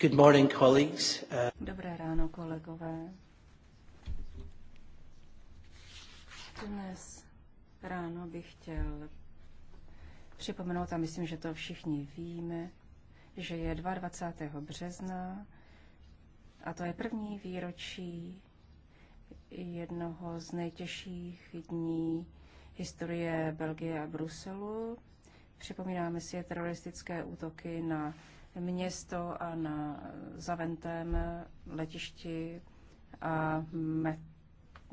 Good morning, colleagues. Uh, Dobré ráno, kolegové. Dnes ráno bych chtěl připomenout, a myslím, že to všichni víme, že je 22. března a to je první výročí jednoho z nejtěžších dní historie Belgie a Bruselu. Připomínáme si teroristické útoky na město a na zaventém letišti a met,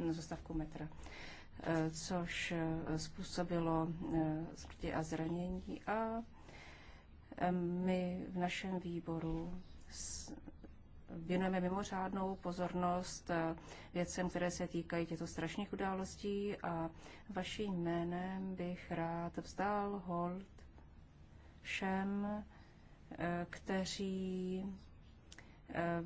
zastavku metra, eh, což eh, způsobilo eh, smrti a zranění a my v našem výboru věnujeme mimořádnou pozornost věcem, které se týkají těchto strašných událostí a vaším jménem bych rád vzdal hold všem kteří eh,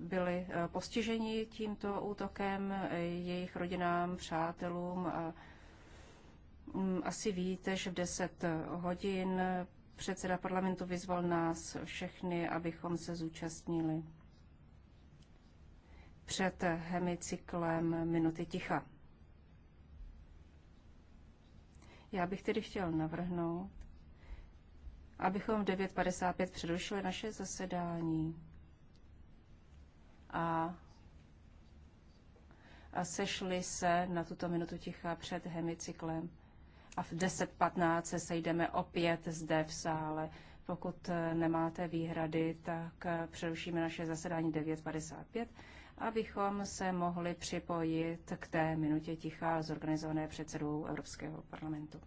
byli eh, postiženi tímto útokem, jejich rodinám, přátelům. A mm, asi víte, že v 10 hodin předseda parlamentu vyzval nás všechny, abychom se zúčastnili před hemicyklem Minuty ticha. Já bych tedy chtěl navrhnout, abychom v 9.55 přerušili naše zasedání a, a sešli se na tuto minutu ticha před hemicyklem. A v 10.15 se sejdeme opět zde v sále. Pokud eh, nemáte výhrady, tak eh, přerušíme naše zasedání 9.55, abychom se mohli připojit k té minutě ticha zorganizované předsedou Evropského parlamentu.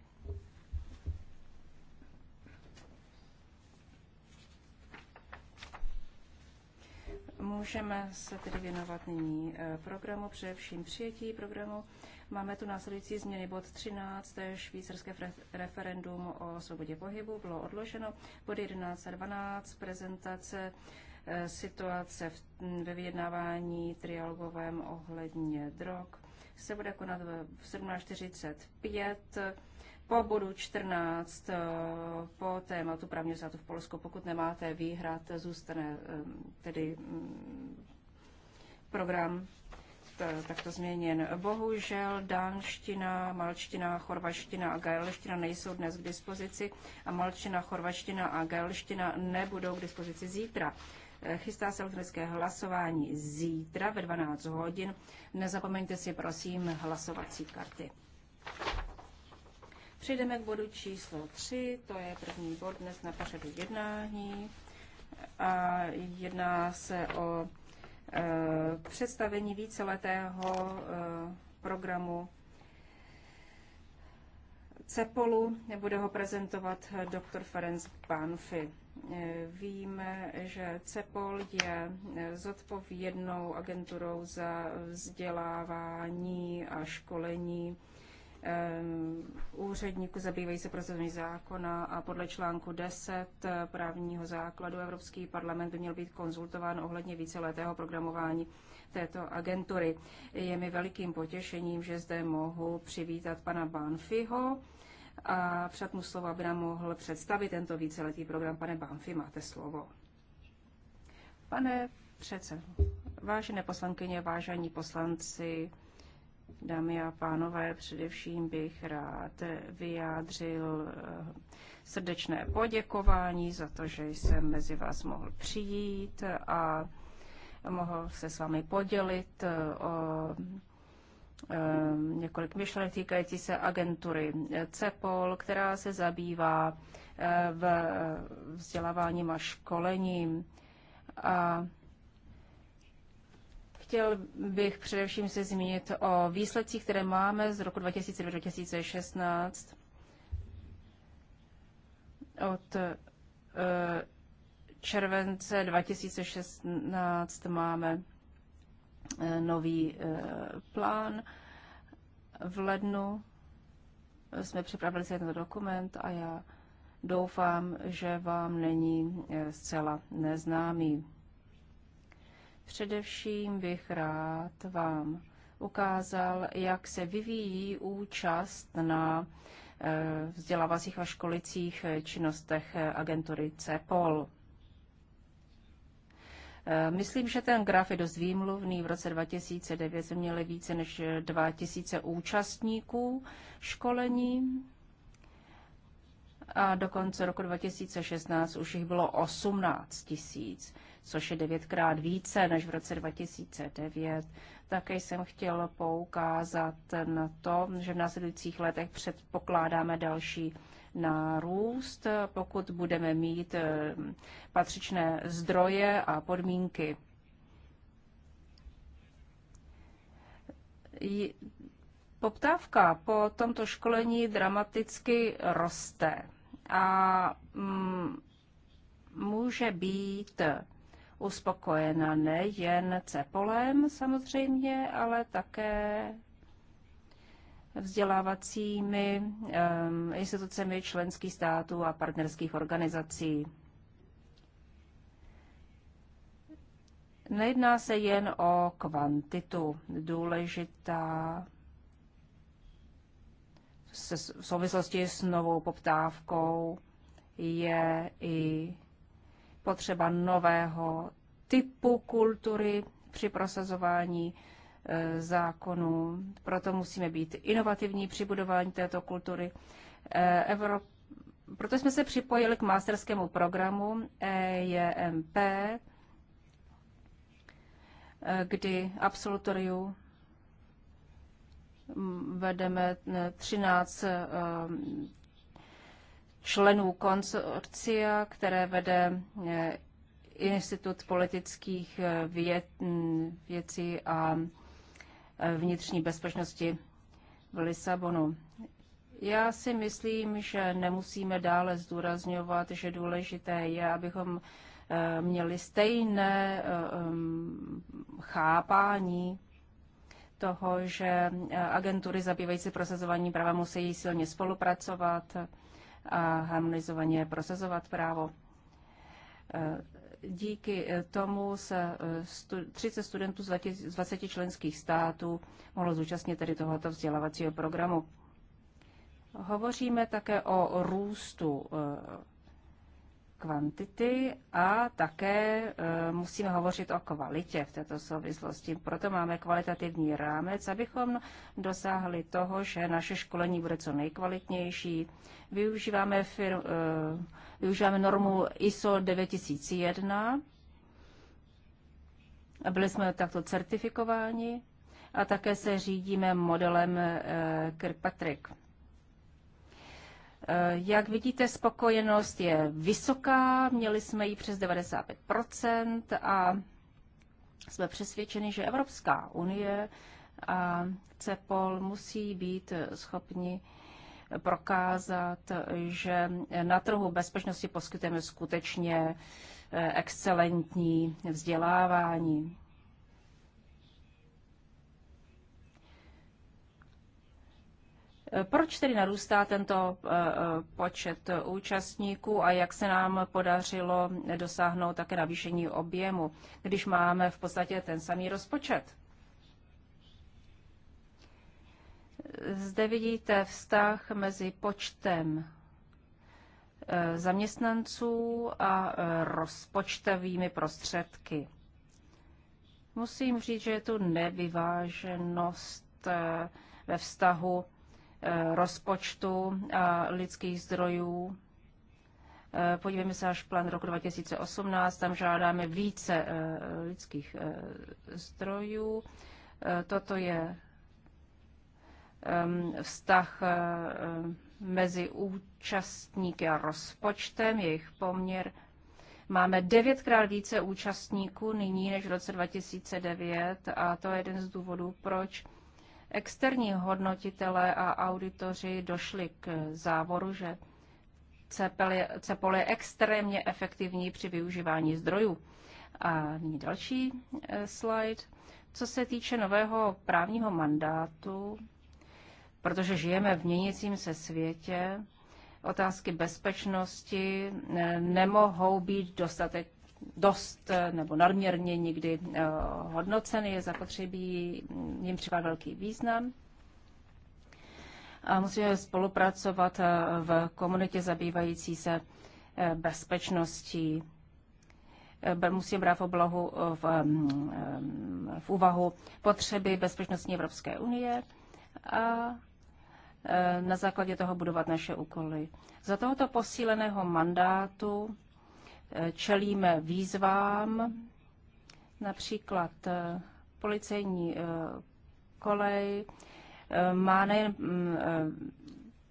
Můžeme se tedy věnovat nyní eh, programu, především přijetí programu. Máme tu následující změny bod 13, to je švýcarské referendum o svobodě pohybu, bylo odloženo. Bod 11 a 12, prezentace eh, situace v, hm, ve vyjednávání trialogovém ohledně drog se bude konat v 17.45 po bodu 14, eh, po tématu právního státu v Polsku, pokud nemáte výhrad, zůstane eh, tedy mm, program takto změněn. Bohužel dánština, malčtina, chorvaština a gaelština nejsou dnes k dispozici a malčtina, chorvaština a gaelština nebudou k dispozici zítra. Eh, chystá se elektronické hlasování zítra ve 12 hodin. Nezapomeňte si prosím hlasovací karty. Přejdeme k bodu číslo 3, to je první bod dnes na pořadu jednání. A jedná se o e, představení víceletého e, programu CEPOLu. Bude ho prezentovat doktor Ferenc Banfi. E, víme, že CEPOL je zodpovědnou agenturou za vzdělávání a školení Um, úředníků zabývají se procesem zákona a podle článku 10 eh, právního základu Evropský parlament by měl být konzultován ohledně víceletého programování této agentury. Je mi velikým potěšením, že zde mohu přivítat pana Banfiho a přát mu slovo, aby nám mohl představit tento víceletý program. Pane Banfi, máte slovo. Pane předsedo, vážené poslankyně, vážení poslanci, Dámy a pánové, především bych rád vyjádřil eh, srdečné poděkování za to, že jsem mezi vás mohl přijít a mohl se s vámi podělit eh, o eh, několik myšlenek týkající se agentury CEPOL, která se zabývá v vzděláváním a školením. A Chtěl bych především se zmínit o výsledcích, které máme z roku 2009-2016 od eh, července 2016 máme eh, nový eh, plán. V lednu jsme připravili se tento dokument a já doufám, že vám není zcela neznámý. Především bych rád vám ukázal, jak se vyvíjí účast na eh, vzdělávacích a školicích činnostech agentury CEPOL. Eh, myslím, že ten graf je dost výmluvný. V roce 2009 jsme měli více než 2000 účastníků školení a do konce roku 2016 už jich bylo 18 000 což je devětkrát více než v roce 2009. Také jsem chtěl poukázat na to, že v následujících letech předpokládáme další nárůst, pokud budeme mít eh, patřičné zdroje a podmínky. Poptávka po tomto školení dramaticky roste a mm, může být uspokojena nejen CEPOLem samozřejmě, ale také vzdělávacími um, institucemi členských států a partnerských organizací. Nejedná se jen o kvantitu. Důležitá v souvislosti s novou poptávkou je i potřeba nového typu kultury při prosazování e, zákonů. Proto musíme být inovativní při budování této kultury. E, proto jsme se připojili k masterskému programu EJMP, e, kdy absolutoriu vedeme 13 členů konsorcia, které vede eh, Institut politických eh, věd, věcí a eh, vnitřní bezpečnosti v Lisabonu. Já si myslím, že nemusíme dále zdůrazňovat, že důležité je, abychom měli stejné chápání toho, že agentury zabývající prosazování práva musí silně spolupracovat a harmonizovaně prosazovat právo. E, díky e, tomu se 30 e, studentů z 20 členských států mohlo zúčastnit tedy tohoto vzdělávacího programu. Hovoříme také o růstu kvantity a také eh, musíme hovořit o kvalitě v této souvislosti. Proto máme kvalitativní rámec, abychom dosáhli toho, že naše školení bude co nejkvalitnější. Využíváme, firm, eh, využíváme normu ISO 9001 byli jsme takto certifikováni a také se řídíme modelem eh, Kirkpatrick. Eh, jak vidíte, spokojenost je vysoká, měli jsme ji přes 95% a jsme přesvědčeni, že Evropská unie a CEPOL musí být schopni prokázat, že na trhu bezpečnosti poskytujeme skutečně eh, excelentní vzdělávání. Proč tedy narůstá tento eh, eh, počet účastníků a jak se nám podařilo dosáhnout také navýšení objemu, když máme v podstatě ten samý rozpočet? Zde vidíte vztah mezi počtem eh, zaměstnanců a rozpočtovými prostředky. Musím říct, že je tu nevyváženost ve vztahu Eh, rozpočtu a eh, lidských zdrojů. Eh, podívejme se až plán roku 2018, tam žádáme více lidských zdrojů. Toto je ehm, vztah mezi účastníky a rozpočtem, jejich poměr. Máme devětkrát více účastníků nyní než v roce 2009 a to je jeden z důvodů, proč Externí hodnotitelé a auditoři došli k závoru, že CEPOL je, CEPOL je extrémně efektivní při využívání zdrojů. A nyní další eh, slide. Co se týče nového právního mandátu, protože žijeme v měnícím se světě, otázky bezpečnosti eh, nemohou být dostatek dost eh, nebo nadměrně nikdy eh, hodnoceny, je zapotřebí mm, jim přikládat velký význam. A musíme spolupracovat eh, v komunitě zabývající se bezpečností. Musíme brát v, oblohu, v, mm, v úvahu potřeby bezpečnostní Evropské unie a na základě toho budovat naše úkoly. Za tohoto posíleného mandátu čelíme výzvám, například eh, policejní eh, kolej eh, má nejen mm,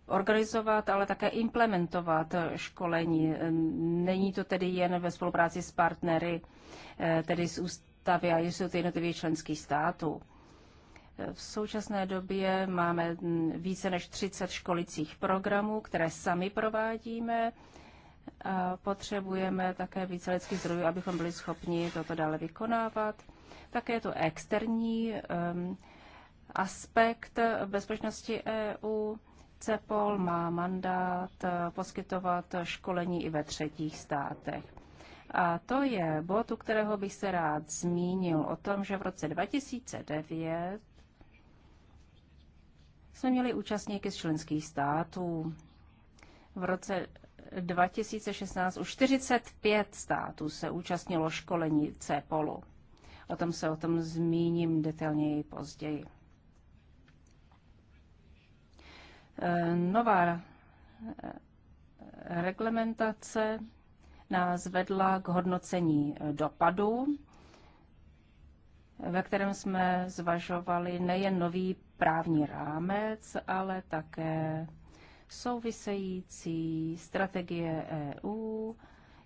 organizovat, ale také implementovat školení. Není to tedy jen ve spolupráci s partnery, tedy z ústavy a jsou to jednotlivých členských států. V současné době máme mm, více než 30 školicích programů, které sami provádíme potřebujeme také více lidských zdrojů, abychom byli schopni toto dále vykonávat. Také je to externí um, aspekt bezpečnosti EU. CEPOL má mandát eh, poskytovat školení i ve třetích státech. A to je bod, u kterého bych se rád zmínil o tom, že v roce 2009 jsme měli účastníky z členských států. V roce 2016 už 45 států se účastnilo školení CEPOLu. O tom se o tom zmíním detailněji později. E, nová e, reglementace nás vedla k hodnocení e, dopadů, ve kterém jsme zvažovali nejen nový právní rámec, ale také související strategie EU,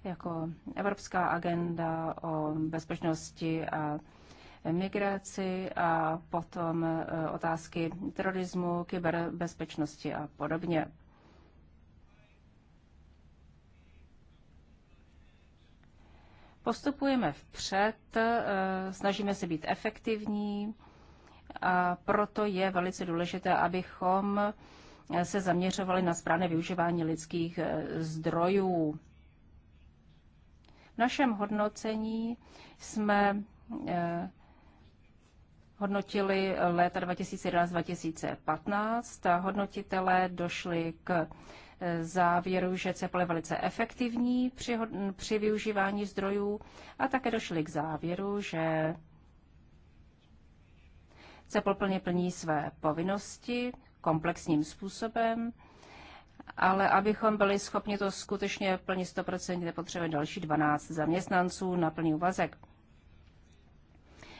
jako Evropská agenda o bezpečnosti a migraci a potom e, otázky terorismu, kyberbezpečnosti a podobně. Postupujeme vpřed, e, snažíme se být efektivní a proto je velice důležité, abychom se zaměřovali na správné využívání lidských eh, zdrojů. V našem hodnocení jsme eh, hodnotili léta 2011-2015 hodnotitelé došli k eh, závěru, že CEPL je velice efektivní při, při využívání zdrojů a také došli k závěru, že CEPL plně plní své povinnosti komplexním způsobem, ale abychom byli schopni to skutečně plnit 100%, nepotřebujeme další 12 zaměstnanců na plný úvazek.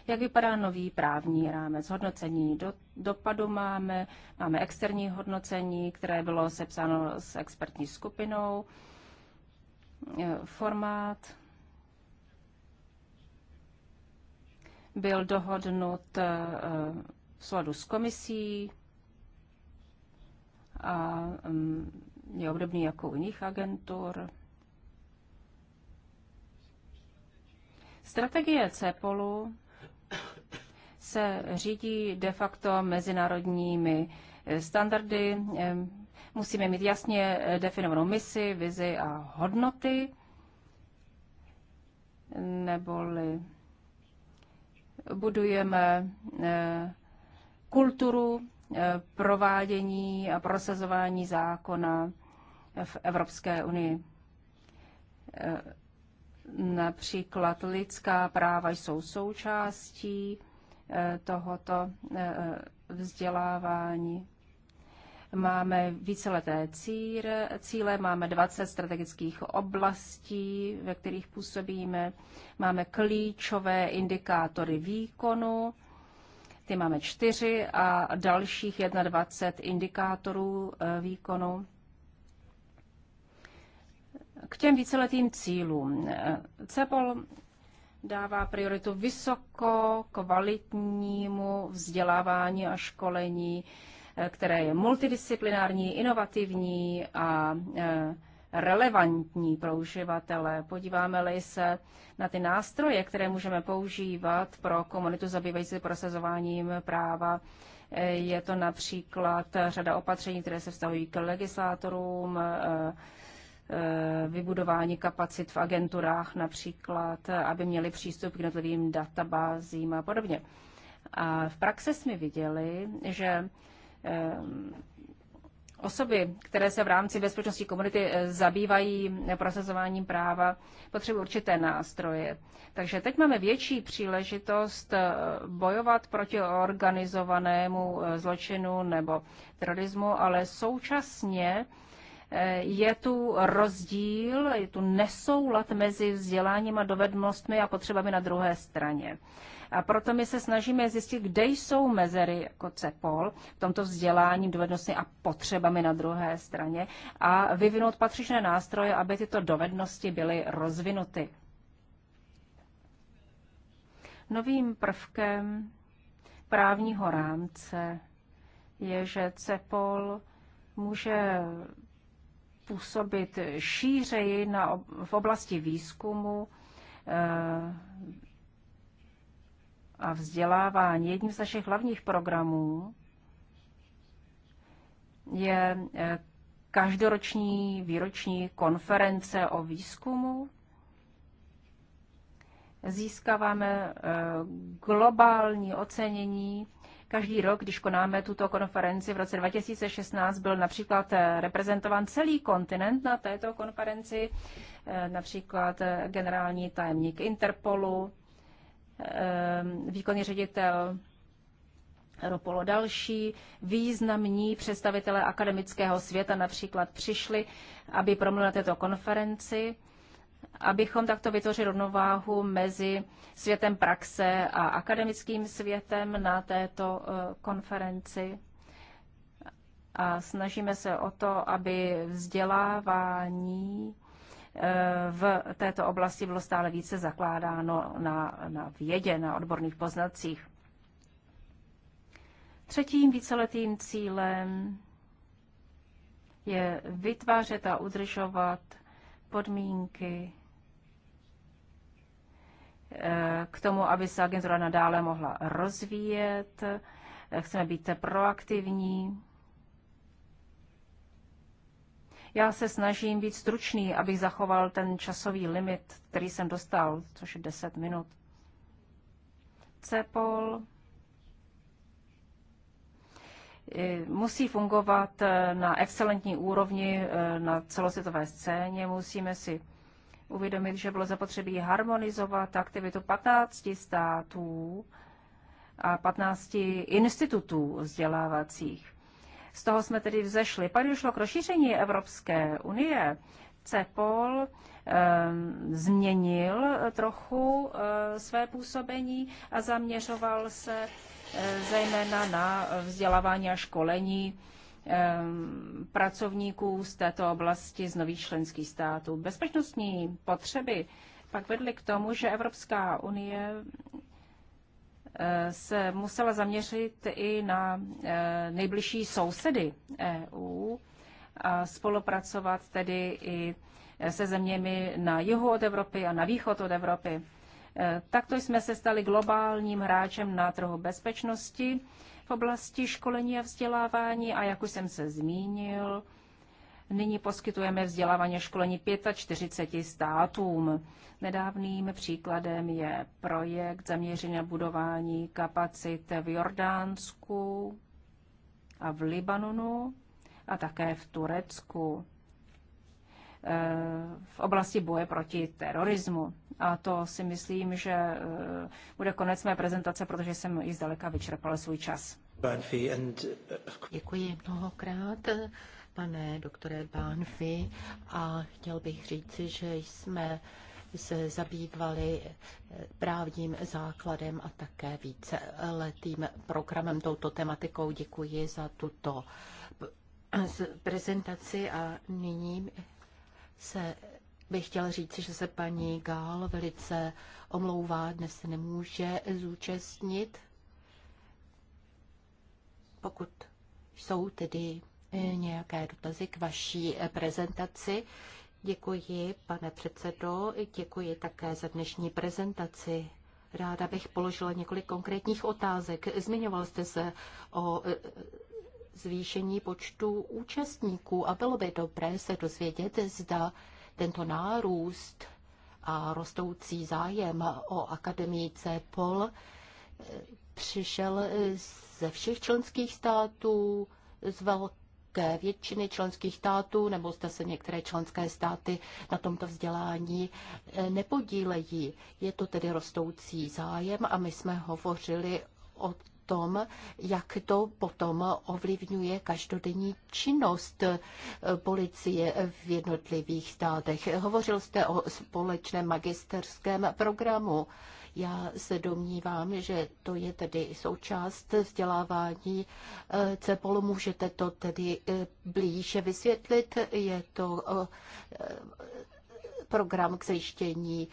Jak vypadá nový právní rámec hodnocení do, dopadu máme? Máme externí hodnocení, které bylo sepsáno s expertní skupinou, e, formát, byl dohodnut e, v souladu s komisí, a mm, je obdobný jako u jiných agentur. Strategie CEPOLu se řídí de facto mezinárodními eh, standardy. Musíme mít jasně eh, definovanou misi, vizi a hodnoty, neboli budujeme eh, kulturu Eh, provádění a prosazování zákona v Evropské unii. Eh, například lidská práva jsou součástí eh, tohoto vzdělávání. Máme víceleté cíle, cíle, máme 20 strategických oblastí, ve kterých působíme, máme klíčové indikátory výkonu, ty máme čtyři a dalších 21 indikátorů e, výkonu. K těm víceletým cílům. E, CEPOL dává prioritu vysoko kvalitnímu vzdělávání a školení, e, které je multidisciplinární, inovativní a e, relevantní pro uživatele. Podíváme-li se na ty nástroje, které můžeme používat pro komunitu zabývající prosazováním práva, je to například řada opatření, které se vztahují k legislátorům, eh, eh, vybudování kapacit v agenturách například, aby měli přístup k jednotlivým databázím a podobně. A v praxi jsme viděli, že eh, Osoby, které se v rámci bezpečnostní komunity eh, zabývají prosazováním práva, potřebují určité nástroje. Takže teď máme větší příležitost eh, bojovat proti organizovanému eh, zločinu nebo terorismu, ale současně je tu rozdíl, je tu nesoulad mezi vzděláním a dovednostmi a potřebami na druhé straně. A proto my se snažíme zjistit, kde jsou mezery jako CEPOL v tomto vzdělání, dovednosti a potřebami na druhé straně a vyvinout patřičné nástroje, aby tyto dovednosti byly rozvinuty. Novým prvkem právního rámce je, že CEPOL může působit šířeji na, v oblasti výzkumu, eh, a vzdělávání. Jedním z našich hlavních programů je eh, každoroční výroční konference o výzkumu. Získáváme eh, globální ocenění Každý rok, když konáme tuto konferenci, v roce 2016 byl například eh, reprezentován celý kontinent na této konferenci, například generální tajemník Interpolu, Ehm, výkonný ředitel Ropolo další významní představitelé akademického světa například přišli, aby promluvili na této konferenci, abychom takto vytvořili rovnováhu mezi světem praxe a akademickým světem na této eh, konferenci. A snažíme se o to, aby vzdělávání Eh, v této oblasti bylo stále více zakládáno na, na vědě, na odborných poznacích. Třetím víceletým cílem je vytvářet a udržovat podmínky eh, k tomu, aby se agentura nadále mohla rozvíjet. Eh, chceme být proaktivní já se snažím být stručný, abych zachoval ten časový limit, který jsem dostal, což je 10 minut. CEPOL eh, musí fungovat eh, na excelentní úrovni eh, na celosvětové scéně. Musíme si uvědomit, že bylo zapotřebí harmonizovat aktivitu 15 států a 15 institutů vzdělávacích. Z toho jsme tedy vzešli. Pak došlo k rozšíření Evropské unie. CEPOL ehm, změnil trochu eh, své působení a zaměřoval se eh, zejména na vzdělávání a školení ehm, pracovníků z této oblasti z nových členských států. Bezpečnostní potřeby pak vedly k tomu, že Evropská unie Eh, se musela zaměřit i na eh, nejbližší sousedy EU a spolupracovat tedy i eh, se zeměmi na jihu od Evropy a na východ od Evropy. Takto jsme se stali globálním hráčem na trhu bezpečnosti v oblasti školení a vzdělávání a jak už jsem se zmínil, Nyní poskytujeme vzdělávání školení 45 státům. Nedávným příkladem je projekt zaměřený na budování kapacit v Jordánsku a v Libanonu a také v Turecku eh, v oblasti boje proti terorismu. A to si myslím, že eh, bude konec mé prezentace, protože jsem ji zdaleka vyčerpala svůj čas. Eh, Děkuji mnohokrát pane doktore Bánfi, a chtěl bych říci, že jsme se zabývali eh, právním základem a také více letým programem touto tematikou. Děkuji za tuto eh, prezentaci a nyní se bych chtěl říct, že se paní Gál velice omlouvá, dnes se nemůže zúčastnit. Pokud jsou tedy E, nějaké dotazy k vaší e, prezentaci. Děkuji, pane předsedo, děkuji také za dnešní prezentaci. Ráda bych položila několik konkrétních otázek. Zmiňoval jste se o e, zvýšení počtu účastníků a bylo by dobré se dozvědět, zda tento nárůst a rostoucí zájem o akademii CEPOL přišel ze všech členských států, z velké velké většiny členských států, nebo zda se některé členské státy na tomto vzdělání eh, nepodílejí. Je to tedy rostoucí zájem a my jsme hovořili o tom, jak to potom ovlivňuje každodenní činnost eh, policie v jednotlivých státech. Hovořil jste o společném magisterském programu. Já se domnívám, že to je tedy součást vzdělávání eh, CEPOLu. Můžete to tedy eh, blíže vysvětlit? Je to eh, program k zajištění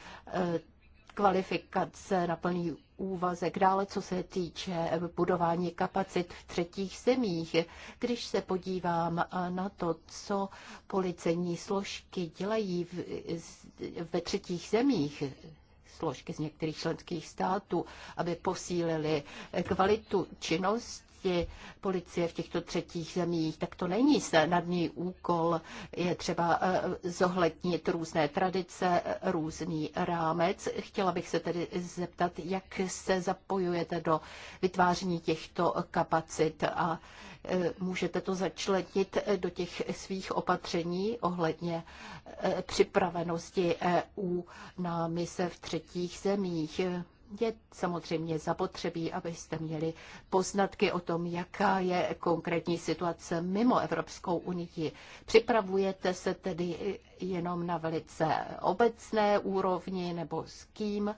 kvalifikace na plný úvazek. Dále, co se týče budování kapacit v třetích zemích, když se podívám na to, co policejní složky dělají ve třetích zemích, složky z některých členských států, aby posílili kvalitu činnosti činnosti policie v těchto třetích zemích. Tak to není snadný úkol. Je třeba eh, zohlednit různé tradice, různý rámec. Chtěla bych se tedy zeptat, jak se zapojujete do vytváření těchto kapacit a eh, můžete to začlenit do těch svých opatření ohledně eh, připravenosti EU na mise v třetích zemích. Je samozřejmě zapotřebí, abyste měli poznatky o tom, jaká je konkrétní situace mimo Evropskou unii. Připravujete se tedy jenom na velice obecné úrovni nebo s kým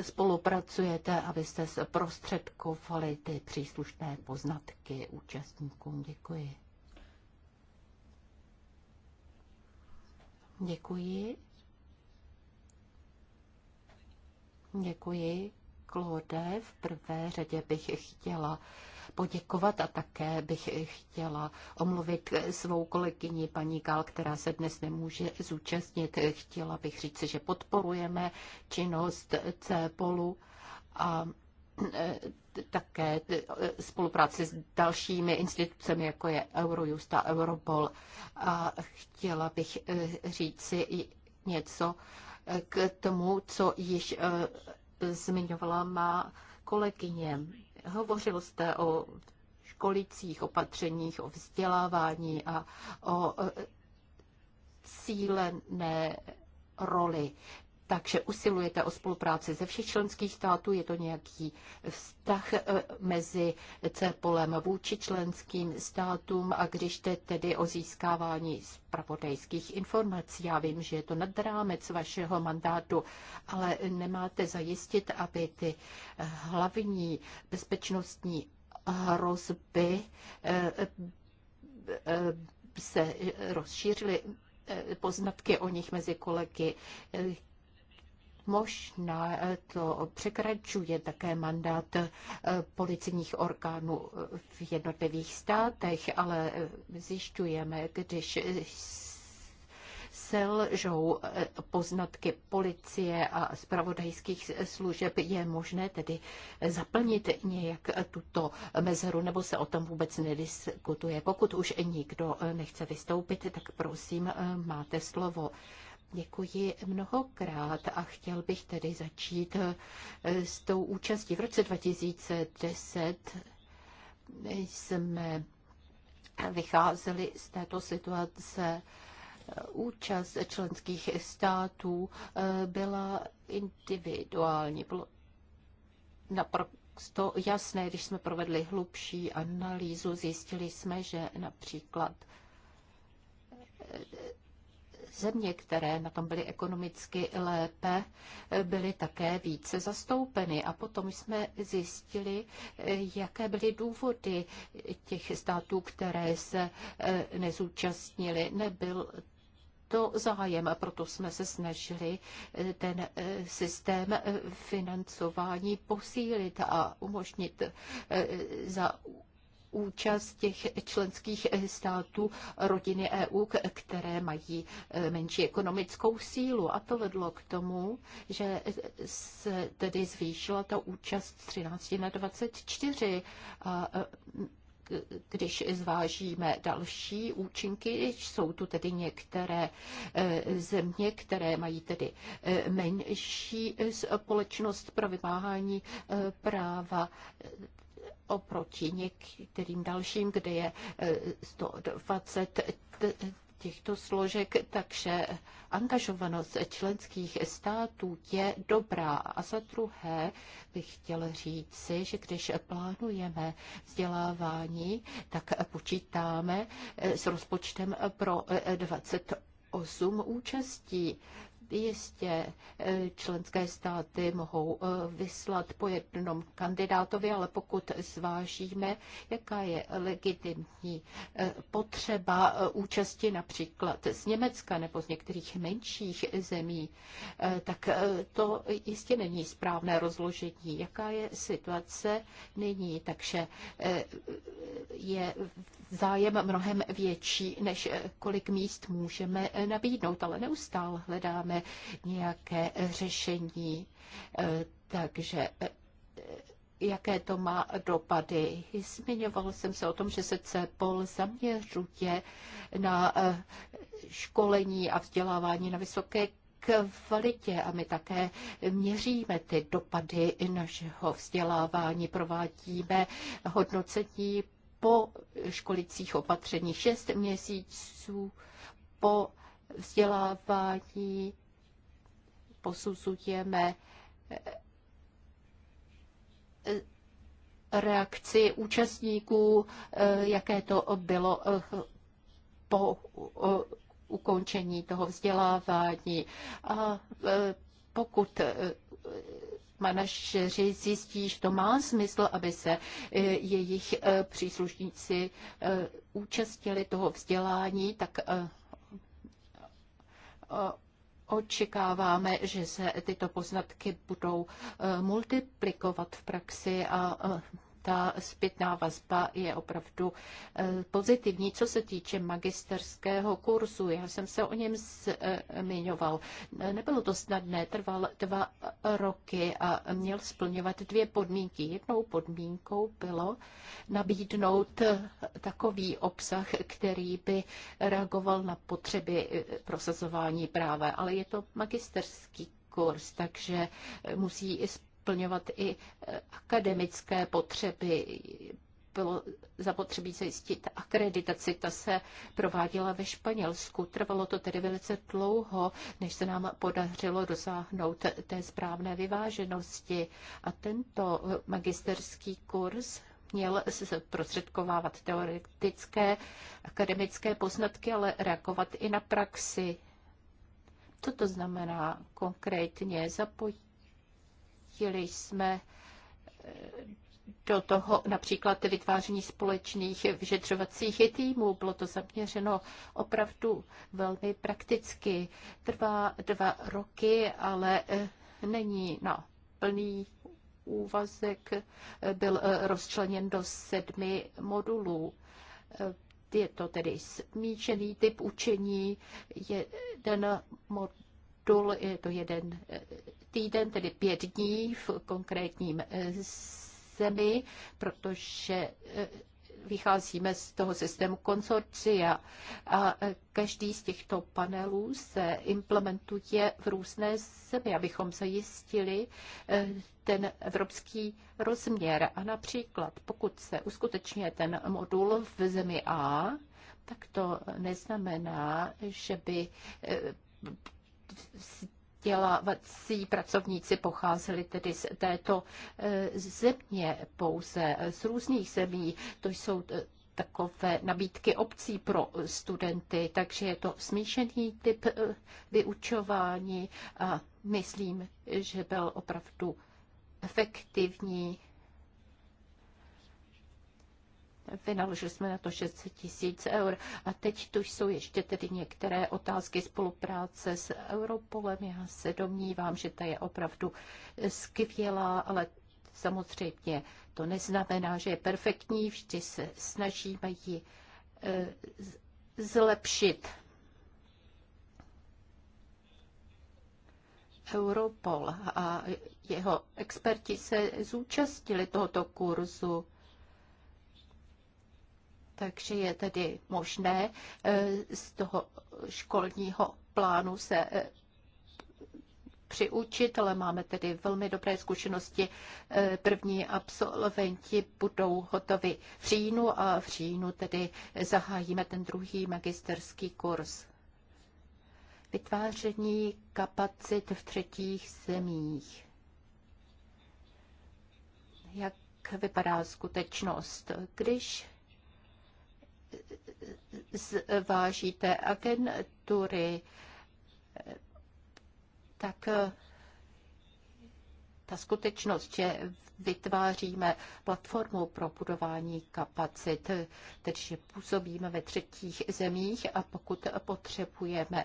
spolupracujete, abyste zprostředkovali ty příslušné poznatky účastníkům? Děkuji. Děkuji. Děkuji, Klode. V prvé řadě bych chtěla poděkovat a také bych chtěla omluvit svou kolegyni paní Gál, která se dnes nemůže zúčastnit. Chtěla bych říct, že podporujeme činnost CEPOLu a eh, také eh, spolupráci s dalšími institucemi, jako je Eurojust a Europol. A chtěla bych eh, říci něco k tomu, co již e, zmiňovala má kolegyně. Hovořil jste o školicích opatřeních, o vzdělávání a o e, cílené roli takže usilujete o spolupráci ze všech členských států, je to nějaký vztah eh, mezi CEPOLem vůči členským státům a když jste tedy o získávání zpravodajských informací. Já vím, že je to nad rámec vašeho mandátu, ale nemáte zajistit, aby ty hlavní bezpečnostní hrozby eh, eh, se rozšířily poznatky o nich mezi kolegy, Možná eh, to překračuje také mandát eh, policijních orgánů eh, v jednotlivých státech, ale zjišťujeme, když selžou poznatky policie a zpravodajských služeb, je možné tedy zaplnit nějak tuto mezeru, nebo se o tom vůbec nediskutuje. Pokud už nikdo nechce vystoupit, tak prosím, máte slovo. Děkuji mnohokrát a chtěl bych tedy začít eh, s tou účastí. V roce 2010 jsme vycházeli z této situace. Účast členských států eh, byla individuální. Bylo naprosto jasné, když jsme provedli hlubší analýzu, zjistili jsme, že například eh, Země, které na tom byly ekonomicky lépe, byly také více zastoupeny. A potom jsme zjistili, jaké byly důvody těch států, které se e, nezúčastnili. Nebyl to zájem a proto jsme se snažili e, ten e, systém financování posílit a umožnit za účast těch členských států rodiny EU, které mají e, menší ekonomickou sílu. A to vedlo k tomu, že se tedy zvýšila ta účast z 13 na 24. A e, když zvážíme další účinky, jsou tu tedy některé e, země, které mají tedy menší společnost pro vymáhání práva, oproti některým dalším, kde je 120 eh, těchto složek, takže angažovanost členských států je dobrá. A za druhé bych chtěl říci, že když plánujeme vzdělávání, tak počítáme eh, s rozpočtem pro 28 eh, účastí. Jistě eh, členské státy mohou eh, vyslat po jednom kandidátovi, ale pokud zvážíme, jaká je legitimní eh, potřeba účasti například z Německa nebo z některých menších zemí, tak to jistě není správné rozložení. Jaká je situace nyní, takže je zájem mnohem větší, než kolik míst můžeme nabídnout, ale neustále hledáme najdeme nějaké řešení. Eh, takže eh, jaké to má dopady. Zmiňoval jsem se o tom, že se CEPOL zaměřuje na eh, školení a vzdělávání na vysoké kvalitě a my také měříme ty dopady našeho vzdělávání, provádíme hodnocení po školicích opatřeních 6 měsíců po vzdělávání posuzujeme eh, reakci účastníků, eh, jaké to bylo eh, po ukončení toho vzdělávání. A pokud manažeři zjistí, že to má smysl, aby se jejich příslušníci účastnili toho vzdělání, tak Očekáváme, že se tyto poznatky budou eh, multiplikovat v praxi a eh, ta zpětná vazba je opravdu eh, pozitivní. Co se týče magisterského kurzu, já jsem se o něm zmiňoval. Nebylo to snadné, trval dva roky a měl splňovat dvě podmínky. Jednou podmínkou bylo nabídnout eh, takový obsah, který by reagoval na potřeby eh, prosazování práva, ale je to magisterský kurz, takže musí i splňovat i eh, akademické potřeby. Bylo zapotřebí zajistit akreditaci, ta se prováděla ve Španělsku. Trvalo to tedy velice dlouho, než se nám podařilo dosáhnout té správné vyváženosti. A tento eh, magisterský kurz měl zprostředkovávat teoretické akademické poznatky, ale reagovat i na praxi. Co to znamená konkrétně zapojit Zapojili jsme eh, do toho například vytváření společných vyšetřovacích týmů. Bylo to zaměřeno opravdu velmi prakticky. Trvá dva roky, ale eh, není na plný úvazek. Eh, byl rozčleněn do sedmi modulů. Je to tedy smíšený typ učení. Jeden modul, je to jeden týden, tedy pět dní v konkrétním eh, zemi, protože eh, vycházíme z toho systému konsorcia a eh, každý z těchto panelů se implementuje v různé zemi, abychom zajistili ten evropský rozměr. A například, pokud se uskutečňuje ten modul v zemi A, tak to neznamená, že by vzdělávací pracovníci pocházeli tedy z této e, země pouze, e, z různých zemí. To jsou e, takové nabídky obcí pro studenty, takže je to smíšený typ vyučování a myslím, že byl opravdu efektivní Vynaložili jsme na to 600 tisíc eur. A teď tu jsou ještě tedy některé otázky spolupráce s Europolem. Já se domnívám, že ta je opravdu skvělá, ale samozřejmě to neznamená, že je perfektní. Vždy se snažíme ji e, zlepšit. Europol a jeho experti se zúčastnili tohoto kurzu takže je tedy možné eh, z toho školního plánu se eh, přiučit, ale máme tedy velmi dobré zkušenosti. Eh, první absolventi budou hotovi v říjnu a v říjnu tedy zahájíme ten druhý magisterský kurz. Vytváření kapacit v třetích zemích. Jak vypadá skutečnost? Když té agentury, tak eh, ta skutečnost, že vytváříme platformu pro budování kapacit, takže působíme ve třetích zemích a pokud potřebujeme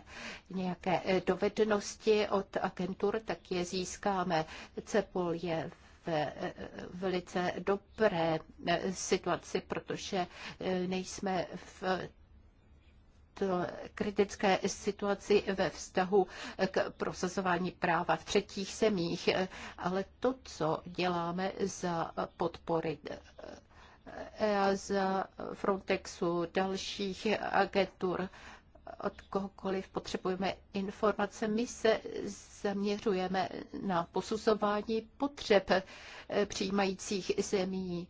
nějaké dovednosti od agentur, tak je získáme. CEPOL je ve eh, velice dobré eh, situaci, protože eh, nejsme v kritické situaci ve vztahu k prosazování práva v třetích zemích, ale to, co děláme za podpory EASA, e Frontexu, dalších agentur, od kohokoliv potřebujeme informace. My se zaměřujeme na posuzování potřeb eh, přijímajících zemí.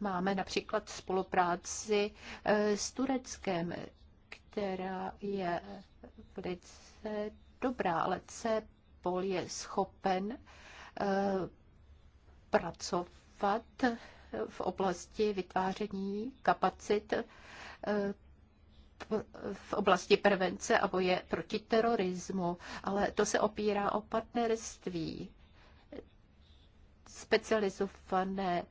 Máme například spolupráci eh, s Tureckem, která je velice dobrá, ale CEPOL je schopen eh, pracovat v oblasti vytváření kapacit v oblasti prevence a boje proti terorismu, ale to se opírá o partnerství specializované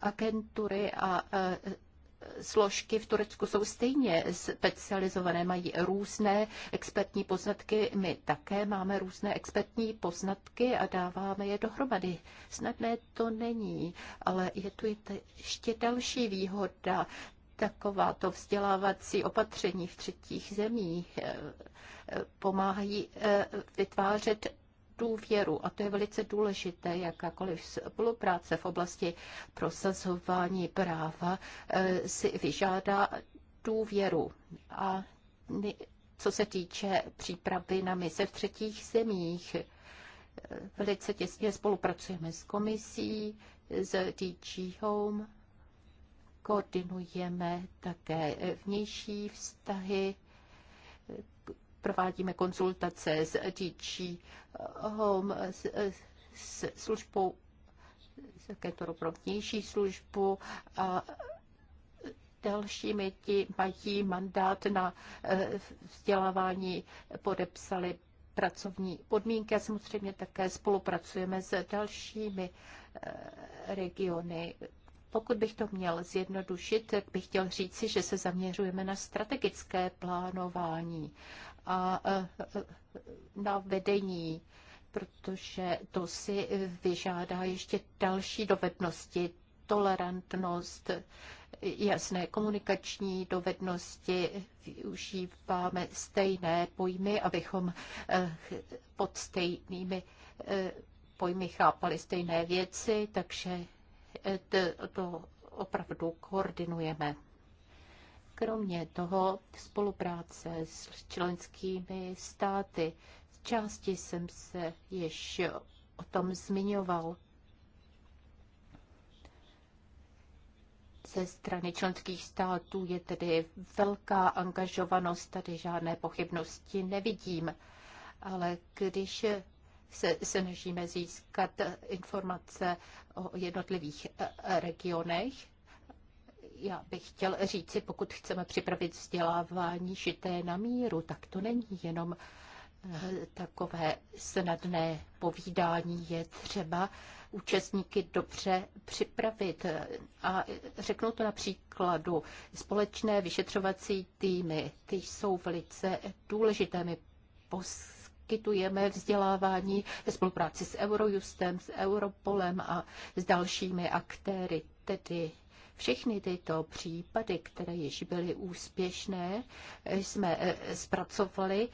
agentury a e, složky v Turecku jsou stejně specializované, mají různé expertní poznatky. My také máme různé expertní poznatky a dáváme je dohromady. Snadné to není, ale je tu ještě další výhoda takováto vzdělávací opatření v třetích zemích eh, eh, pomáhají eh, vytvářet důvěru a to je velice důležité, jakákoliv spolupráce v oblasti prosazování práva si vyžádá důvěru. A co se týče přípravy na mise v třetích zemích, velice těsně spolupracujeme s komisí, s DG Home, Koordinujeme také vnější vztahy, provádíme konzultace s DG Home, s, s službou, s agenturou pro vnější službu a dalšími ti mají mandát na eh, vzdělávání, podepsali pracovní podmínky a samozřejmě také spolupracujeme s dalšími eh, regiony pokud bych to měl zjednodušit, tak bych chtěl říci, že se zaměřujeme na strategické plánování a e, e, na vedení, protože to si vyžádá ještě další dovednosti, tolerantnost, jasné komunikační dovednosti, využíváme stejné pojmy, abychom e, pod stejnými pojmy chápali stejné věci, takže to opravdu koordinujeme. Kromě toho spolupráce s členskými státy. Z části jsem se již o tom zmiňoval. Ze strany členských států je tedy velká angažovanost, tady žádné pochybnosti nevidím. Ale když se snažíme získat informace o jednotlivých eh, regionech. Já bych chtěl říci, pokud chceme připravit vzdělávání šité na míru, tak to není jenom eh, takové snadné povídání je třeba účastníky dobře připravit. A řeknu to na příkladu. Společné vyšetřovací týmy, ty jsou velice důležité. My pos- poskytujeme vzdělávání ve spolupráci s Eurojustem, s Europolem a s dalšími aktéry. Tedy všechny tyto případy, které již byly úspěšné, jsme eh, zpracovali,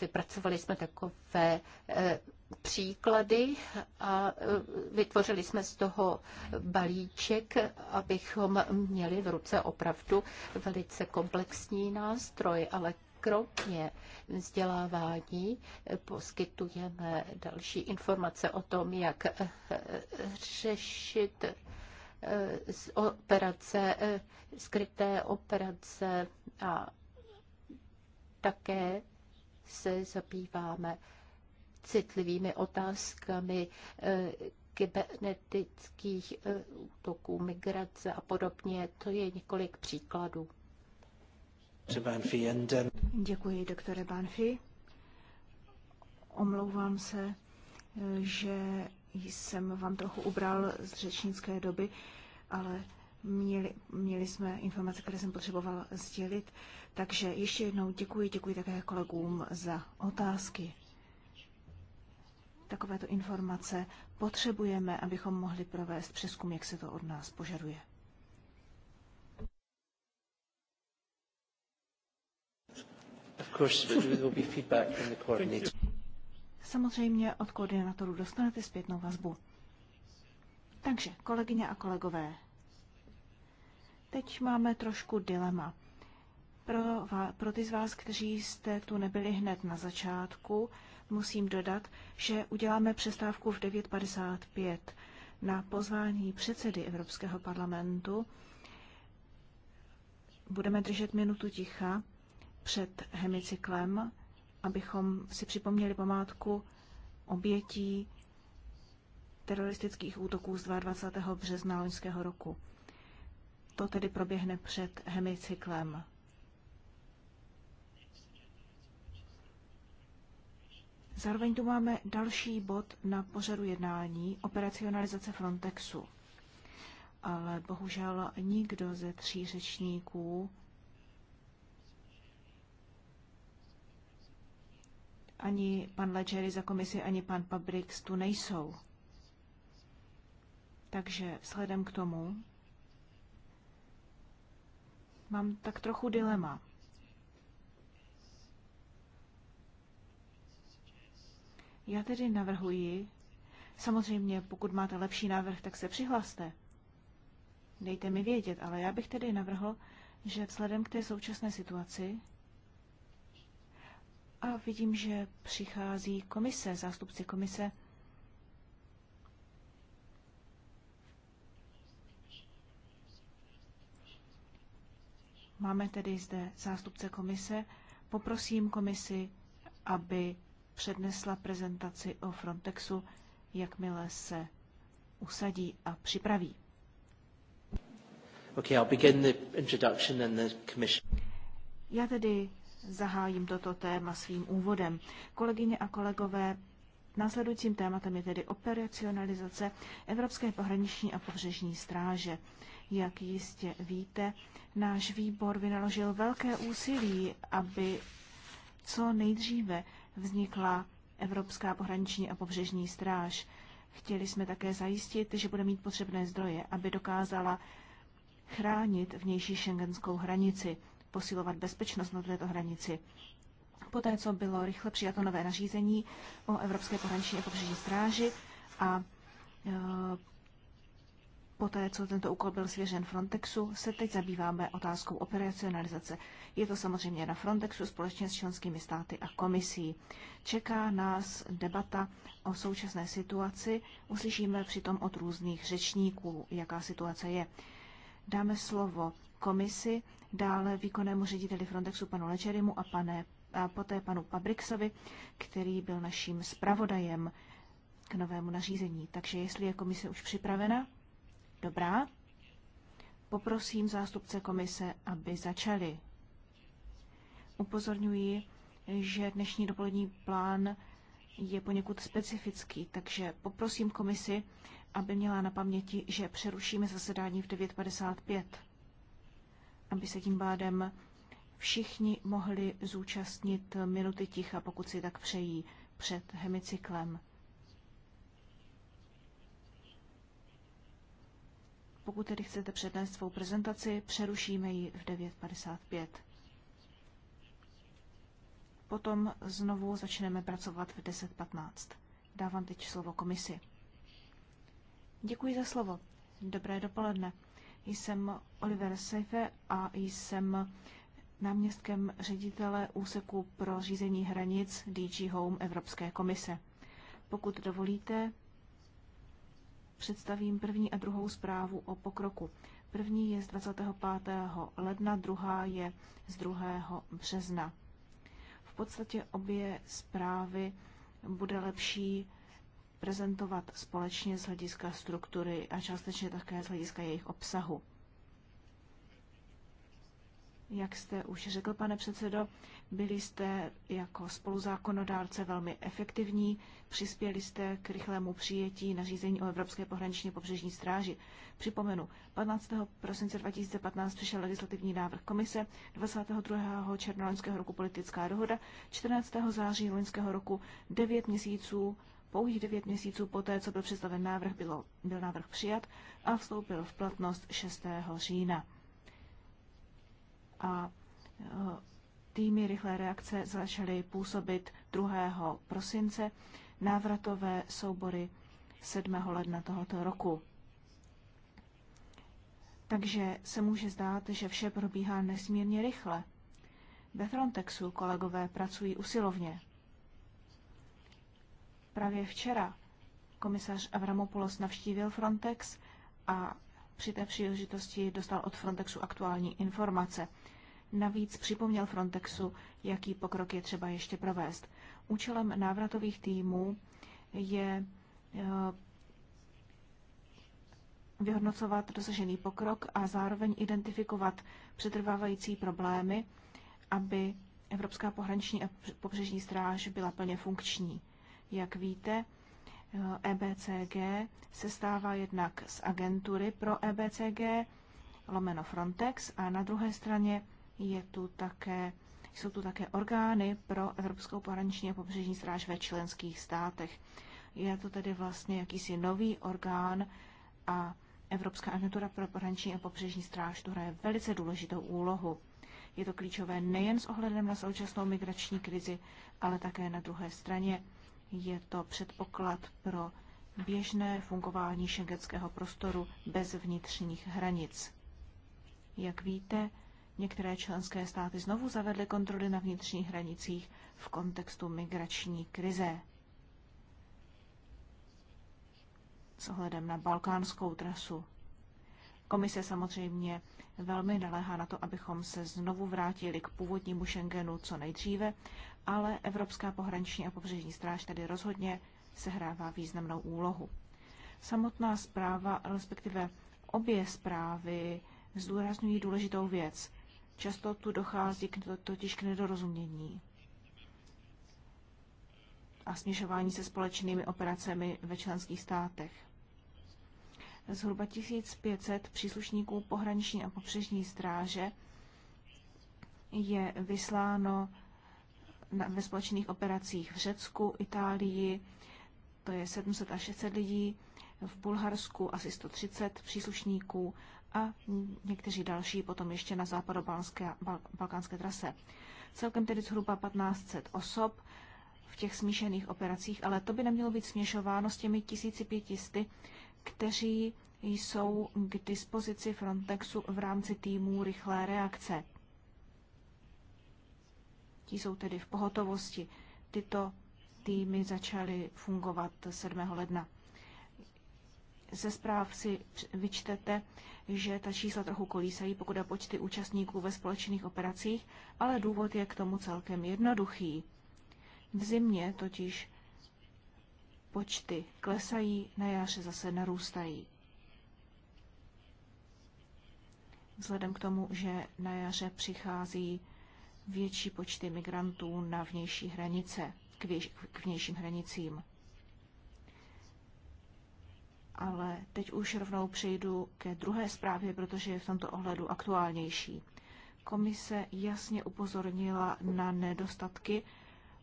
vypracovali jsme takové eh, příklady a eh, vytvořili jsme z toho balíček, abychom měli v ruce opravdu velice komplexní nástroj, ale kromě vzdělávání poskytujeme další informace o tom, jak řešit eh, operace, eh, skryté operace a také se zabýváme citlivými otázkami eh, kybernetických útoků, migrace a podobně. To je několik příkladů. Děkuji, doktore Banfi. Omlouvám se, že jsem vám trochu ubral z řečnické doby, ale měli, měli jsme informace, které jsem potřeboval sdělit. Takže ještě jednou děkuji, děkuji také kolegům za otázky. Takovéto informace potřebujeme, abychom mohli provést přeskum, jak se to od nás požaduje. Samozřejmě od koordinátorů dostanete zpětnou vazbu. Takže, kolegyně a kolegové, teď máme trošku dilema. Pro, pro ty z vás, kteří jste tu nebyli hned na začátku, musím dodat, že uděláme přestávku v 9.55 na pozvání předsedy Evropského parlamentu. Budeme držet minutu ticha před hemicyklem, abychom si připomněli památku obětí teroristických útoků z 22. března loňského roku. To tedy proběhne před hemicyklem. Zároveň tu máme další bod na pořadu jednání, operacionalizace Frontexu. Ale bohužel nikdo ze tří řečníků Ani pan Ledgeri za komisi, ani pan Pabrix tu nejsou. Takže vzhledem k tomu mám tak trochu dilema. Já tedy navrhuji, samozřejmě pokud máte lepší návrh, tak se přihlaste. Dejte mi vědět, ale já bych tedy navrhl, že vzhledem k té současné situaci a vidím, že přichází komise, zástupci komise. Máme tedy zde zástupce komise. Poprosím komisi, aby přednesla prezentaci o Frontexu, jakmile se usadí a připraví. Okay, I'll begin the introduction and the commission. Já tedy zahájím toto téma svým úvodem. Kolegyně a kolegové, následujícím tématem je tedy operacionalizace Evropské pohraniční a pobřežní stráže. Jak jistě víte, náš výbor vynaložil velké úsilí, aby co nejdříve vznikla Evropská pohraniční a pobřežní stráž. Chtěli jsme také zajistit, že bude mít potřebné zdroje, aby dokázala chránit vnější šengenskou hranici posilovat bezpečnost na této hranici. Poté, co bylo rychle přijato nové nařízení o Evropské pohraniční a pobřežní stráži a e, poté, co tento úkol byl svěřen Frontexu, se teď zabýváme otázkou operacionalizace. Je to samozřejmě na Frontexu společně s členskými státy a komisí. Čeká nás debata o současné situaci. Uslyšíme přitom od různých řečníků, jaká situace je. Dáme slovo komisi dále výkonnému řediteli Frontexu panu Lečerimu a, pane, a poté panu Pabriksovi, který byl naším zpravodajem k novému nařízení. Takže jestli je komise už připravena, dobrá. Poprosím zástupce komise, aby začali. Upozorňuji, že dnešní dopolední plán je poněkud specifický, takže poprosím komisi, aby měla na paměti, že přerušíme zasedání v 9.55 aby se tím pádem všichni mohli zúčastnit minuty ticha, pokud si tak přejí, před hemicyklem. Pokud tedy chcete přednést svou prezentaci, přerušíme ji v 9.55. Potom znovu začneme pracovat v 10.15. Dávám teď slovo komisi. Děkuji za slovo. Dobré dopoledne. Jsem Oliver Seife a jsem náměstkem ředitele úseku pro řízení hranic DG Home Evropské komise. Pokud dovolíte, představím první a druhou zprávu o pokroku. První je z 25. ledna, druhá je z 2. března. V podstatě obě zprávy bude lepší prezentovat společně z hlediska struktury a částečně také z hlediska jejich obsahu. Jak jste už řekl, pane předsedo, byli jste jako spoluzákonodárce velmi efektivní, přispěli jste k rychlému přijetí nařízení o Evropské pohraniční pobřežní stráži. Připomenu, 15. prosince 2015 přišel legislativní návrh komise, 22. června loňského roku politická dohoda, 14. září loňského roku 9 měsíců pouhých devět měsíců poté, co byl představen návrh, bylo, byl návrh přijat a vstoupil v platnost 6. října. A eh, týmy rychlé reakce začaly působit 2. prosince, návratové soubory 7. ledna tohoto roku. Takže se může zdát, že vše probíhá nesmírně rychle. Ve Frontexu kolegové pracují usilovně. Právě včera komisař Avramopoulos navštívil Frontex a při té příležitosti dostal od Frontexu aktuální informace. Navíc připomněl Frontexu, jaký pokrok je třeba ještě provést. Účelem návratových týmů je eh, vyhodnocovat dosažený pokrok a zároveň identifikovat přetrvávající problémy, aby Evropská pohraniční a pobřežní stráž byla plně funkční. Jak víte, EBCG se stává jednak z agentury pro EBCG, lomeno Frontex, a na druhé straně je tu také, jsou tu také orgány pro Evropskou pohraniční a pobřežní stráž ve členských státech. Je to tedy vlastně jakýsi nový orgán a Evropská agentura pro pohraniční a pobřežní stráž tu hraje velice důležitou úlohu. Je to klíčové nejen s ohledem na současnou migrační krizi, ale také na druhé straně je to předpoklad pro běžné fungování šengenského prostoru bez vnitřních hranic. Jak víte, některé členské státy znovu zavedly kontroly na vnitřních hranicích v kontextu migrační krize. S ohledem na balkánskou trasu Komise samozřejmě velmi naléhá na to, abychom se znovu vrátili k původnímu Schengenu co nejdříve, ale Evropská pohraniční a pobřežní stráž tady rozhodně sehrává významnou úlohu. Samotná zpráva, respektive obě zprávy, zdůrazňují důležitou věc. Často tu dochází k, totiž k nedorozumění a směšování se společnými operacemi ve členských státech zhruba 1500 příslušníků pohraniční a popřežní stráže je vysláno na, ve společných operacích v Řecku, Itálii, to je 700 až 600 lidí, v Bulharsku asi 130 příslušníků a někteří další potom ještě na západobalkánské balkánské trase. Celkem tedy zhruba 1500 osob v těch smíšených operacích, ale to by nemělo být směšováno s těmi 1500, kteří jsou k dispozici Frontexu v rámci týmů rychlé reakce. Ti jsou tedy v pohotovosti. Tyto týmy začaly fungovat 7. ledna. Ze zpráv si vyčtete, že ta čísla trochu kolísají, pokud a počty účastníků ve společných operacích, ale důvod je k tomu celkem jednoduchý. V zimě totiž počty klesají, na jaře zase narůstají. Vzhledem k tomu, že na jaře přichází větší počty migrantů na vnější hranice, k, věž, k vnějším hranicím. Ale teď už rovnou přejdu ke druhé zprávě, protože je v tomto ohledu aktuálnější. Komise jasně upozornila na nedostatky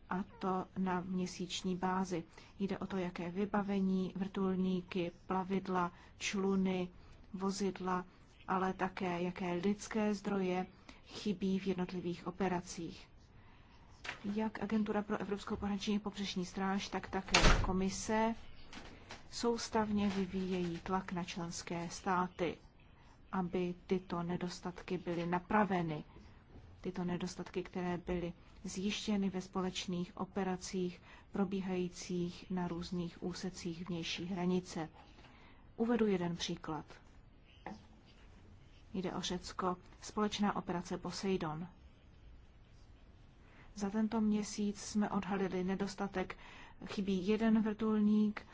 a to na měsíční bázi. Jde o to, jaké vybavení, vrtulníky, plavidla, čluny, vozidla, ale také jaké lidské zdroje chybí v jednotlivých operacích. Jak Agentura pro Evropskou pohraniční pobřežní stráž, tak také komise soustavně vyvíjejí tlak na členské státy, aby tyto nedostatky byly napraveny. Tyto nedostatky, které byly zjištěny ve společných operacích probíhajících na různých úsecích vnější hranice. Uvedu jeden příklad. Jde o Řecko, společná operace Poseidon. Za tento měsíc jsme odhalili nedostatek, chybí jeden vrtulník,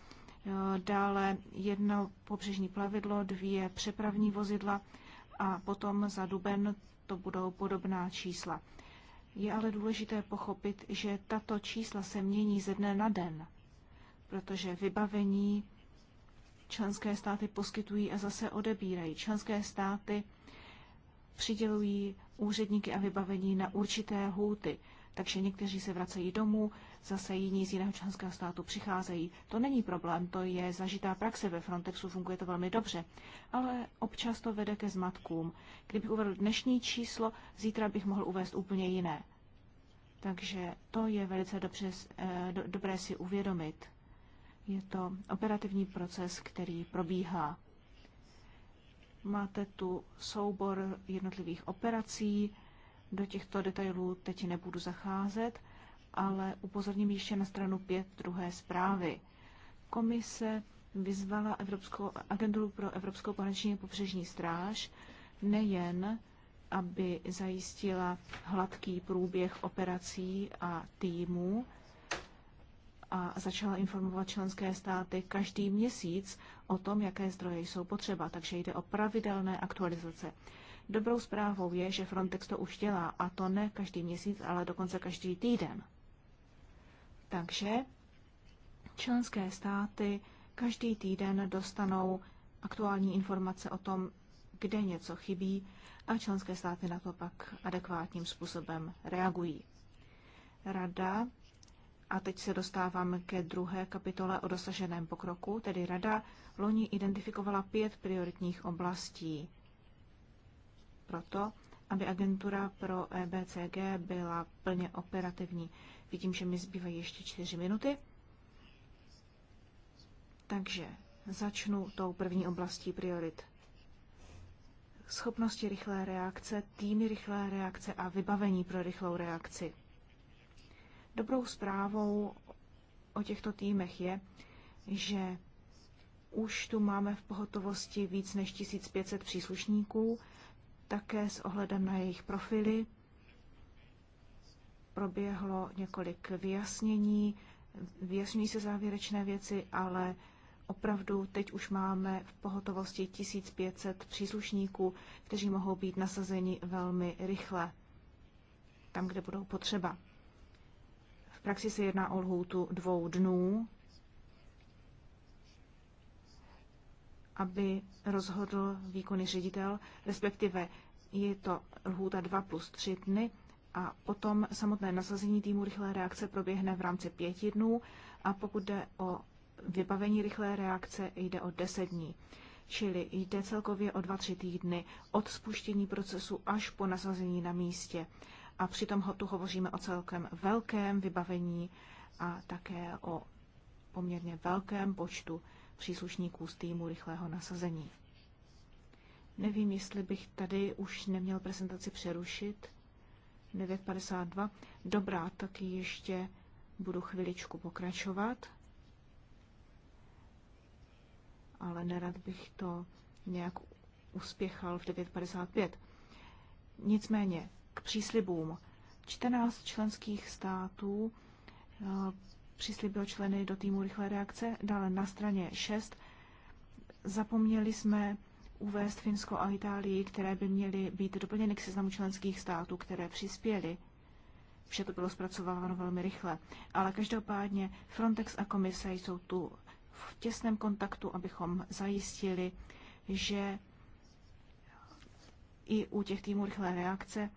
dále jedno pobřežní plavidlo, dvě přepravní vozidla a potom za duben to budou podobná čísla. Je ale důležité pochopit, že tato čísla se mění ze dne na den, protože vybavení členské státy poskytují a zase odebírají. Členské státy přidělují úředníky a vybavení na určité hůty, takže někteří se vracejí domů, zase jiní z jiného členského státu přicházejí. To není problém, to je zažitá praxe ve Frontexu, funguje to velmi dobře. Ale občas to vede ke zmatkům. Kdybych uvedl dnešní číslo, zítra bych mohl uvést úplně jiné. Takže to je velice dobře, eh, do, dobré si uvědomit. Je to operativní proces, který probíhá. Máte tu soubor jednotlivých operací, do těchto detailů teď nebudu zacházet ale upozorním ještě na stranu 5 druhé zprávy. Komise vyzvala Evropskou agenturu pro Evropskou pohraniční pobřežní stráž nejen, aby zajistila hladký průběh operací a týmů a začala informovat členské státy každý měsíc o tom, jaké zdroje jsou potřeba, takže jde o pravidelné aktualizace. Dobrou zprávou je, že Frontex to už dělá, a to ne každý měsíc, ale dokonce každý týden. Takže členské státy každý týden dostanou aktuální informace o tom, kde něco chybí a členské státy na to pak adekvátním způsobem reagují. Rada, a teď se dostávám ke druhé kapitole o dosaženém pokroku, tedy Rada loni identifikovala pět prioritních oblastí. Proto, aby agentura pro EBCG byla plně operativní. Vidím, že mi zbývají ještě čtyři minuty. Takže začnu tou první oblastí priorit. Schopnosti rychlé reakce, týmy rychlé reakce a vybavení pro rychlou reakci. Dobrou zprávou o těchto týmech je, že už tu máme v pohotovosti víc než 1500 příslušníků, také s ohledem na jejich profily proběhlo několik vyjasnění, vyjasňují se závěrečné věci, ale opravdu teď už máme v pohotovosti 1500 příslušníků, kteří mohou být nasazeni velmi rychle, tam, kde budou potřeba. V praxi se jedná o lhůtu dvou dnů, aby rozhodl výkonný ředitel, respektive je to lhůta 2 plus 3 dny, a potom samotné nasazení týmu rychlé reakce proběhne v rámci pěti dnů a pokud jde o vybavení rychlé reakce, jde o deset dní. Čili jde celkově o dva tři týdny od spuštění procesu až po nasazení na místě. A přitom ho, tu hovoříme o celkem velkém vybavení a také o poměrně velkém počtu příslušníků z týmu rychlého nasazení. Nevím, jestli bych tady už neměl prezentaci přerušit. 9.52. Dobrá, tak ještě budu chviličku pokračovat, ale nerad bych to nějak uspěchal v 9.55. Nicméně k příslibům. 14 členských států eh, přislíbil členy do týmu rychlé reakce, dále na straně 6 zapomněli jsme uvést Finsko a Itálii, které by měly být doplněny k seznamu členských států, které přispěly. Vše to bylo zpracováno velmi rychle. Ale každopádně Frontex a komise jsou tu v těsném kontaktu, abychom zajistili, že i u těch týmů rychlé reakce,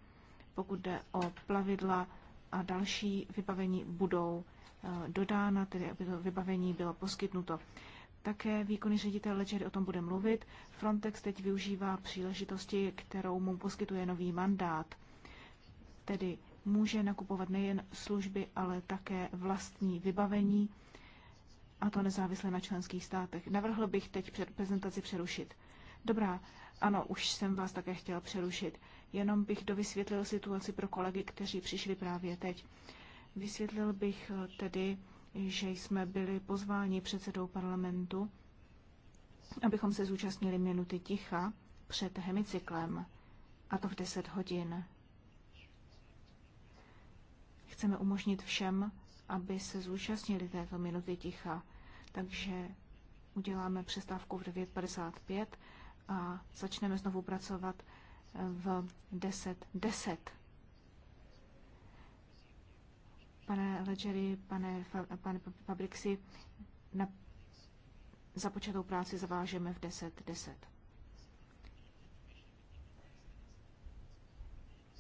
pokud jde o plavidla a další vybavení, budou eh, dodána, tedy aby to vybavení bylo poskytnuto. Také výkonný ředitel Lečery o tom bude mluvit. Frontex teď využívá příležitosti, kterou mu poskytuje nový mandát. Tedy může nakupovat nejen služby, ale také vlastní vybavení, a to nezávisle na členských státech. Navrhl bych teď před prezentaci přerušit. Dobrá, ano, už jsem vás také chtěl přerušit. Jenom bych dovysvětlil situaci pro kolegy, kteří přišli právě teď. Vysvětlil bych tedy že jsme byli pozváni předsedou parlamentu, abychom se zúčastnili minuty ticha před hemicyklem, a to v 10 hodin. Chceme umožnit všem, aby se zúčastnili této minuty ticha, takže uděláme přestávku v 9.55 a začneme znovu pracovat v 10.10. 10 pane Ledgery, pane, pane Fabrixi, na započatou práci zavážeme v 10.10. 10.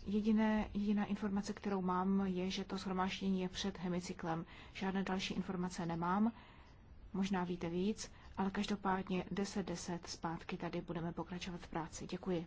Jediné, jediná informace, kterou mám, je, že to shromáždění je před hemicyklem. Žádné další informace nemám, možná víte víc, ale každopádně 10.10 10 zpátky tady budeme pokračovat v práci. Děkuji.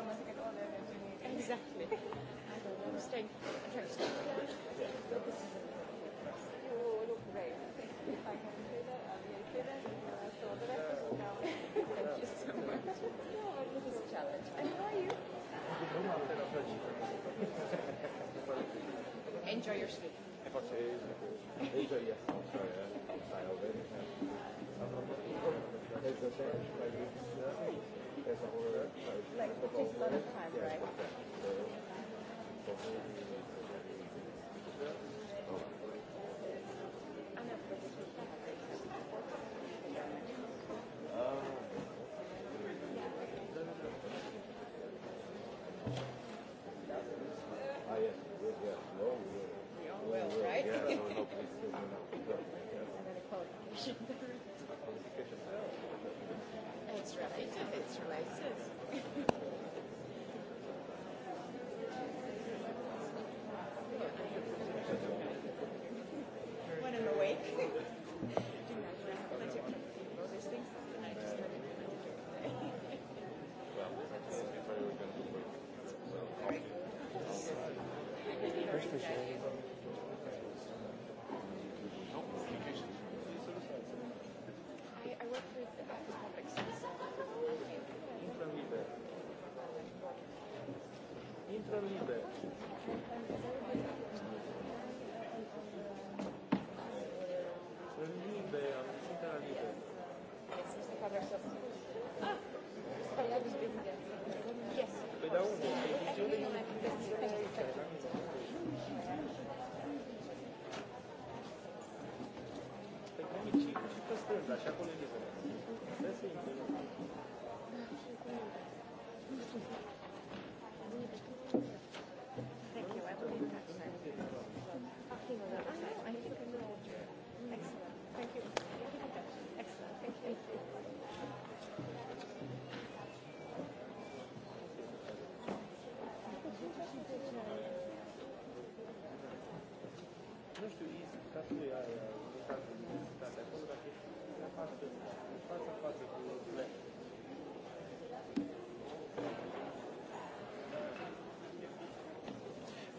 problematic at all in Exactly. I'm strength. I'm trying to strength. You will look Thank you so much. challenge. how are you? Enjoy your sleep. Enjoy your sleep there's a whole like particular right?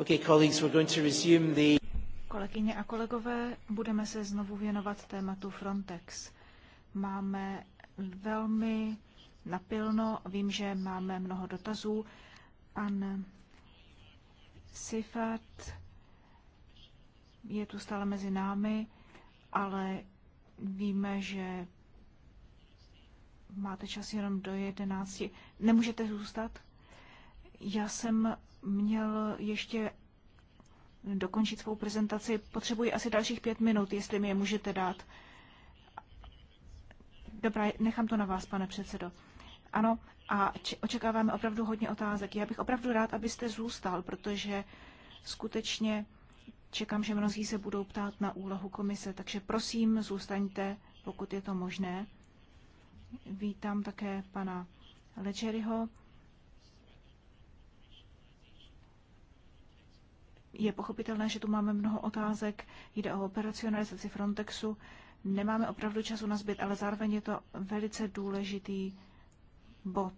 Okay, colleagues, we're going to resume the... Kolegyně a kolegové, budeme se znovu věnovat tématu Frontex. Máme velmi napilno, vím, že máme mnoho dotazů. Pan Sifat je tu stále mezi námi, ale víme, že máte čas jenom do jedenácti. Nemůžete zůstat? Já jsem měl ještě dokončit svou prezentaci. Potřebuji asi dalších pět minut, jestli mi je můžete dát. Dobrá, nechám to na vás, pane předsedo. Ano, a očekáváme opravdu hodně otázek. Já bych opravdu rád, abyste zůstal, protože skutečně čekám, že mnozí se budou ptát na úlohu komise, takže prosím, zůstaňte, pokud je to možné. Vítám také pana Lečeryho Je pochopitelné, že tu máme mnoho otázek, jde o operacionalizaci Frontexu. Nemáme opravdu času na zbyt, ale zároveň je to velice důležitý bod.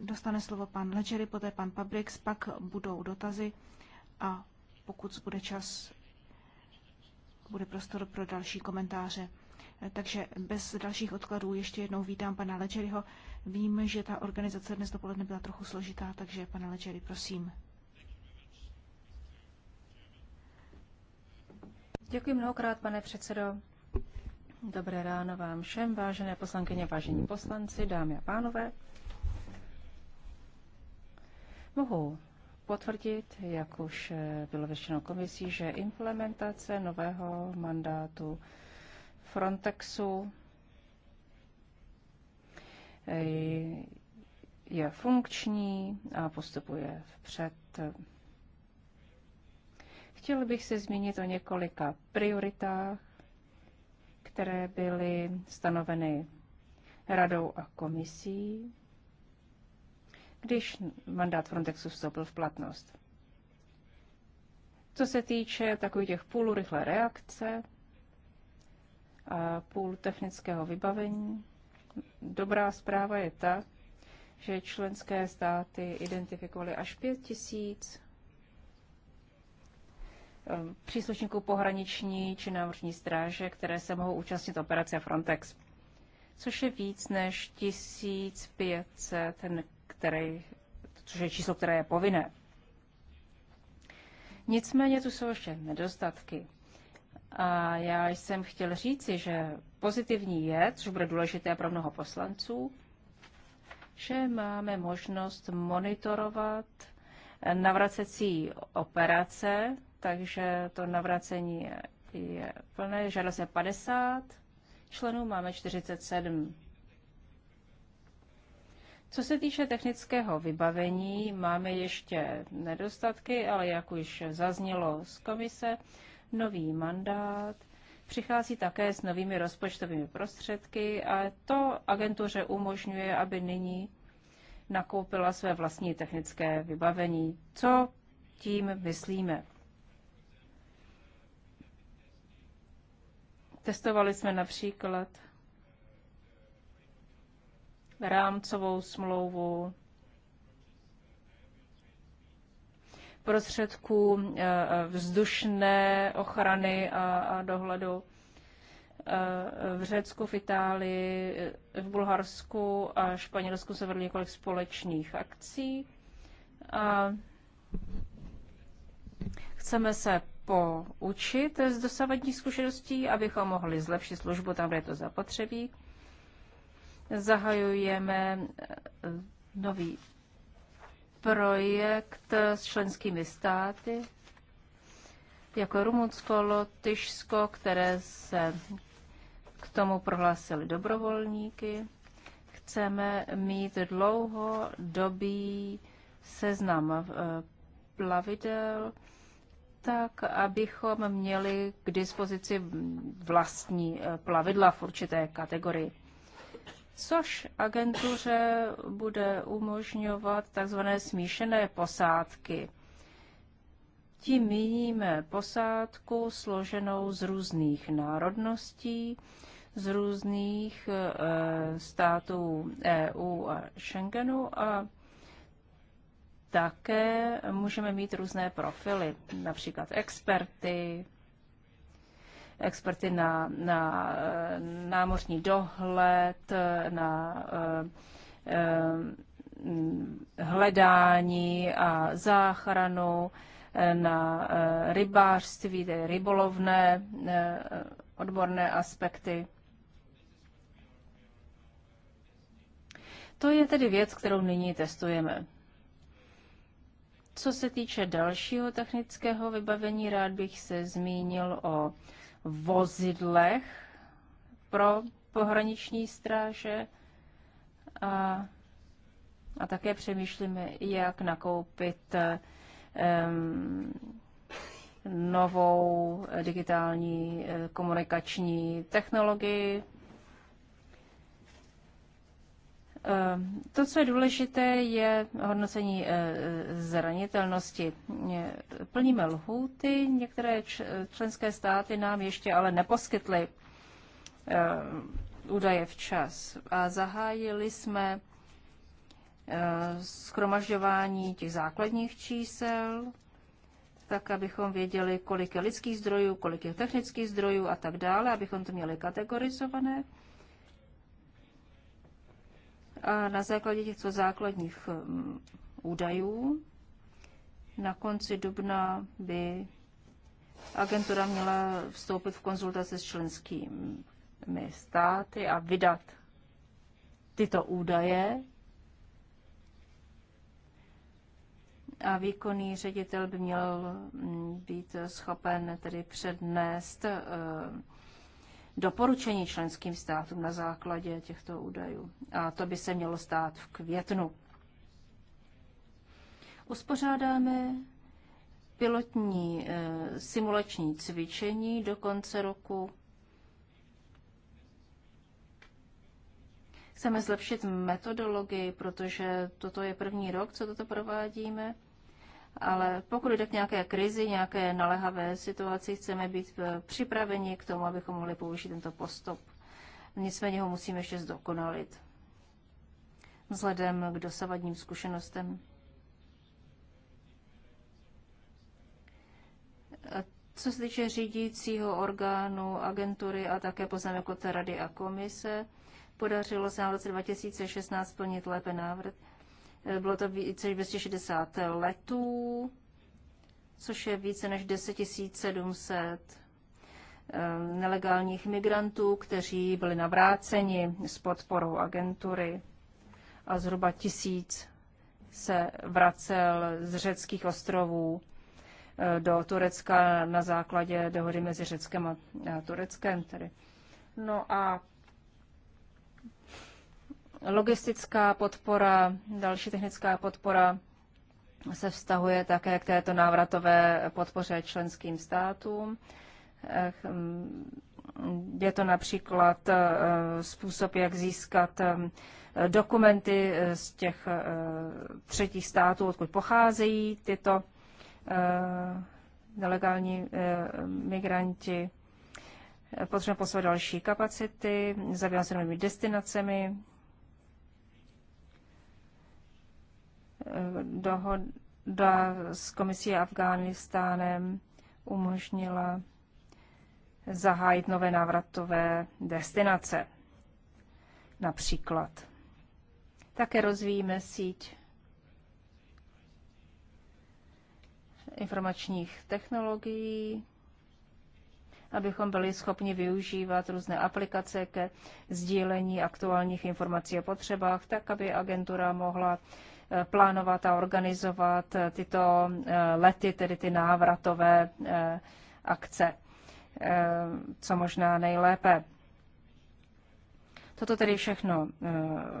Dostane slovo pan Ledgery, poté pan Pabrix, pak budou dotazy a pokud bude čas, bude prostor pro další komentáře. Takže bez dalších odkladů ještě jednou vítám pana Ledgeryho. Vím, že ta organizace dnes dopoledne byla trochu složitá, takže pane Ledgery, prosím. Děkuji mnohokrát, pane předsedo. Dobré ráno vám všem, vážené poslankyně, vážení poslanci, dámy a pánové. Mohu potvrdit, jak už bylo většinou komisí, že implementace nového mandátu Frontexu je funkční a postupuje vpřed. Chtěl bych se zmínit o několika prioritách, které byly stanoveny radou a komisí, když mandát Frontexu vstoupil v platnost. Co se týče takových těch půl rychlé reakce a půl technického vybavení, dobrá zpráva je ta, že členské státy identifikovaly až 5 tisíc příslušníků pohraniční či námořní stráže, které se mohou účastnit operace Frontex, což je víc než 1500, ten, který, což je číslo, které je povinné. Nicméně tu jsou ještě nedostatky. A já jsem chtěl říci, že pozitivní je, což bude důležité pro mnoho poslanců, že máme možnost monitorovat navracecí operace takže to navracení je, je plné. Žádalo se 50 členů, máme 47. Co se týče technického vybavení, máme ještě nedostatky, ale jak už zaznělo z komise, nový mandát přichází také s novými rozpočtovými prostředky a to agentuře umožňuje, aby nyní nakoupila své vlastní technické vybavení. Co tím myslíme? Testovali jsme například rámcovou smlouvu prostředků eh, eh, vzdušné ochrany a, a dohledu eh, v Řecku, v Itálii, v Bulharsku a Španělsku se vedlo několik společných akcí. A chceme se poučit z dosavadních zkušeností, abychom mohli zlepšit službu tam, kde je to zapotřebí. Zahajujeme eh, nový projekt s členskými státy, jako Rumunsko, Lotyšsko, které se k tomu prohlásili dobrovolníky. Chceme mít dlouhodobý seznam eh, plavidel, tak abychom měli k dispozici vlastní eh, plavidla v určité kategorii. Což agentuře bude umožňovat tzv. smíšené posádky. Tím míníme posádku složenou z různých národností, z různých eh, e, států EU a Schengenu a také můžeme mít různé profily, například experty, experty na, na eh, námořní dohled, na eh, eh, hledání a záchranu, na rybářství, tedy rybolovné odborné aspekty. To je tedy věc, kterou nyní testujeme. Co se týče dalšího technického vybavení, rád bych se zmínil o vozidlech pro pohraniční stráže a, a také přemýšlíme, jak nakoupit um, novou digitální eh, komunikační technologii Eh, to, co je důležité, je hodnocení eh, zranitelnosti. Eh, plníme lhůty, některé členské státy nám ještě ale neposkytly údaje včas. A zahájili jsme schromažďování těch základních čísel, tak abychom věděli, kolik je lidských zdrojů, kolik je technických zdrojů a tak dále, abychom to měli kategorizované. A na základě těchto základních um, údajů na konci dubna by agentura měla vstoupit v konzultace s členskými státy a vydat tyto údaje. A výkonný ředitel by měl mm, být schopen tedy přednést uh, doporučení členským státům na základě těchto údajů. A to by se mělo stát v květnu. Uspořádáme pilotní e, simulační cvičení do konce roku. Chceme zlepšit metodologii, protože toto je první rok, co toto provádíme ale pokud jde k nějaké krizi, nějaké nalehavé situaci, chceme být eh, připraveni k tomu, abychom mohli použít tento postup. Nicméně ho musíme ještě zdokonalit vzhledem k dosavadním zkušenostem. Co se týče řídícího orgánu, agentury a také poznámek od rady a komise, podařilo se na roce 2016 plnit lépe návrh Eh, bylo to více než 260 letů, což je více než 10 700 eh, nelegálních migrantů, kteří byli navráceni s podporou agentury a zhruba tisíc se vracel z řeckých ostrovů eh, do Turecka na základě dohody mezi Řeckem a Tureckem. Tedy. No a Logistická podpora, další technická podpora se vztahuje také k této návratové podpoře členským státům. Eh, hm, je to například eh, způsob, jak získat eh, dokumenty z těch třetích států, odkud pocházejí tyto nelegální migranti. Potřebujeme poslat další kapacity, zabývat se novými destinacemi, Eh, dohoda s komisí Afghánistánem umožnila zahájit nové návratové destinace. Například. Také rozvíjíme síť informačních technologií, abychom byli schopni využívat různé aplikace ke sdílení aktuálních informací o potřebách, tak aby agentura mohla plánovat a organizovat tyto eh, lety, tedy ty návratové eh, akce, eh, co možná nejlépe. Toto tedy všechno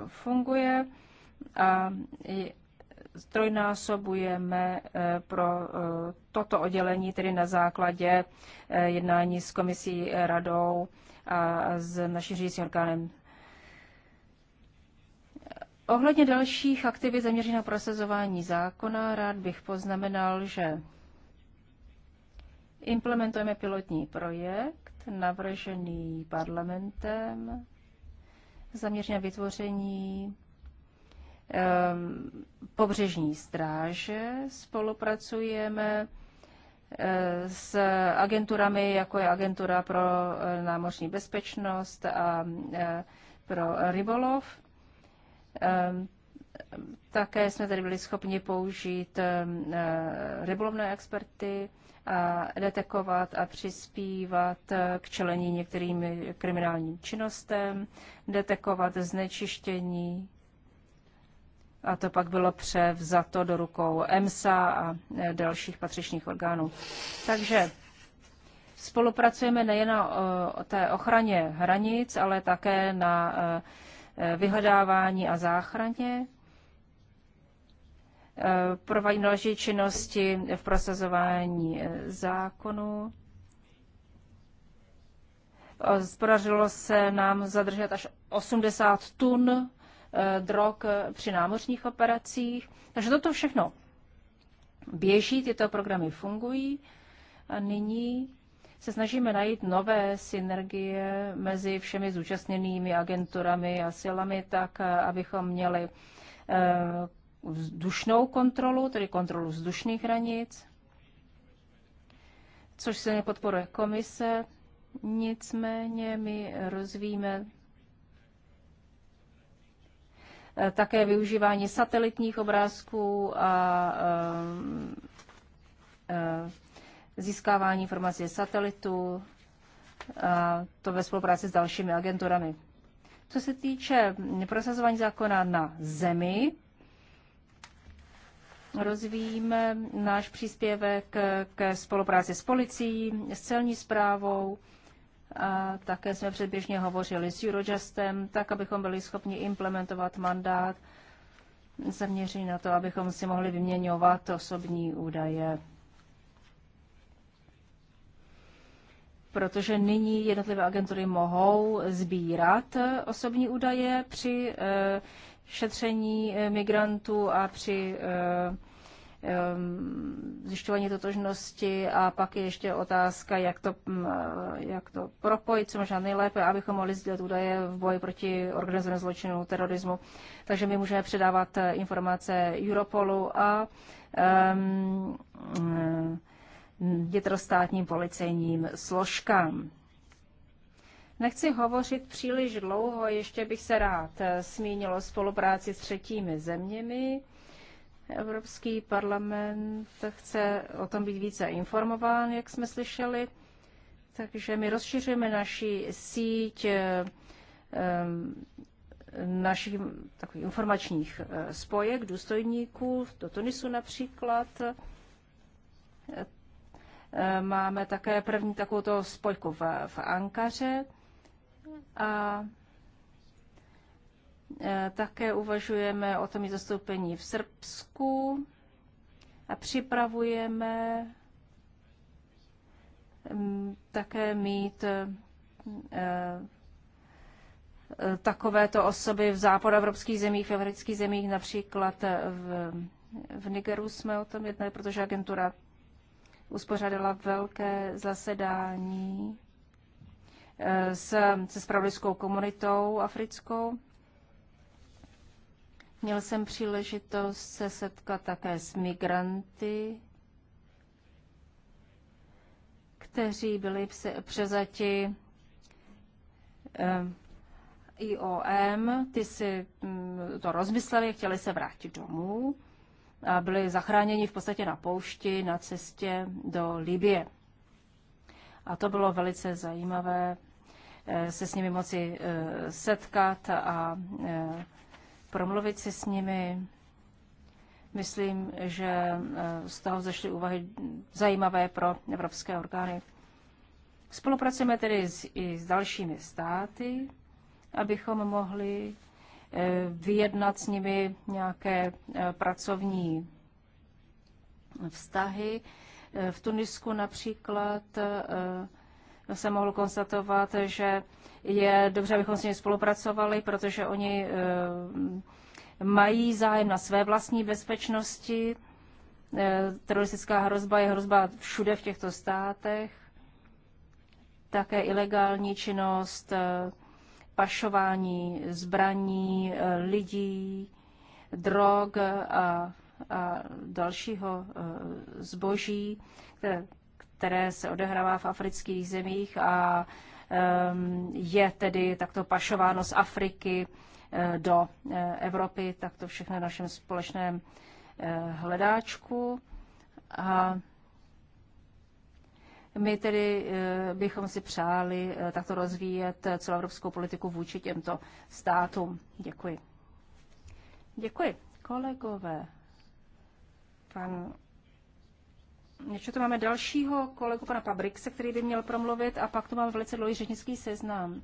funguje a trojnásobujeme pro toto oddělení, tedy na základě jednání s komisí radou a s naší řídícím orgánem Ohledně dalších aktivit zaměřených na prosazování zákona rád bych poznamenal, že implementujeme pilotní projekt navržený parlamentem zaměřený na vytvoření um, pobřežní stráže. Spolupracujeme eh, s agenturami, jako je Agentura pro eh, námořní bezpečnost a eh, pro rybolov. Ehm, také jsme tady byli schopni použít ehm, eh, rybolovné experty a detekovat a přispívat eh, k čelení některým kriminálním činnostem, detekovat znečištění. A to pak bylo převzato do rukou EMSA a eh, dalších patřičných orgánů. Takže spolupracujeme nejen na té ochraně hranic, ale také na vyhledávání a záchraně, provádí další činnosti v prosazování eh, zákonů. Podařilo se nám zadržet až 80 tun eh, drog eh, při námořních operacích. Takže toto všechno běží, tyto programy fungují. A nyní se snažíme najít nové synergie mezi všemi zúčastněnými agenturami a silami, tak eh, abychom měli eh, vzdušnou kontrolu, tedy kontrolu vzdušných hranic, což se nepodporuje komise. Nicméně my rozvíjíme eh, také využívání satelitních obrázků a získávání informací z satelitu, a to ve spolupráci s dalšími agenturami. Co se týče prosazování zákona na zemi, rozvíjíme náš příspěvek ke spolupráci s policií, s celní zprávou. A také jsme předběžně hovořili s Eurojustem, tak abychom byli schopni implementovat mandát zaměřený na to, abychom si mohli vyměňovat osobní údaje protože nyní jednotlivé agentury mohou sbírat osobní údaje při eh, šetření eh, migrantů a při eh, zjišťování totožnosti a pak je ještě otázka, jak to, jak to propojit, co možná nejlépe, abychom mohli sdílet údaje v boji proti organizovanému zločinu, terorismu. Takže my můžeme předávat informace Europolu a um, vnitrostátním policejním složkám. Nechci hovořit příliš dlouho, ještě bych se rád eh, zmínil o spolupráci s třetími zeměmi. Evropský parlament chce o tom být více informován, jak jsme slyšeli. Takže my rozšiřujeme naši síť eh, eh, našich takových informačních spojek, důstojníků, do Tunisu například. Máme také první takovou spojku v, v Ankaře a e, také uvažujeme o tom i zastoupení v Srbsku a připravujeme mm, také mít e, takovéto osoby v západoevropských zemích, v evropských zemích, například v, v Nigeru jsme o tom jednali, protože agentura uspořádala velké zasedání eh, se, se spravodajskou komunitou africkou. Měl jsem příležitost se setkat také s migranty, kteří byli přezati eh, IOM, ty si mm, to rozmysleli, chtěli se vrátit domů a byli zachráněni v podstatě na poušti na cestě do Libie. A to bylo velice zajímavé eh, se s nimi moci eh, setkat a eh, promluvit si s nimi. Myslím, že z toho zašly úvahy zajímavé pro evropské orgány. Spolupracujeme tedy s, i s dalšími státy, abychom mohli Eh, vyjednat s nimi nějaké eh, pracovní vztahy. Eh, v Tunisku například jsem mohl konstatovat, že je dobře, abychom s nimi spolupracovali, protože oni mají zájem na své vlastní bezpečnosti. Teroristická hrozba je hrozba všude v těchto státech. Také ilegální činnost, pašování zbraní, lidí, drog a, a dalšího e, zboží, které, které se odehrává v afrických zemích a je tedy takto pašováno z Afriky e, do e, Evropy, tak to všechno v našem společném hledáčku. A my tedy eh, bychom si přáli eh, takto rozvíjet eh, celoevropskou politiku vůči těmto státům. Děkuji. Děkuji. Kolegové, pan... Ještě tu máme dalšího kolegu, pana Pabrikse, který by měl promluvit, a pak tu mám velice dlouhý řečnický seznam.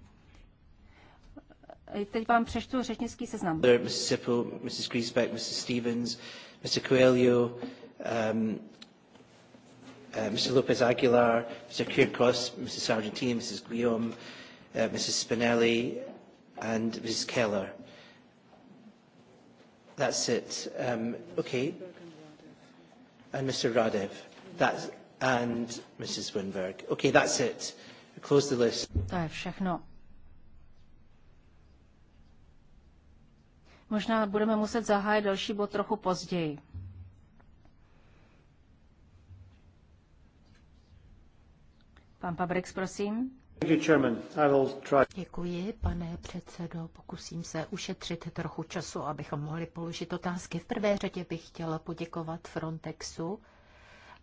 Teď vám přečtu řečnický seznam. Mr. Sippel, Mrs. Griesbeck, Mr. Stevens, Mr. Coelho, um, Uh, Mr. Lopez Aguilar, Mr. Kirkos, Mrs. Sargentini, Mrs. Guillaume, uh, Mrs. Spinelli, and Mrs. Keller. That's it. Um, okay. And Mr. Radev. That's, and Mrs. Winberg. Okay, that's it. We close the list. To je všechno. Možná budeme muset zahájit další bod trochu později. Pan Pabrix, prosím. Děkuji, pane předsedo. Pokusím se ušetřit trochu času, abychom mohli položit otázky. V prvé řadě bych chtěla poděkovat Frontexu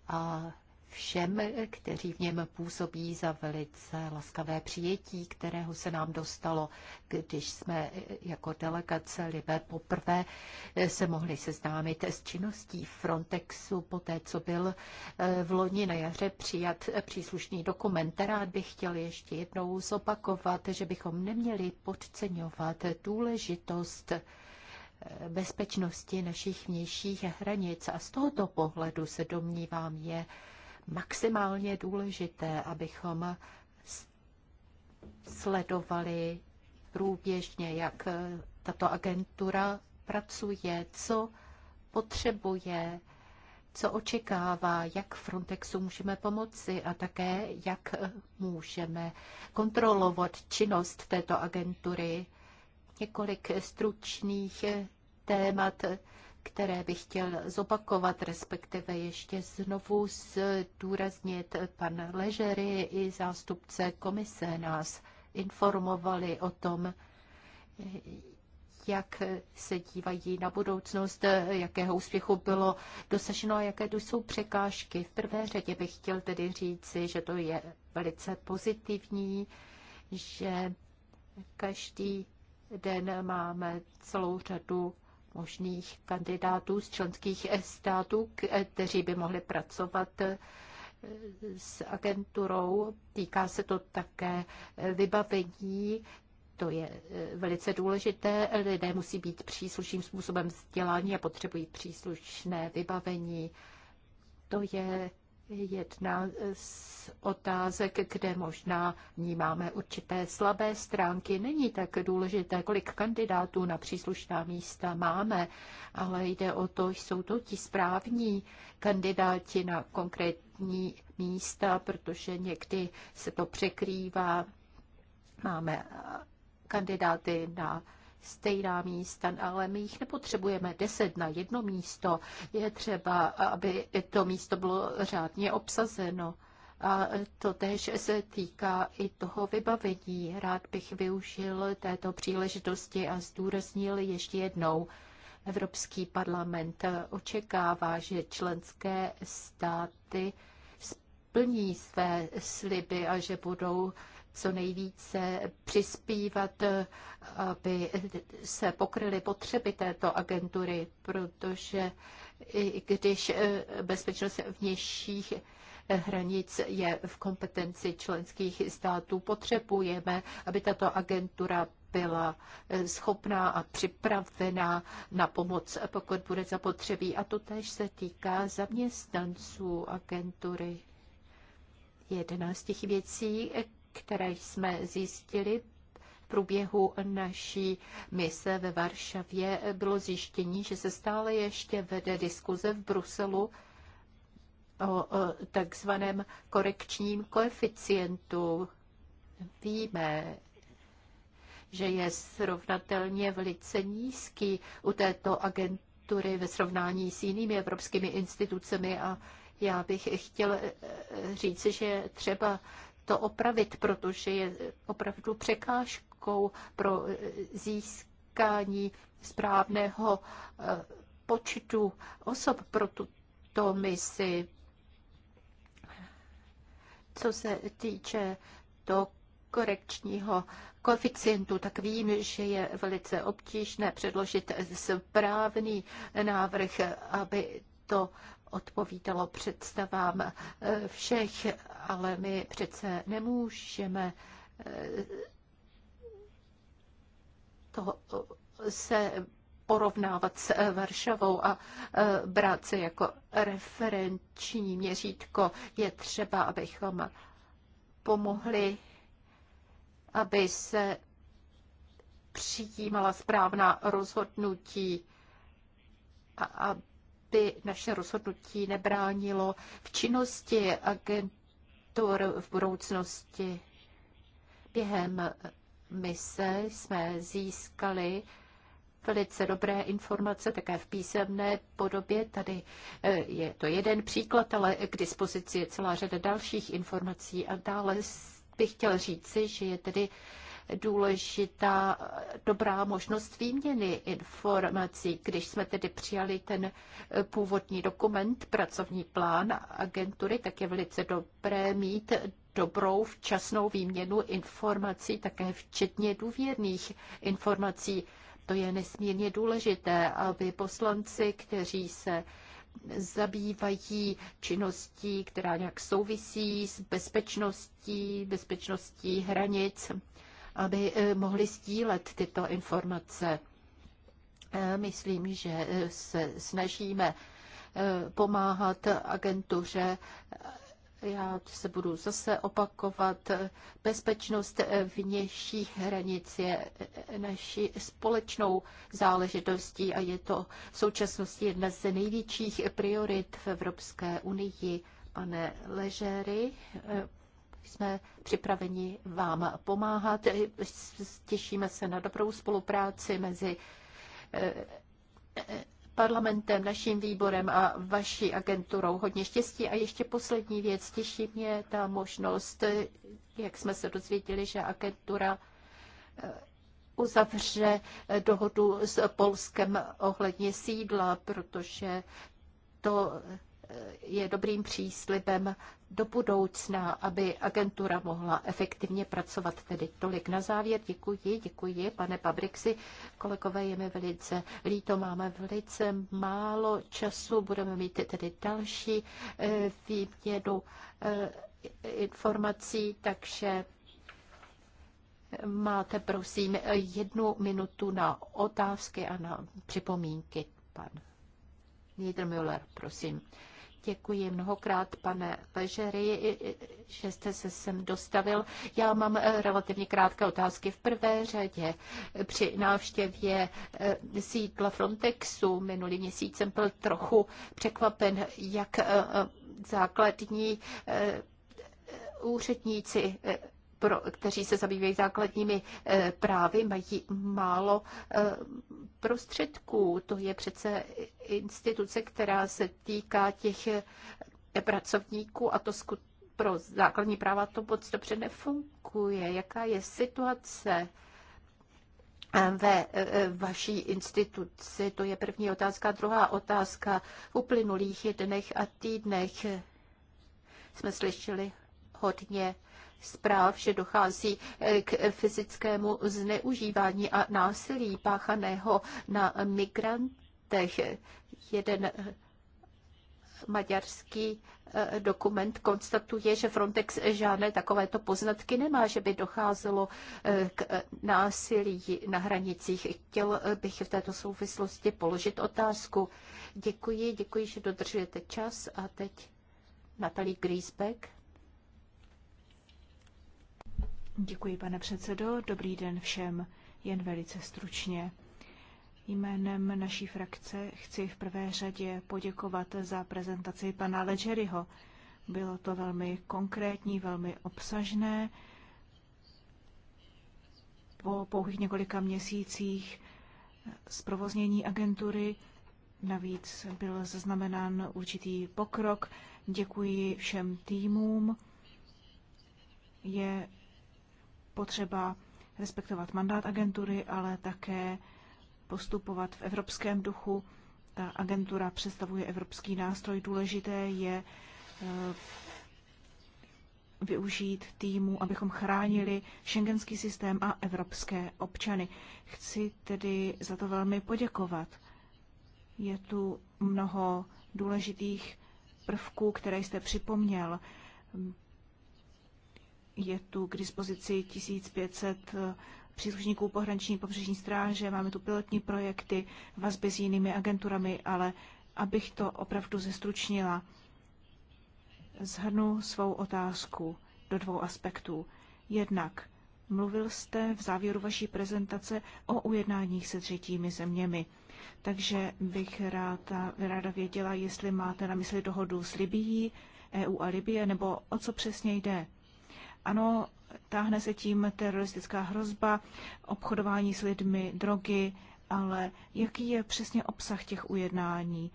a všem, kteří v něm působí za velice laskavé přijetí, kterého se nám dostalo, když jsme jako delegace Libe poprvé se mohli seznámit s činností Frontexu po té, co byl eh, v loni na jaře přijat příslušný dokument. Rád bych chtěl ještě jednou zopakovat, že bychom neměli podceňovat důležitost eh, bezpečnosti našich vnějších hranic a z tohoto pohledu se domnívám je maximálně důležité, abychom sledovali průběžně, jak tato agentura pracuje, co potřebuje, co očekává, jak Frontexu můžeme pomoci a také jak můžeme kontrolovat činnost této agentury. Několik stručných témat které bych chtěl zopakovat, respektive ještě znovu zdůraznit. Pan Ležery i zástupce komise nás informovali o tom, jak se dívají na budoucnost, jakého úspěchu bylo dosaženo a jaké tu jsou překážky. V prvé řadě bych chtěl tedy říci, že to je velice pozitivní, že každý den máme celou řadu možných kandidátů z členských států, kteří by mohli pracovat eh, s agenturou. Týká se to také vybavení, to je eh, velice důležité. Lidé musí být příslušným způsobem vzdělání a potřebují příslušné vybavení. To je jedna z otázek, kde možná vnímáme určité slabé stránky. Není tak důležité, kolik kandidátů na příslušná místa máme, ale jde o to, že jsou to ti správní kandidáti na konkrétní místa, protože někdy se to překrývá. Máme kandidáty na stejná místa, ale my jich nepotřebujeme deset na jedno místo. Je třeba, aby to místo bylo řádně obsazeno. A to tež se týká i toho vybavení. Rád bych využil této příležitosti a zdůraznil ještě jednou. Evropský parlament očekává, že členské státy splní své sliby a že budou co nejvíce přispívat, aby se pokryly potřeby této agentury, protože i když bezpečnost vnějších hranic je v kompetenci členských států, potřebujeme, aby tato agentura byla schopná a připravená na pomoc, pokud bude zapotřebí. A to tež se týká zaměstnanců agentury. Jedna z těch věcí, které jsme zjistili v průběhu naší mise ve Varšavě, bylo zjištění, že se stále ještě vede diskuze v Bruselu o takzvaném korekčním koeficientu. Víme, že je srovnatelně velice nízký u této agentury ve srovnání s jinými evropskými institucemi a já bych chtěl eh, říct, že třeba to opravit, protože je opravdu překážkou pro získání správného eh, počtu osob pro tuto misi. Co se týče to korekčního koeficientu, tak vím, že je velice obtížné předložit správný návrh, aby to odpovídalo představám eh, všech, ale my přece nemůžeme eh, to eh, se porovnávat s Varšavou a brát se jako referenční měřítko. Je třeba, abychom pomohli, aby se přijímala správná rozhodnutí, a by naše rozhodnutí nebránilo v činnosti agentur v budoucnosti. Během mise jsme získali velice dobré informace, také v písemné podobě. Tady eh, je to jeden příklad, ale k dispozici je celá řada dalších informací. A dále bych chtěl říci, že je tedy důležitá dobrá možnost výměny informací. Když jsme tedy přijali ten eh, původní dokument, pracovní plán agentury, tak je velice dobré mít dobrou včasnou výměnu informací, také včetně důvěrných informací. To je nesmírně důležité, aby poslanci, kteří se zabývají činností, která nějak souvisí s bezpečností, bezpečností hranic, aby eh, mohli sdílet tyto informace. Eh, myslím, že eh, se snažíme pomáhat agentuře. Já se budu zase opakovat. Bezpečnost vnějších hranic je naší společnou záležitostí a je to v současnosti jedna z největších priorit v Evropské unii. Pane Ležéry, jsme připraveni vám pomáhat. Těšíme se na dobrou spolupráci mezi eh, eh, parlamentem, naším výborem a vaší agenturou. Hodně štěstí. A ještě poslední věc. Těší mě ta možnost, jak jsme se dozvěděli, že agentura eh, uzavře dohodu s Polskem ohledně sídla, protože to je dobrým příslibem do budoucna, aby agentura mohla efektivně pracovat. Tedy tolik na závěr. Děkuji, děkuji, pane Pabrixi. Kolegové, je mi velice líto, máme velice málo času, budeme mít tedy další eh, výměnu eh, informací, takže máte, prosím, jednu minutu na otázky a na připomínky, pan Niedermüller, prosím. Děkuji mnohokrát, pane Ležery, že jste se sem dostavil. Já mám eh, relativně krátké otázky. V prvé řadě eh, při návštěvě eh, sídla Frontexu minulý měsíc jsem byl trochu překvapen, jak základní úředníci pro, kteří se zabývají základními eh, právy, mají málo eh, prostředků. To je přece instituce, která se týká těch eh, pracovníků a to pro základní práva to moc dobře nefunguje. Jaká je situace ve vaší instituci? To je první otázka. Druhá otázka. V uplynulých dnech a týdnech jsme slyšeli hodně zpráv, že dochází eh, k fyzickému zneužívání a násilí páchaného na migrantech. Jeden eh, maďarský eh, dokument konstatuje, že Frontex žádné takovéto poznatky nemá, že by docházelo k násilí na hranicích. Chtěl bych v této souvislosti položit otázku. Děkuji, děkuji, že dodržujete čas a teď Natalie Griesbeck. Děkuji, pane předsedo. Dobrý den všem. Jen velice stručně. Jménem naší frakce chci v prvé řadě poděkovat za prezentaci pana Ledgeryho. Bylo to velmi konkrétní, velmi obsažné. Po pouhých několika měsících zprovoznění agentury navíc byl zaznamenán určitý pokrok. Děkuji všem týmům. Je potřeba respektovat mandát agentury, ale také postupovat v evropském duchu. Ta agentura představuje evropský nástroj. Důležité je eh, využít týmu, abychom chránili šengenský systém a evropské občany. Chci tedy za to velmi poděkovat. Je tu mnoho důležitých prvků, které jste připomněl je tu k dispozici 1500 eh, příslušníků pohraniční pobřežní stráže, máme tu pilotní projekty, vazby s jinými agenturami, ale abych to opravdu zestručnila, zhrnu svou otázku do dvou aspektů. Jednak mluvil jste v závěru vaší prezentace o ujednáních se třetími zeměmi. Takže bych ráda, ráda věděla, jestli máte na mysli dohodu s Libií, EU a Libie, nebo o co přesně jde. Ano, táhne se tím teroristická hrozba, obchodování s lidmi, drogy, ale jaký je přesně obsah těch ujednání?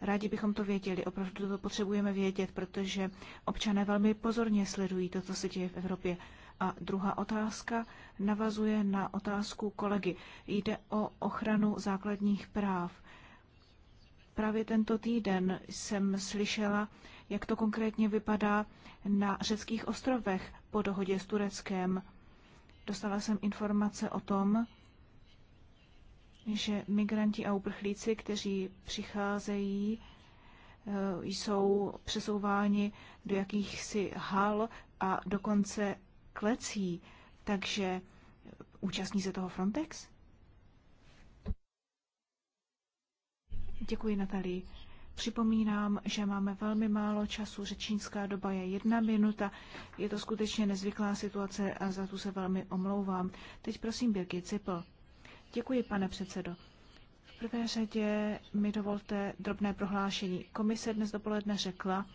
Rádi bychom to věděli, opravdu to potřebujeme vědět, protože občané velmi pozorně sledují to, co se děje v Evropě. A druhá otázka navazuje na otázku kolegy. Jde o ochranu základních práv. Právě tento týden jsem slyšela, jak to konkrétně vypadá na řeckých ostrovech po dohodě s Tureckem. Dostala jsem informace o tom, že migranti a uprchlíci, kteří přicházejí, eh, jsou přesouváni do jakýchsi hal a dokonce klecí. Takže účastní se toho Frontex? Děkuji, Natalie. Připomínám, že máme velmi málo času, řečnická doba je jedna minuta. Je to skutečně nezvyklá situace a za tu se velmi omlouvám. Teď prosím Birgit Cipl. Děkuji, pane předsedo. V prvé řadě mi dovolte drobné prohlášení. Komise dnes dopoledne řekla,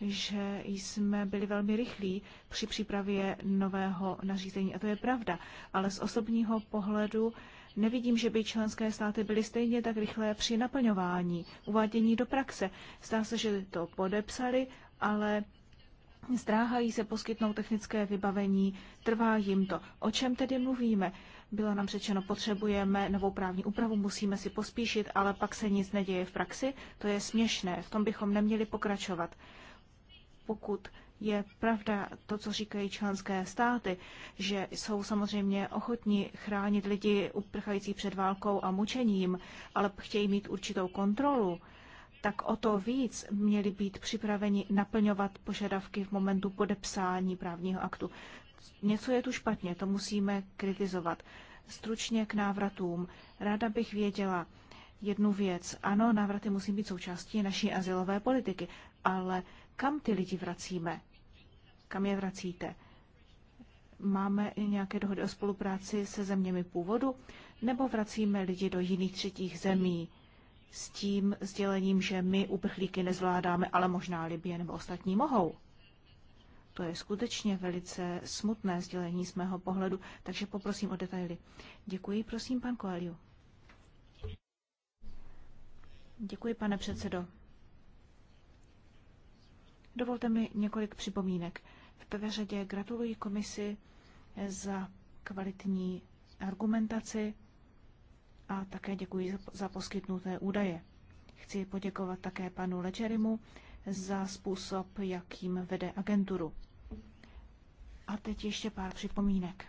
že jsme byli velmi rychlí při přípravě nového nařízení. A to je pravda, ale z osobního pohledu Nevidím, že by členské státy byly stejně tak rychlé při naplňování, uvádění do praxe. Zdá se, že to podepsali, ale zdráhají se poskytnout technické vybavení, trvá jim to. O čem tedy mluvíme? Bylo nám řečeno, potřebujeme novou právní úpravu, musíme si pospíšit, ale pak se nic neděje v praxi. To je směšné, v tom bychom neměli pokračovat. Pokud je pravda to, co říkají členské státy, že jsou samozřejmě ochotní chránit lidi uprchající před válkou a mučením, ale chtějí mít určitou kontrolu tak o to víc měli být připraveni naplňovat požadavky v momentu podepsání právního aktu. Něco je tu špatně, to musíme kritizovat. Stručně k návratům. Ráda bych věděla jednu věc. Ano, návraty musí být součástí naší asilové politiky, ale kam ty lidi vracíme? kam je vracíte? Máme i nějaké dohody o spolupráci se zeměmi původu, nebo vracíme lidi do jiných třetích zemí s tím sdělením, že my uprchlíky nezvládáme, ale možná Libie nebo ostatní mohou? To je skutečně velice smutné sdělení z mého pohledu, takže poprosím o detaily. Děkuji, prosím, pan Koaliu. Děkuji, pane předsedo. Dovolte mi několik připomínek. V prvé řadě gratuluji komisi za kvalitní argumentaci a také děkuji za poskytnuté údaje. Chci poděkovat také panu Ledgerimu za způsob, jakým vede agenturu. A teď ještě pár připomínek.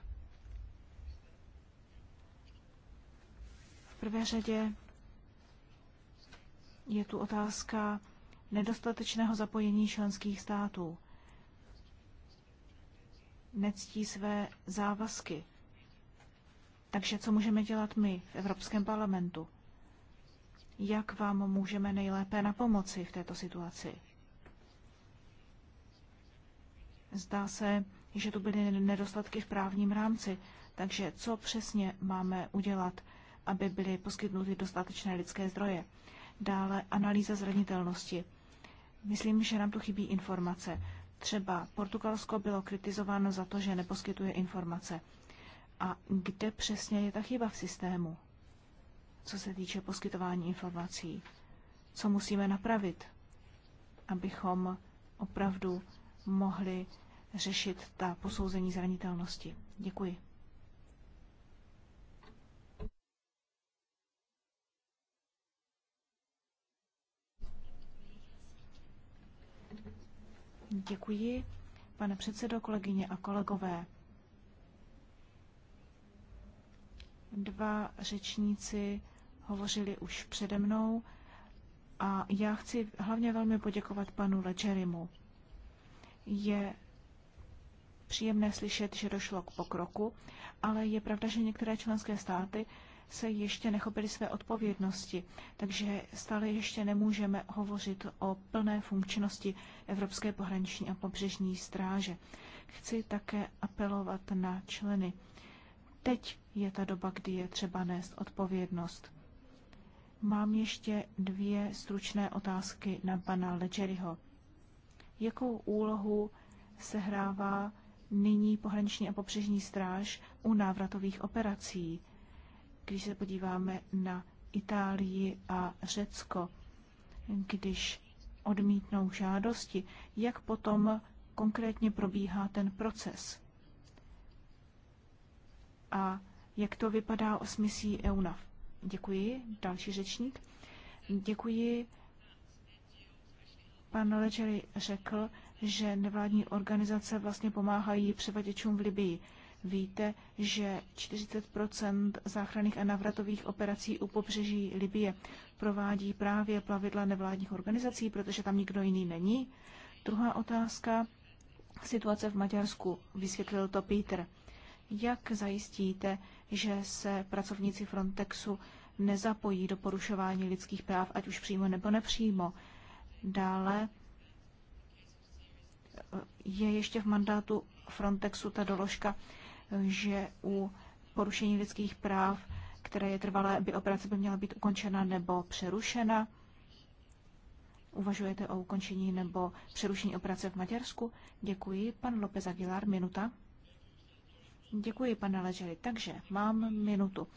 V prvé řadě je tu otázka nedostatečného zapojení členských států nectí své závazky. Takže co můžeme dělat my v Evropském parlamentu? Jak vám můžeme nejlépe na pomoci v této situaci? Zdá se, že tu byly nedostatky v právním rámci, takže co přesně máme udělat, aby byly poskytnuty dostatečné lidské zdroje? Dále analýza zranitelnosti. Myslím, že nám tu chybí informace. Třeba Portugalsko bylo kritizováno za to, že neposkytuje informace. A kde přesně je ta chyba v systému, co se týče poskytování informací? Co musíme napravit, abychom opravdu mohli řešit ta posouzení zranitelnosti? Děkuji. Děkuji, pane předsedo, kolegyně a kolegové. Dva řečníci hovořili už přede mnou a já chci hlavně velmi poděkovat panu Lečerimu. Je příjemné slyšet, že došlo k pokroku, ale je pravda, že některé členské státy se ještě nechopili své odpovědnosti, takže stále ještě nemůžeme hovořit o plné funkčnosti Evropské pohraniční a pobřežní stráže. Chci také apelovat na členy. Teď je ta doba, kdy je třeba nést odpovědnost. Mám ještě dvě stručné otázky na pana Ledgeryho. Jakou úlohu sehrává nyní pohraniční a pobřežní stráž u návratových operací? Když se podíváme na Itálii a Řecko, když odmítnou žádosti, jak potom konkrétně probíhá ten proces? A jak to vypadá s misí EUNAV? Děkuji. Další řečník. Děkuji. Pan Lečery řekl, že nevládní organizace vlastně pomáhají převaděčům v Libii. Víte, že 40 záchranných a navratových operací u pobřeží Libie provádí právě plavidla nevládních organizací, protože tam nikdo jiný není? Druhá otázka. Situace v Maďarsku. Vysvětlil to Peter. Jak zajistíte, že se pracovníci Frontexu nezapojí do porušování lidských práv, ať už přímo nebo nepřímo? Dále je ještě v mandátu Frontexu ta doložka že u porušení lidských práv, které je trvalé, by operace by měla být ukončena nebo přerušena? Uvažujete o ukončení nebo přerušení operace v Maďarsku? Děkuji. Pan López Aguilar, minuta. Děkuji, pane Ležery. Takže mám minutu.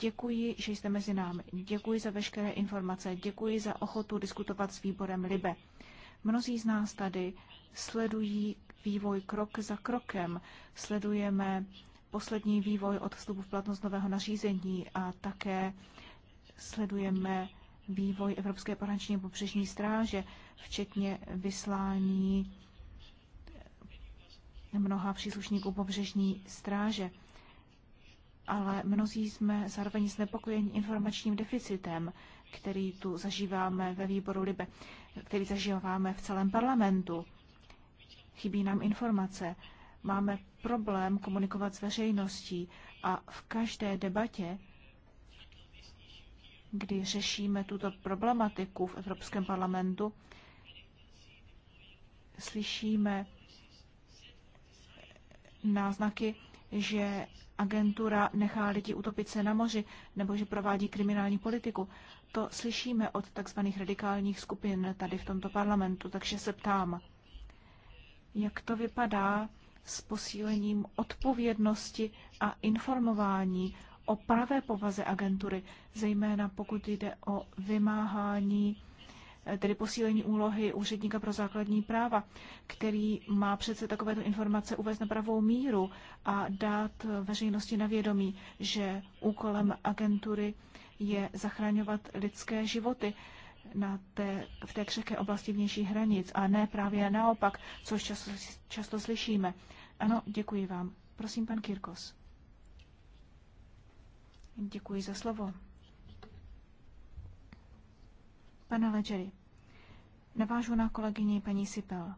Děkuji, že jste mezi námi. Děkuji za veškeré informace. Děkuji za ochotu diskutovat s výborem Libe. Mnozí z nás tady sledují vývoj krok za krokem. Sledujeme poslední vývoj od vstupu v platnost nového nařízení a také sledujeme vývoj Evropské pohraniční pobřežní stráže, včetně vyslání mnoha příslušníků pobřežní stráže. Ale mnozí jsme zároveň znepokojeni informačním deficitem, který tu zažíváme ve výboru Libe, který zažíváme v celém parlamentu. Chybí nám informace. Máme problém komunikovat s veřejností a v každé debatě, kdy řešíme tuto problematiku v Evropském parlamentu, slyšíme náznaky, že agentura nechá lidi utopit se na moři nebo že provádí kriminální politiku. To slyšíme od tzv. radikálních skupin tady v tomto parlamentu, takže se ptám, jak to vypadá s posílením odpovědnosti a informování o pravé povaze agentury, zejména pokud jde o vymáhání, eh, tedy posílení úlohy úředníka pro základní práva, který má přece takovéto informace uvést na pravou míru a dát veřejnosti na vědomí, že úkolem agentury je zachraňovat lidské životy na té, v té křehké oblasti vnějších hranic a ne právě naopak, což často, často slyšíme. Ano, děkuji vám. Prosím, pan Kirkos. Děkuji za slovo. Pane Ledgeri, navážu na kolegyni paní Sipel.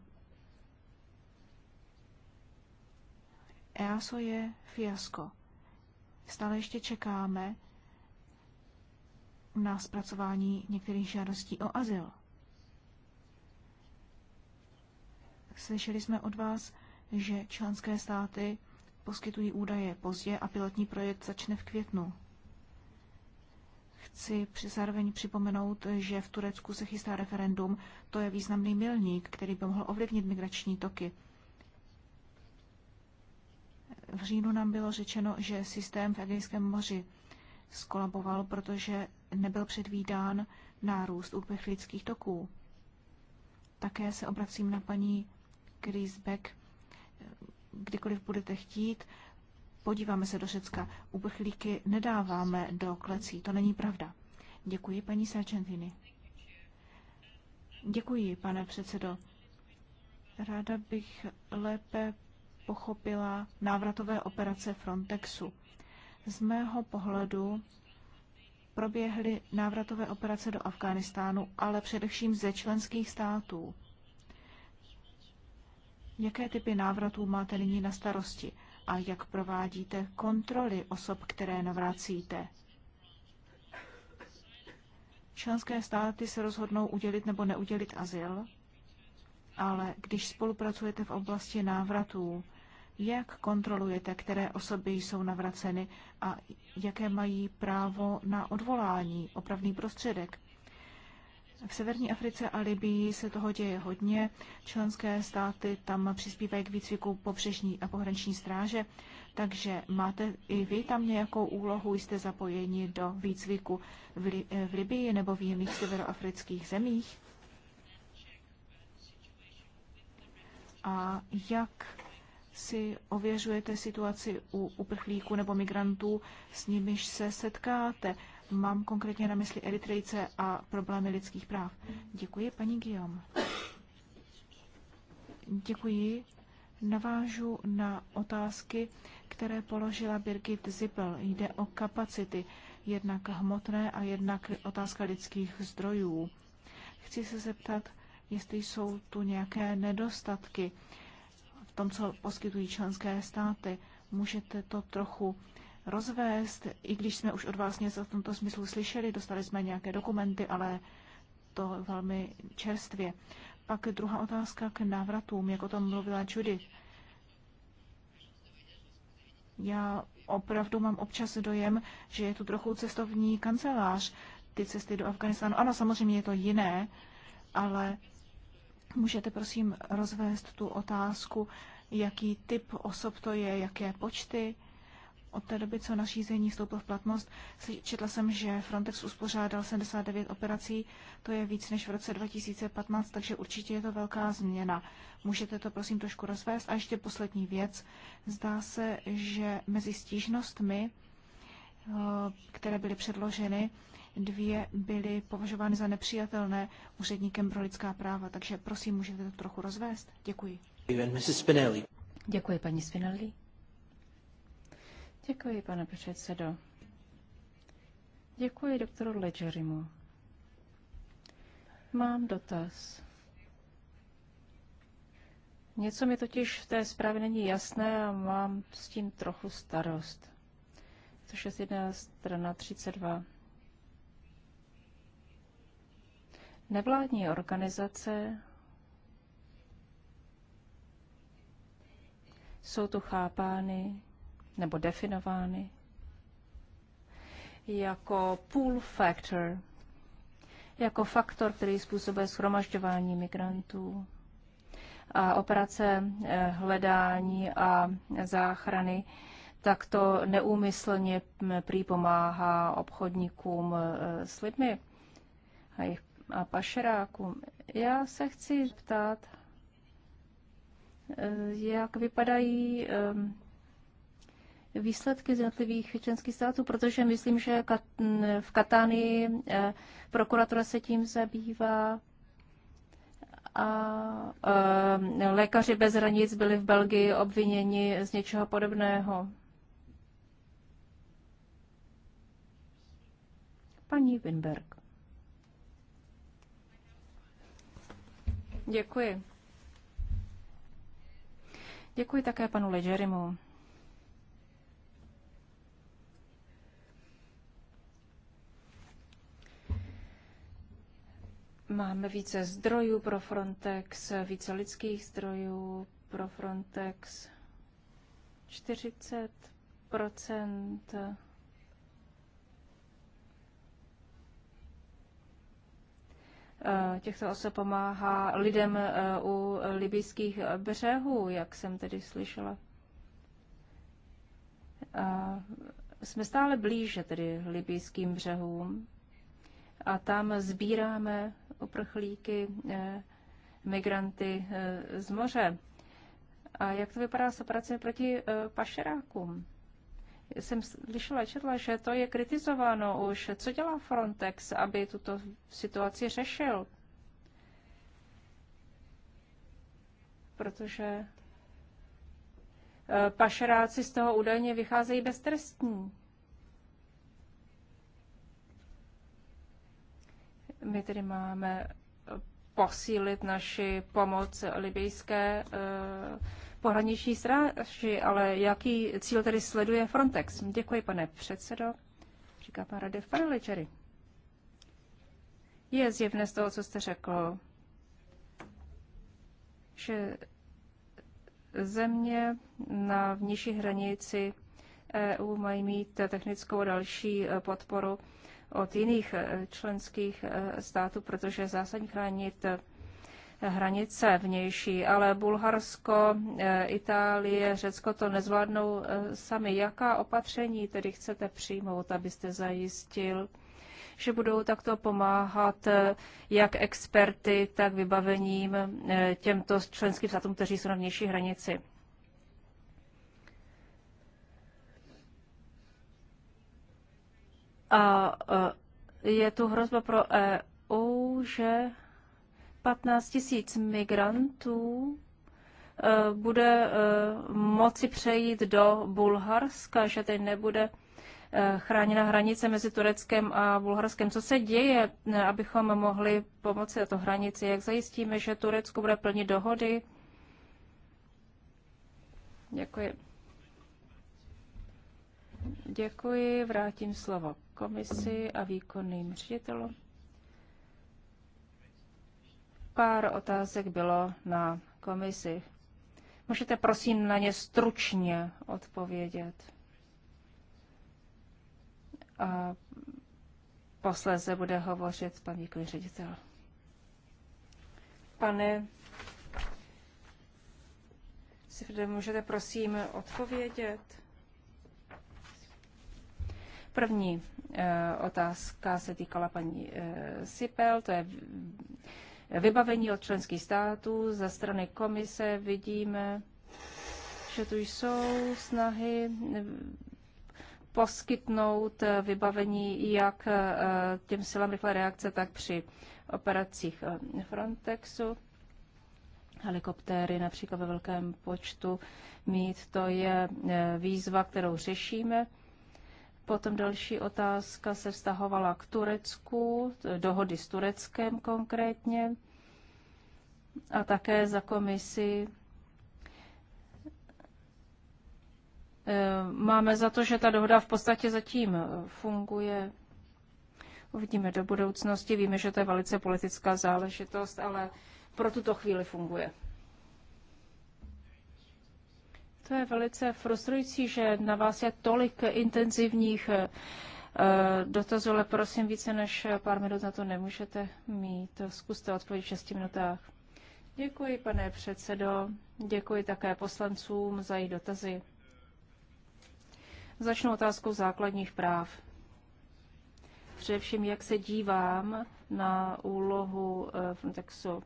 EASO je fiasko. Stále ještě čekáme na zpracování některých žádostí o azyl. Slyšeli jsme od vás, že členské státy poskytují údaje pozdě a pilotní projekt začne v květnu. Chci při zároveň připomenout, že v Turecku se chystá referendum. To je významný milník, který by mohl ovlivnit migrační toky. V říjnu nám bylo řečeno, že systém v Egejském moři skolaboval, protože nebyl předvídán nárůst uprchlických toků. Také se obracím na paní Krisbeck. Kdykoliv budete chtít, podíváme se do Řecka. Uprchlíky nedáváme do klecí. To není pravda. Děkuji, paní Sargentini. Děkuji, pane předsedo. Ráda bych lépe pochopila návratové operace Frontexu. Z mého pohledu proběhly návratové operace do Afghánistánu, ale především ze členských států. Jaké typy návratů máte nyní na starosti a jak provádíte kontroly osob, které navracíte? Členské státy se rozhodnou udělit nebo neudělit azyl, ale když spolupracujete v oblasti návratů, jak kontrolujete, které osoby jsou navraceny a jaké mají právo na odvolání, opravný prostředek? V severní Africe a Libii se toho děje hodně. Členské státy tam přispívají k výcviku pobřežní a pohraniční stráže, takže máte i vy tam nějakou úlohu, jste zapojeni do výcviku v, Li- v Libii nebo v jiných severoafrických zemích? A jak si ověřujete situaci u uprchlíků nebo migrantů, s nimiž se setkáte. Mám konkrétně na mysli Eritrejce a problémy lidských práv. Děkuji, paní Guillaume. Děkuji. Navážu na otázky, které položila Birgit Zippel. Jde o kapacity, jednak hmotné a jednak otázka lidských zdrojů. Chci se zeptat, jestli jsou tu nějaké nedostatky v tom, co poskytují členské státy. Můžete to trochu rozvést, i když jsme už od vás něco v tomto smyslu slyšeli, dostali jsme nějaké dokumenty, ale to velmi čerstvě. Pak druhá otázka k návratům, jak o tom mluvila Judith. Já opravdu mám občas dojem, že je tu trochu cestovní kancelář, ty cesty do Afganistánu. Ano, samozřejmě je to jiné, ale Můžete prosím rozvést tu otázku, jaký typ osob to je, jaké počty? Od té doby, co nařízení vstoupilo v platnost, četla jsem, že Frontex uspořádal 79 operací, to je víc než v roce 2015, takže určitě je to velká změna. Můžete to prosím trošku rozvést? A ještě poslední věc. Zdá se, že mezi stížnostmi, eh, které byly předloženy, dvě byly považovány za nepřijatelné úředníkem pro lidská práva. Takže prosím, můžete to trochu rozvést? Děkuji. Děkuji, paní Spinelli. Děkuji, pane předsedo. Děkuji doktoru Ledgerimu. Mám dotaz. Něco mi totiž v té zprávě není jasné a mám s tím trochu starost. je 161 strana 32. Nevládní organizace jsou tu chápány nebo definovány jako pull factor, jako faktor, který způsobuje schromažďování migrantů. A operace eh, hledání a záchrany takto neúmyslně prý pomáhá obchodníkům eh, s lidmi a jejich a pašerákům. Já se chci ptát, eh, jak vypadají eh, výsledky z jednotlivých členských států, protože myslím, že v Katánii eh, prokuratura se tím zabývá a lékaři bez hranic byli v Belgii obviněni z něčeho podobného. Paní Winberg. Děkuji. Děkuji také panu Ležerimu. Máme více zdrojů pro Frontex, více lidských zdrojů pro Frontex. 40 Eh, těchto osob pomáhá lidem eh, u libijských břehů, jak jsem tedy slyšela. A eh, jsme stále blíže tedy libijským břehům a tam sbíráme uprchlíky, migranty z moře. A jak to vypadá s operací proti pašerákům? jsem slyšela, četla, že to je kritizováno už. Co dělá Frontex, aby tuto situaci řešil? Protože eh, pašeráci z toho údajně vycházejí beztrestní. My tedy máme posílit naši pomoc libijské eh, pohraniční stráži, ale jaký cíl tedy sleduje Frontex? Děkuji, pane předsedo, říká pan Radev Paraličery. Je zjevné z toho, co jste řekl, že země na vnější hranici EU mají mít technickou další e, podporu od jiných e, členských e, států, protože zásadní chránit hranice vnější, ale Bulharsko, eh, Itálie, Řecko to nezvládnou eh, sami. Jaká opatření tedy chcete přijmout, abyste zajistil, že budou takto pomáhat eh, jak experty, tak vybavením těmto členským státům, kteří jsou na vnější hranici? A je tu hrozba pro EU, že 15 tisíc migrantů eh, bude eh, moci přejít do Bulharska, že teď nebude eh, chráněna hranice mezi Tureckem a Bulharskem. Co se děje, abychom mohli pomoci na to hranici? Jak zajistíme, že Turecko bude plnit dohody? Děkuji. Děkuji, vrátím slovo komisi a výkonným ředitelům. Pár otázek bylo na komisi. Můžete prosím na ně stručně odpovědět. A posléze bude hovořit pan výkonný ředitel. Pane Sifrde, můžete prosím odpovědět? První e, otázka se týkala paní e, Sipel, to je vybavení od členských států. Za strany komise vidíme, že tu jsou snahy eh, poskytnout eh, vybavení jak eh, těm silám rychlé reakce, tak při operacích Frontexu. Helikoptéry například ve velkém počtu mít, to je výzva, kterou řešíme. Potom další otázka se vztahovala k Turecku, dohody s Tureckem konkrétně a také za komisi. Eh, máme za to, že ta dohoda v podstatě zatím eh, funguje. Uvidíme do budoucnosti, víme, že to je velice politická záležitost, ale pro tuto chvíli funguje. To je velice frustrující, že na vás je tolik intenzivních eh, dotazů, ale prosím, více než pár minut na to nemůžete mít. Zkuste odpovědět v 6 minutách. Děkuji, pane předsedo. Děkuji také poslancům za jejich dotazy. Začnu otázkou základních práv. Především, jak se dívám na úlohu eh, Frontexu.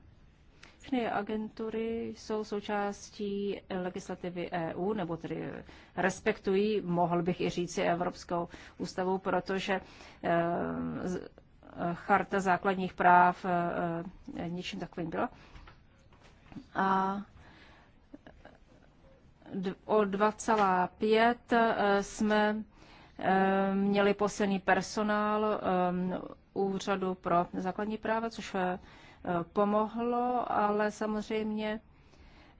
Všechny agentury jsou součástí legislativy EU, nebo tedy respektují, mohl bych i říci, Evropskou ústavu, protože eh, eh, charta základních práv eh, ničím takovým byla. A o 2,5 jsme měli posilný personál úřadu pro základní práva, což pomohlo, ale samozřejmě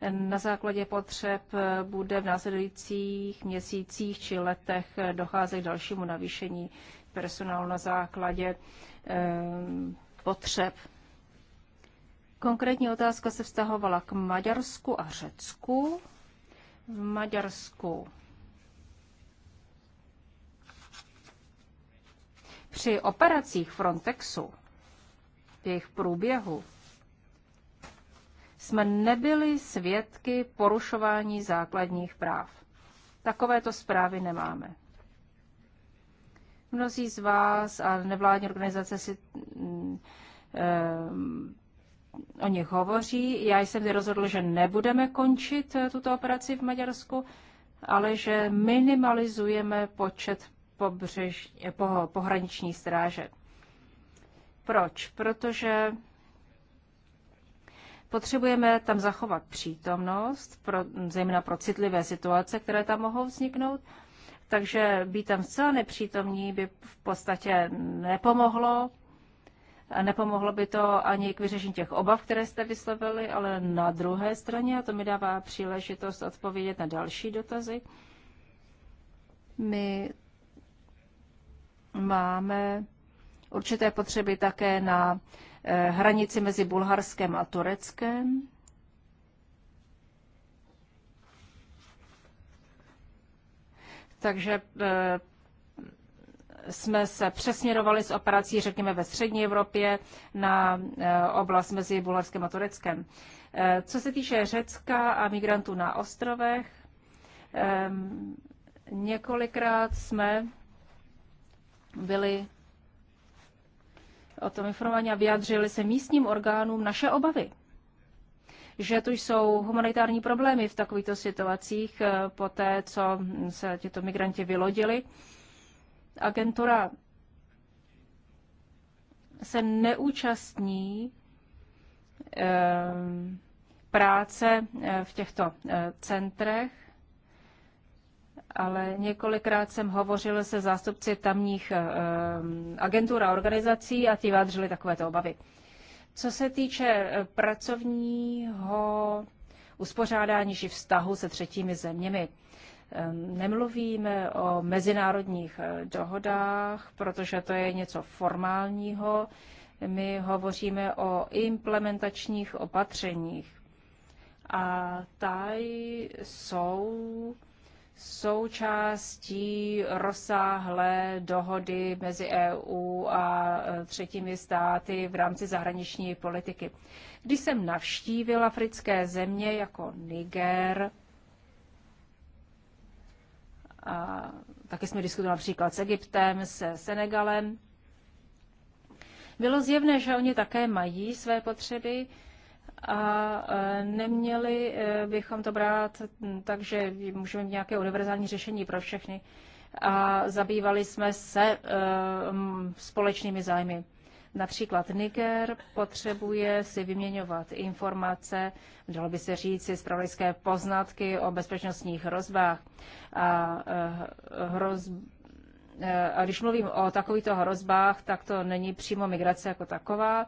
na základě potřeb bude v následujících měsících či letech docházet k dalšímu navýšení personálu na základě eh, potřeb. Konkrétní otázka se vztahovala k Maďarsku a Řecku. V Maďarsku při operacích Frontexu v jejich průběhu jsme nebyli svědky porušování základních práv. Takovéto zprávy nemáme. Mnozí z vás a nevládní organizace si um, o nich hovoří. Já jsem rozhodl, že nebudeme končit eh, tuto operaci v Maďarsku, ale že minimalizujeme počet pobřež, eh, po, pohraniční stráže. Proč? Protože potřebujeme tam zachovat přítomnost, pro, zejména pro citlivé situace, které tam mohou vzniknout. Takže být tam zcela nepřítomní by v podstatě nepomohlo. Nepomohlo by to ani k vyřešení těch obav, které jste vyslovili, ale na druhé straně, a to mi dává příležitost odpovědět na další dotazy, my máme určité potřeby také na eh, hranici mezi Bulharskem a Tureckem. Takže eh, jsme se přesměrovali z operací, řekněme, ve střední Evropě na eh, oblast mezi Bulharskem a Tureckem. Co se týče Řecka a migrantů na ostrovech, několikrát jsme byli o tom informování a vyjadřili se místním orgánům naše obavy. Že tu jsou humanitární problémy v takovýchto situacích eh, po té, co se těto migranti vylodili. Agentura se neúčastní eh, práce eh, v těchto centrech ale několikrát jsem hovořil se zástupci tamních eh, agentur a organizací a ti vyjádřili takovéto obavy. Co se týče eh, pracovního uspořádání či vztahu se třetími zeměmi, eh, nemluvíme o mezinárodních dohodách, protože to je něco formálního. My hovoříme o implementačních opatřeních. A tady jsou součástí rozsáhlé dohody mezi EU a e, třetími státy v rámci zahraniční politiky. Když jsem navštívil africké země jako Niger, a taky jsme diskutovali například s Egyptem, se Senegalem, bylo zjevné, že oni také mají své potřeby, a e, neměli e, bychom to brát tak, že můžeme mít nějaké univerzální řešení pro všechny. A zabývali jsme se e, společnými zájmy. Například Niger potřebuje si vyměňovat informace, dalo by se říct, zpravodajské poznatky o bezpečnostních hrozbách. A, hroz... a když mluvím o takovýchto hrozbách, tak to není přímo migrace jako taková,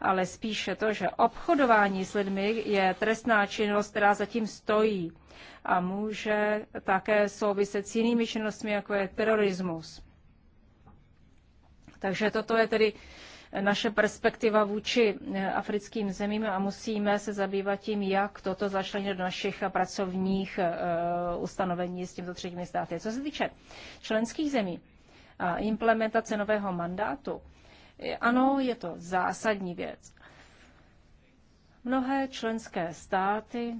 ale spíše to, že obchodování s lidmi je trestná činnost, která zatím stojí a může také souviset s jinými činnostmi, jako je terorismus. Takže toto je tedy naše perspektiva vůči eh, africkým zemím a musíme se zabývat tím, jak toto začlenit do našich pracovních eh, ustanovení s tímto třetími státy. Co se týče členských zemí a implementace nového mandátu, ano, je to zásadní věc. Mnohé členské státy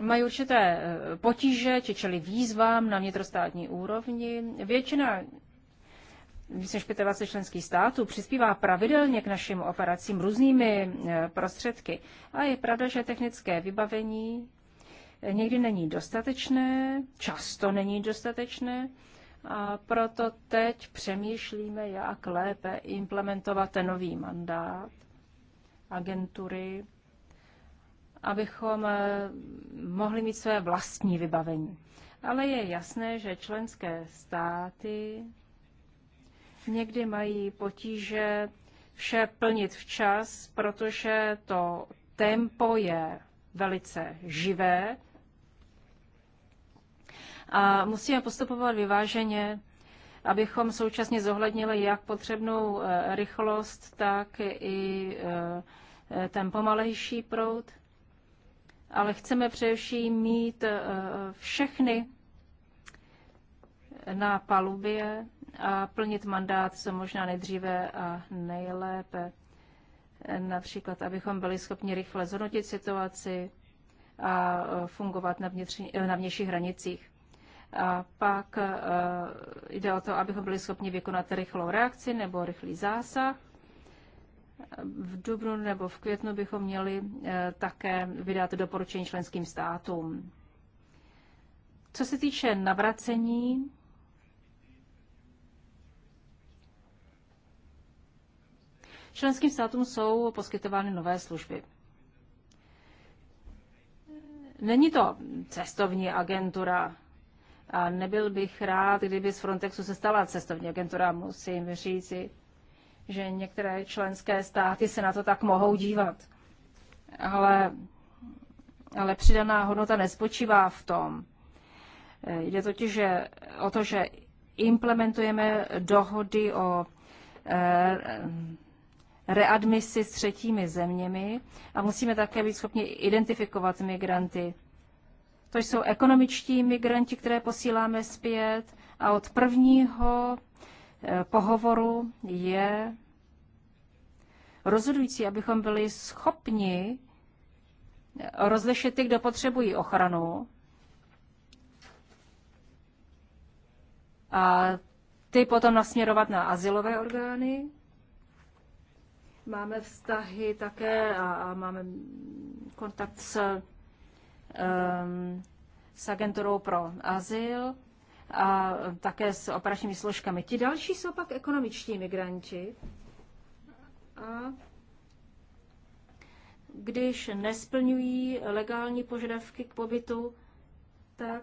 mají určité eh, potíže, či čeli výzvám na vnitrostátní úrovni. Většina více než 25 členských států přispívá pravidelně k našim operacím různými eh, prostředky. A je pravda, že technické vybavení eh, někdy není dostatečné, často není dostatečné a proto teď přemýšlíme, jak lépe implementovat ten nový mandát agentury, abychom eh, mohli mít své vlastní vybavení. Ale je jasné, že členské státy někdy mají potíže vše plnit včas, protože to tempo je velice živé a musíme postupovat vyváženě, abychom současně zohlednili jak potřebnou e, rychlost, tak i e, e, ten pomalejší proud. Ale chceme především mít všechny na palubě a plnit mandát co možná nejdříve a nejlépe. Například, abychom byli schopni rychle zhodnotit situaci a fungovat na, vnitř, na vnějších hranicích. A pak e, jde o to, abychom byli schopni vykonat rychlou reakci nebo rychlý zásah. V dubnu nebo v květnu bychom měli e, také vydat doporučení členským státům. Co se týče navracení, členským státům jsou poskytovány nové služby. Není to cestovní agentura, a nebyl bych rád, kdyby z Frontexu se stala cestovní agentura, musím říci, že některé členské státy se na to tak mohou dívat. Ale, ale přidaná hodnota nespočívá v tom. Jde totiž že, o to, že implementujeme dohody o e, readmisi s třetími zeměmi a musíme také být schopni identifikovat migranty to jsou ekonomičtí migranti, které posíláme zpět a od prvního eh, pohovoru je rozhodující, abychom byli schopni eh, rozlišit ty, kdo potřebují ochranu a ty potom nasměrovat na asilové orgány. Máme vztahy také a, a máme kontakt s Ehm, s agenturou pro azyl a také s operačními složkami. Ti další jsou pak ekonomičtí migranti. A když nesplňují legální požadavky k pobytu, tak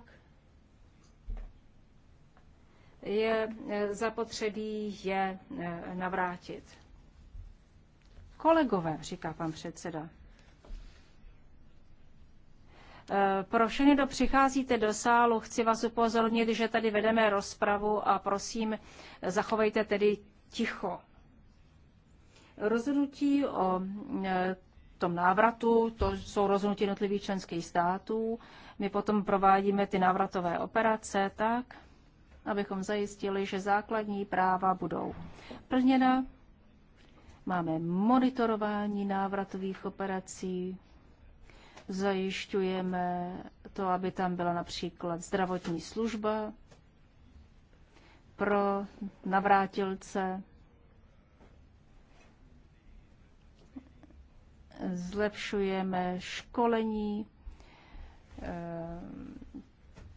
je eh, zapotřebí je eh, navrátit. Kolegové, říká pan předseda, Eh, pro všechny, kdo přicházíte do sálu, chci vás upozornit, že tady vedeme rozpravu a prosím, zachovejte tedy ticho. Rozhodnutí o eh, tom návratu, to jsou rozhodnutí jednotlivých členských států. My potom provádíme ty návratové operace tak, abychom zajistili, že základní práva budou plněna. Máme monitorování návratových operací, Zajišťujeme to, aby tam byla například zdravotní služba pro navrátilce. Zlepšujeme školení eh,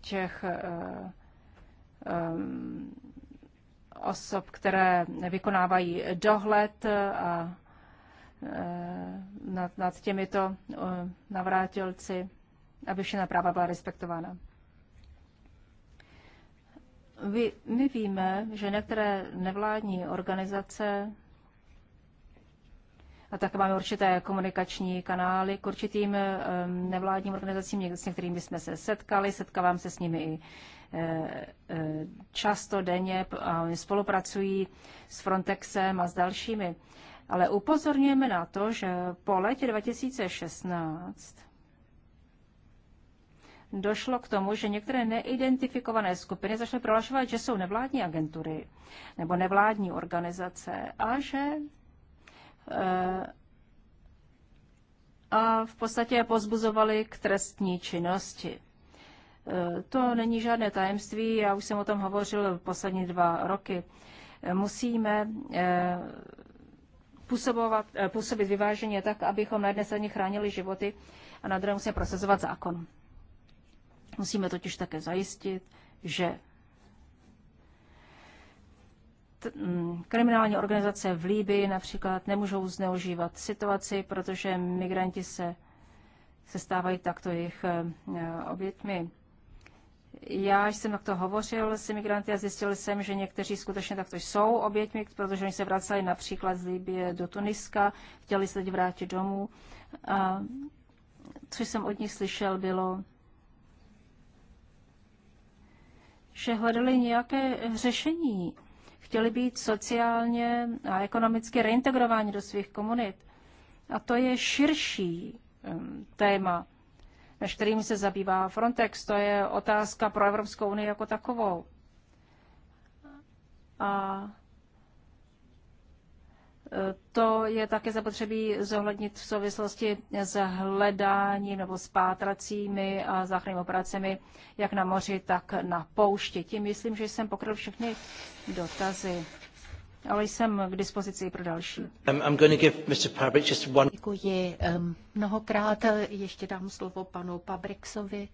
těch eh, eh, osob, které vykonávají dohled a Eh, nad, nad těmito eh, navrátilci, aby všechna práva byla respektována. Vy, my víme, že některé nevládní organizace a také máme určité komunikační kanály k určitým eh, nevládním organizacím, s některými jsme se setkali, setkávám se s nimi i často, denně a oni spolupracují s Frontexem a s dalšími. Ale upozorňujeme na to, že po letě 2016 došlo k tomu, že některé neidentifikované skupiny začaly prohlašovat, že jsou nevládní agentury nebo nevládní organizace a že eh, a v podstatě je pozbuzovali k trestní činnosti. Eh, to není žádné tajemství, já už jsem o tom hovořil poslední dva roky. Musíme eh, působovat, eh, působit vyváženě tak, abychom na jedné straně chránili životy a na druhé musíme prosazovat zákon. Musíme totiž také zajistit, že mm, kriminální organizace v Líbii například nemůžou zneužívat situaci, protože migranti se, se stávají takto jejich eh, obětmi. Já jsem takto hovořil s imigranty a zjistil jsem, že někteří skutečně takto jsou oběťmi, protože oni se vraceli například z Libie do Tuniska, chtěli se teď vrátit domů. A co jsem od nich slyšel, bylo, že hledali nějaké řešení. Chtěli být sociálně a ekonomicky reintegrováni do svých komunit. A to je širší téma než se zabývá Frontex. To je otázka pro Evropskou unii jako takovou. A e, to je také zapotřebí zohlednit v souvislosti s hledáním nebo spátracími a záchrannými operacemi jak na moři, tak na poušti. Tím myslím, že jsem pokryl všechny dotazy ale jsem k dispozici pro další. Um, Děkuji um, mnohokrát. Ještě dám slovo panu Pabriksovi.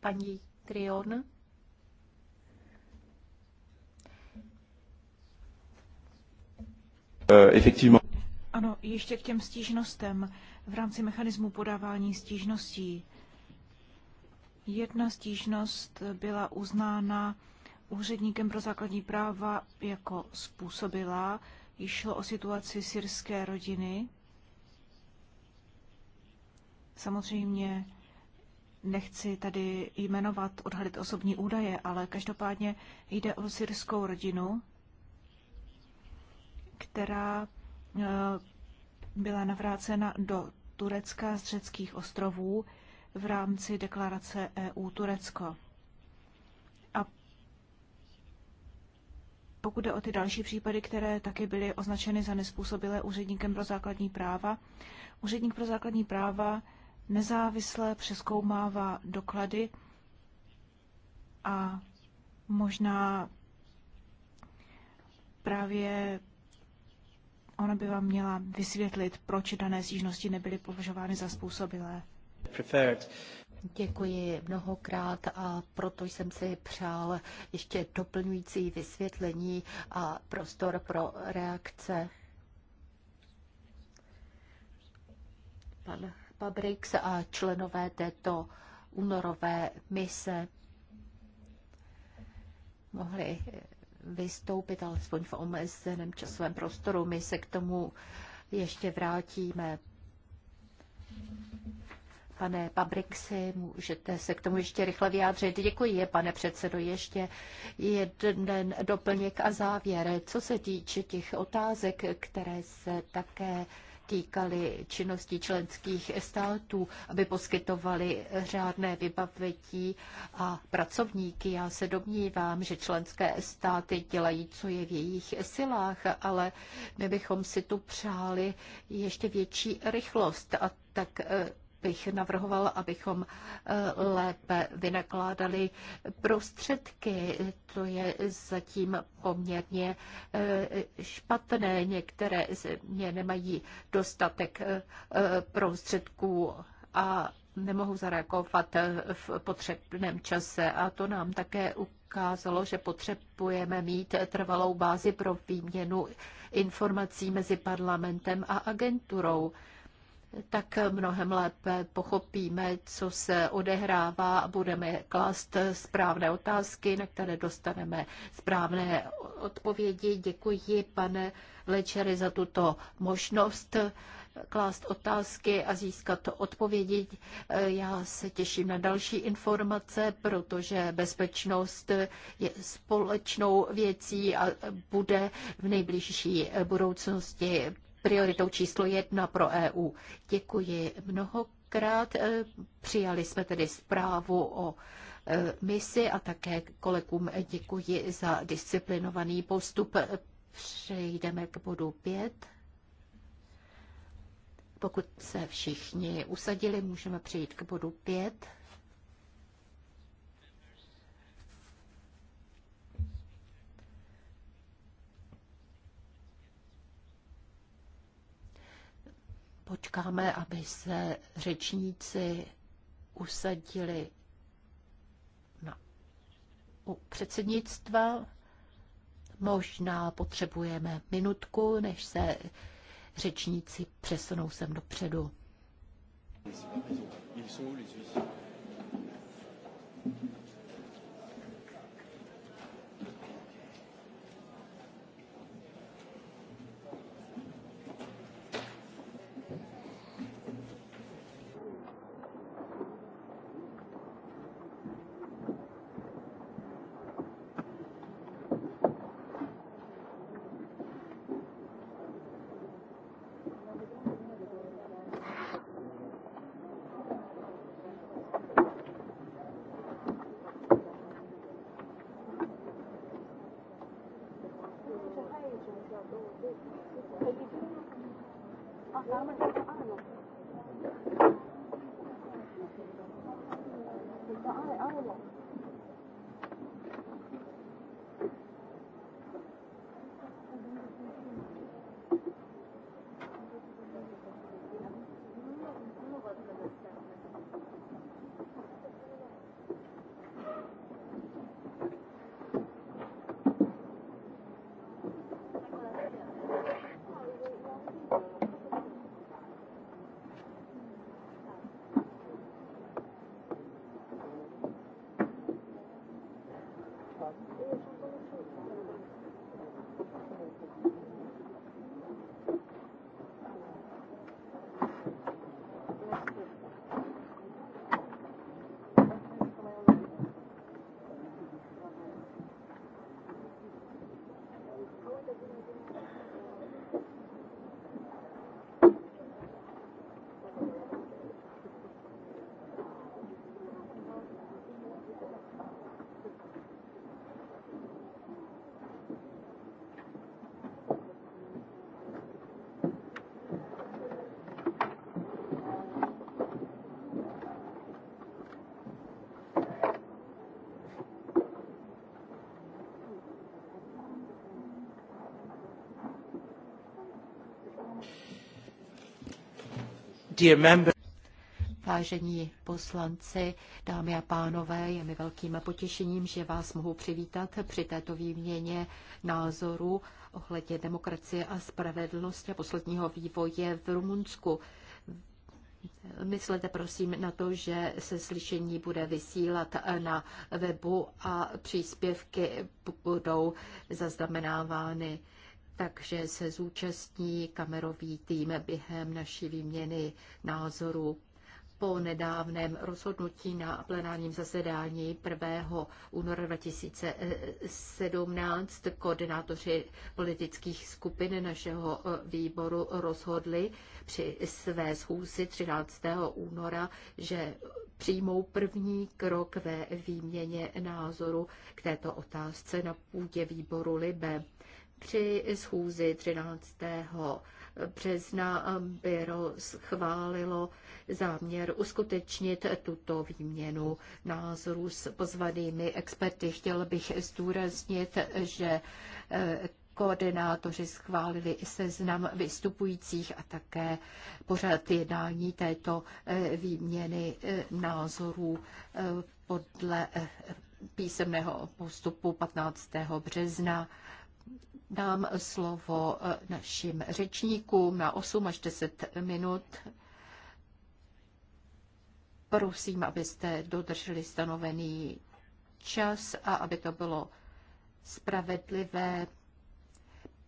Paní Trion. Eh, ano, ještě k těm stížnostem v rámci mechanismu podávání stížností. Jedna stížnost byla uznána úředníkem pro základní práva jako způsobila. Šlo o situaci syrské rodiny. Samozřejmě nechci tady jmenovat, odhalit osobní údaje, ale každopádně jde o syrskou rodinu, která eh, byla navrácena do Turecka z řeckých ostrovů v rámci deklarace EU Turecko. pokud jde o ty další případy, které taky byly označeny za nespůsobilé úředníkem pro základní práva, úředník pro základní práva nezávisle přeskoumává doklady a možná právě ona by vám měla vysvětlit, proč dané stížnosti nebyly považovány za způsobilé. Preferred. Děkuji mnohokrát a proto jsem si přál ještě doplňující vysvětlení a prostor pro reakce. Pan Pabrix a členové této únorové mise mohli vystoupit alespoň v omezeném časovém prostoru. My se k tomu ještě vrátíme. Pane Pabrixi, můžete se k tomu ještě rychle vyjádřit. Děkuji, pane předsedo. Ještě jeden doplněk a závěr. Co se týče těch otázek, které se také týkaly činnosti členských států, aby poskytovali řádné vybavení a pracovníky. Já se domnívám, že členské státy dělají, co je v jejich silách, ale my bychom si tu přáli ještě větší rychlost a tak eh, bych navrhoval, abychom eh, lépe vynakládali prostředky. To je zatím poměrně eh, špatné. Některé země nemají dostatek eh, prostředků a nemohou zareagovat v potřebném čase a to nám také ukázalo, že potřebujeme mít trvalou bázi pro výměnu informací mezi parlamentem a agenturou tak mnohem lépe pochopíme, co se odehrává a budeme klást správné otázky, na které dostaneme správné odpovědi. Děkuji, pane Lečery, za tuto možnost klást otázky a získat odpovědi. Já se těším na další informace, protože bezpečnost je společnou věcí a bude v nejbližší budoucnosti prioritou číslo jedna pro EU. Děkuji mnohokrát. E, přijali jsme tedy zprávu o e, misi a také kolegům děkuji za disciplinovaný postup. Přejdeme k bodu pět. Pokud se všichni usadili, můžeme přejít k bodu pět. Počkáme, aby se řečníci usadili na, u předsednictva. Možná potřebujeme minutku, než se řečníci přesunou sem dopředu. Ils sont où les Suisses Vážení poslanci, dámy a pánové, je mi velkým potěšením, že vás mohu přivítat při této výměně názorů ohledně demokracie a spravedlnosti a posledního vývoje v Rumunsku. Myslete prosím na to, že se slyšení bude vysílat na webu a příspěvky budou zaznamenávány takže se zúčastní kamerový tým během naší výměny názorů. Po nedávném rozhodnutí na plenárním zasedání 1. února 2017 koordinátoři politických skupin našeho eh, výboru rozhodli při své schůzi 13. února, že přijmou první krok ve výměně názoru k této otázce na půdě výboru Libe. Při schůzi 13. března byro schválilo záměr uskutečnit tuto výměnu názorů s pozvanými experty. Chtěl bych zdůraznit, že eh, koordinátoři schválili seznam vystupujících a také pořad jednání této eh, výměny eh, názorů podle písemného postupu 15. března dám slovo eh, našim řečníkům na 8 až 10 minut. Prosím, abyste dodrželi stanovený čas a aby to bylo spravedlivé.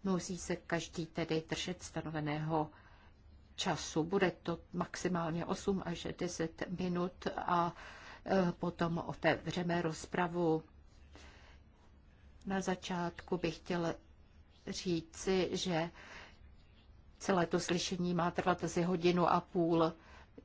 Musí se každý tedy držet stanoveného času. Bude to maximálně 8 až 10 minut a eh, potom otevřeme rozpravu. Na začátku bych chtěl říci, že celé to slyšení má trvat asi hodinu a půl,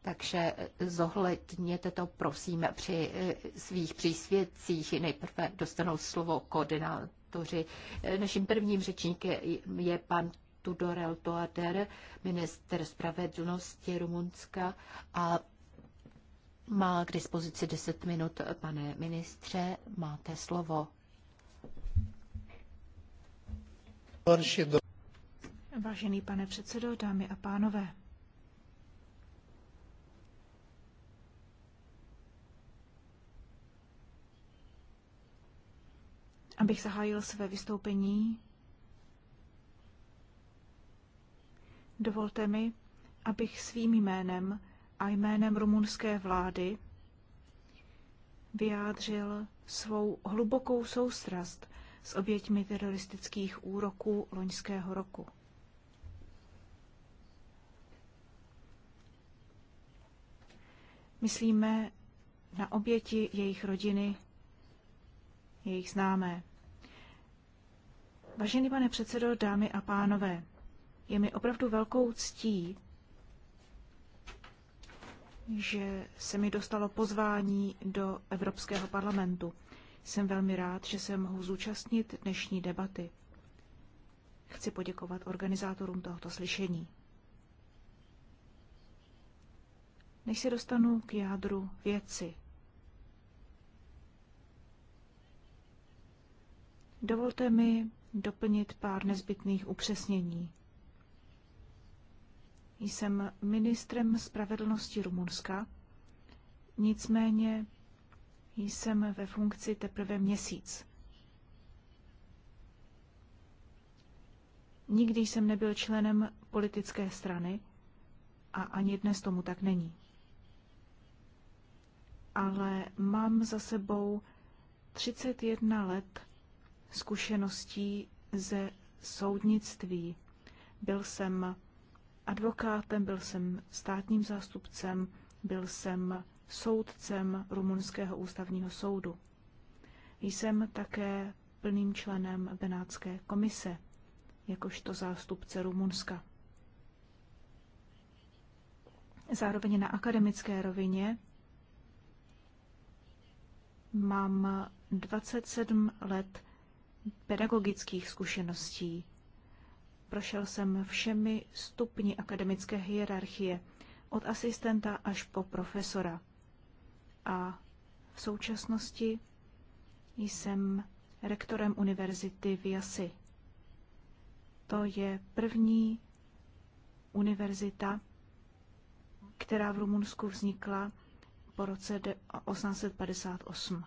takže zohledněte to, prosím, při eh, svých přísvědcích. Nejprve dostanou slovo koordinátoři. Eh, naším prvním řečníkem je pan Tudorel Toader, minister spravedlnosti Rumunska a má k dispozici 10 minut. Pane ministře, máte slovo. Vážený pane předsedo, dámy a pánové. Abych zahájil své vystoupení, dovolte mi, abych svým jménem a jménem rumunské vlády vyjádřil svou hlubokou soustrast s oběťmi teroristických úroků loňského roku. Myslíme na oběti jejich rodiny, jejich známé. Vážený pane předsedo, dámy a pánové, je mi opravdu velkou ctí, že se mi dostalo pozvání do Evropského parlamentu. Jsem velmi rád, že se mohu zúčastnit dnešní debaty. Chci poděkovat organizátorům tohoto slyšení. Než se dostanu k jádru věci, dovolte mi doplnit pár nezbytných upřesnění. Jsem ministrem spravedlnosti Rumunska, nicméně jsem ve funkci teprve měsíc. Nikdy jsem nebyl členem politické strany a ani dnes tomu tak není. Ale mám za sebou 31 let zkušeností ze soudnictví. Byl jsem advokátem, byl jsem státním zástupcem, byl jsem soudcem Rumunského ústavního soudu. Jsem také plným členem Benátské komise, jakožto zástupce Rumunska. Zároveň na akademické rovině mám 27 let pedagogických zkušeností. Prošel jsem všemi stupni akademické hierarchie, od asistenta až po profesora a v současnosti jsem rektorem univerzity v Jasi. To je první univerzita, která v Rumunsku vznikla po roce 1858.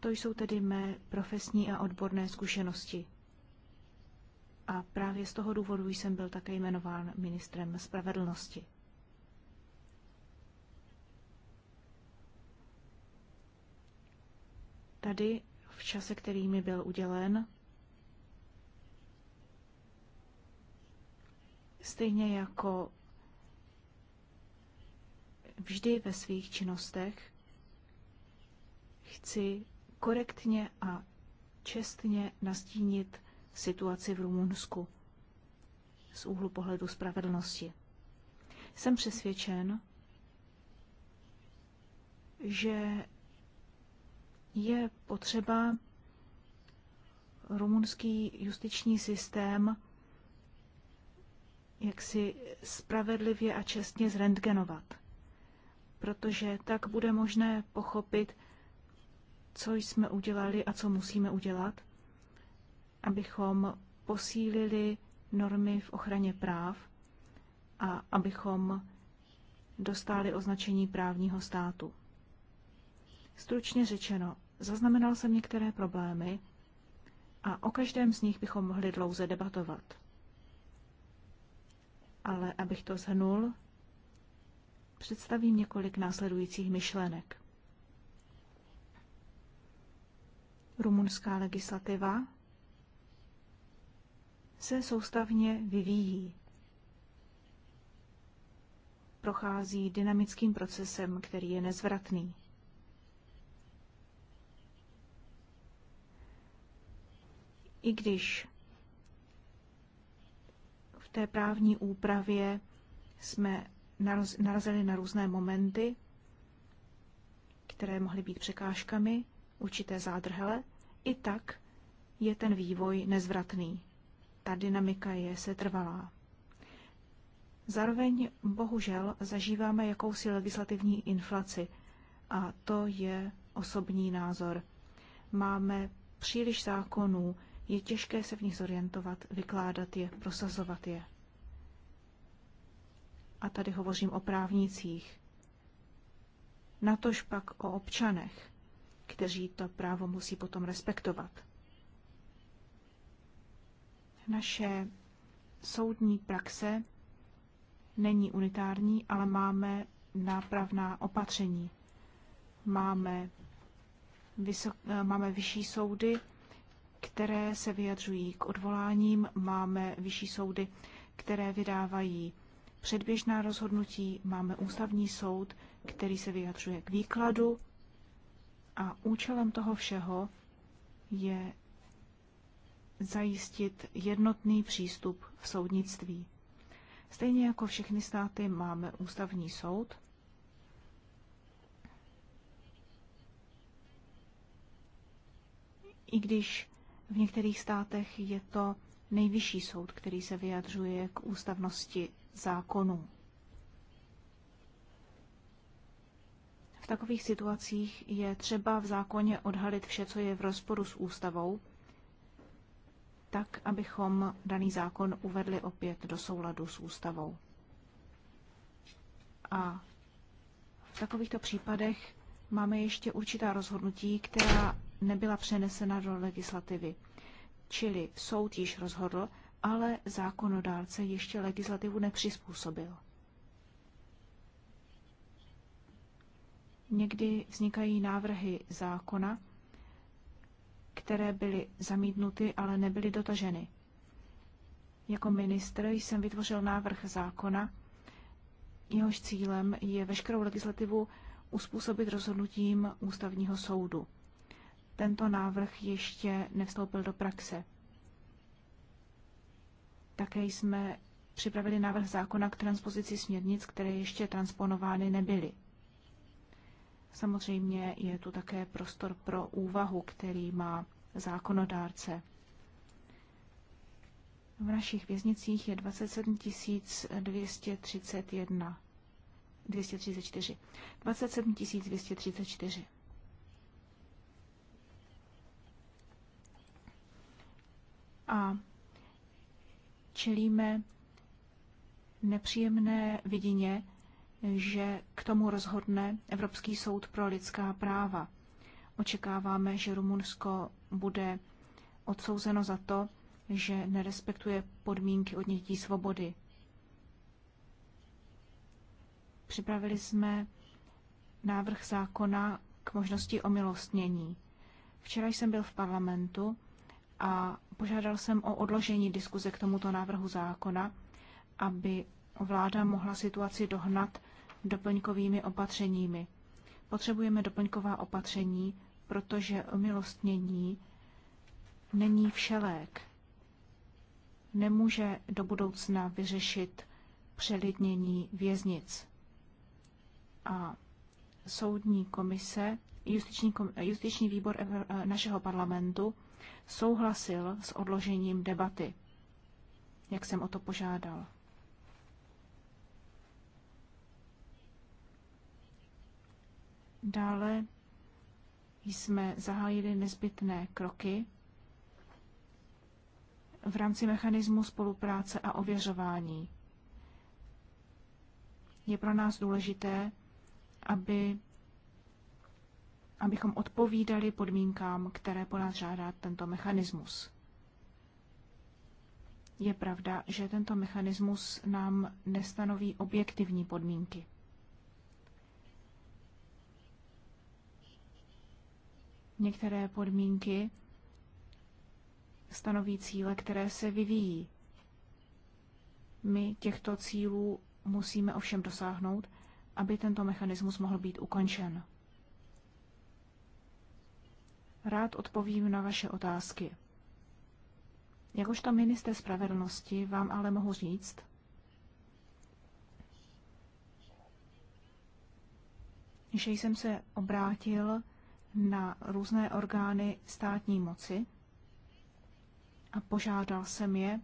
To jsou tedy mé profesní a odborné zkušenosti. A právě z toho důvodu jsem byl také jmenován ministrem spravedlnosti. Tady v čase, který mi byl udělen, stejně jako vždy ve svých činnostech, chci korektně a čestně nastínit situaci v Rumunsku z úhlu pohledu spravedlnosti. Jsem přesvědčen, že je potřeba rumunský justiční systém jaksi spravedlivě a čestně zrentgenovat, protože tak bude možné pochopit, co jsme udělali a co musíme udělat, abychom posílili normy v ochraně práv a abychom dostali označení právního státu. Stručně řečeno, zaznamenal jsem některé problémy a o každém z nich bychom mohli dlouze debatovat. Ale abych to zhrnul, představím několik následujících myšlenek. Rumunská legislativa se soustavně vyvíjí. Prochází dynamickým procesem, který je nezvratný. i když v té právní úpravě jsme narazili na různé momenty, které mohly být překážkami, určité zádrhele, i tak je ten vývoj nezvratný. Ta dynamika je setrvalá. Zároveň bohužel zažíváme jakousi legislativní inflaci a to je osobní názor. Máme příliš zákonů, je těžké se v nich zorientovat, vykládat je, prosazovat je. A tady hovořím o právnících. Natož pak o občanech, kteří to právo musí potom respektovat. Naše soudní praxe není unitární, ale máme nápravná opatření. Máme, vysok, máme vyšší soudy, které se vyjadřují k odvoláním, máme vyšší soudy, které vydávají předběžná rozhodnutí, máme ústavní soud, který se vyjadřuje k výkladu a účelem toho všeho je zajistit jednotný přístup v soudnictví. Stejně jako všechny státy máme ústavní soud, i když v některých státech je to nejvyšší soud, který se vyjadřuje k ústavnosti zákonů. V takových situacích je třeba v zákoně odhalit vše, co je v rozporu s ústavou, tak, abychom daný zákon uvedli opět do souladu s ústavou. A v takovýchto případech máme ještě určitá rozhodnutí, která nebyla přenesena do legislativy. Čili soud již rozhodl, ale zákonodárce ještě legislativu nepřizpůsobil. Někdy vznikají návrhy zákona, které byly zamítnuty, ale nebyly dotaženy. Jako ministr jsem vytvořil návrh zákona, jehož cílem je veškerou legislativu uspůsobit rozhodnutím ústavního soudu tento návrh ještě nevstoupil do praxe. Také jsme připravili návrh zákona k transpozici směrnic, které ještě transponovány nebyly. Samozřejmě je tu také prostor pro úvahu, který má zákonodárce. V našich věznicích je 27 231. 234. 27 234. a čelíme nepříjemné vidině, že k tomu rozhodne Evropský soud pro lidská práva. Očekáváme, že Rumunsko bude odsouzeno za to, že nerespektuje podmínky odnětí svobody. Připravili jsme návrh zákona k možnosti omilostnění. Včera jsem byl v parlamentu a Požádal jsem o odložení diskuze k tomuto návrhu zákona, aby vláda mohla situaci dohnat doplňkovými opatřeními. Potřebujeme doplňková opatření, protože omilostnění není všelék. Nemůže do budoucna vyřešit přelidnění věznic. A soudní komise, justiční, justiční výbor našeho parlamentu souhlasil s odložením debaty, jak jsem o to požádal. Dále jsme zahájili nezbytné kroky v rámci mechanismu spolupráce a ověřování. Je pro nás důležité, aby abychom odpovídali podmínkám, které po nás žádá tento mechanismus. Je pravda, že tento mechanismus nám nestanoví objektivní podmínky. Některé podmínky stanoví cíle, které se vyvíjí. My těchto cílů musíme ovšem dosáhnout, aby tento mechanismus mohl být ukončen. Rád odpovím na vaše otázky. Jakožto minister spravedlnosti vám ale mohu říct, že jsem se obrátil na různé orgány státní moci a požádal jsem je,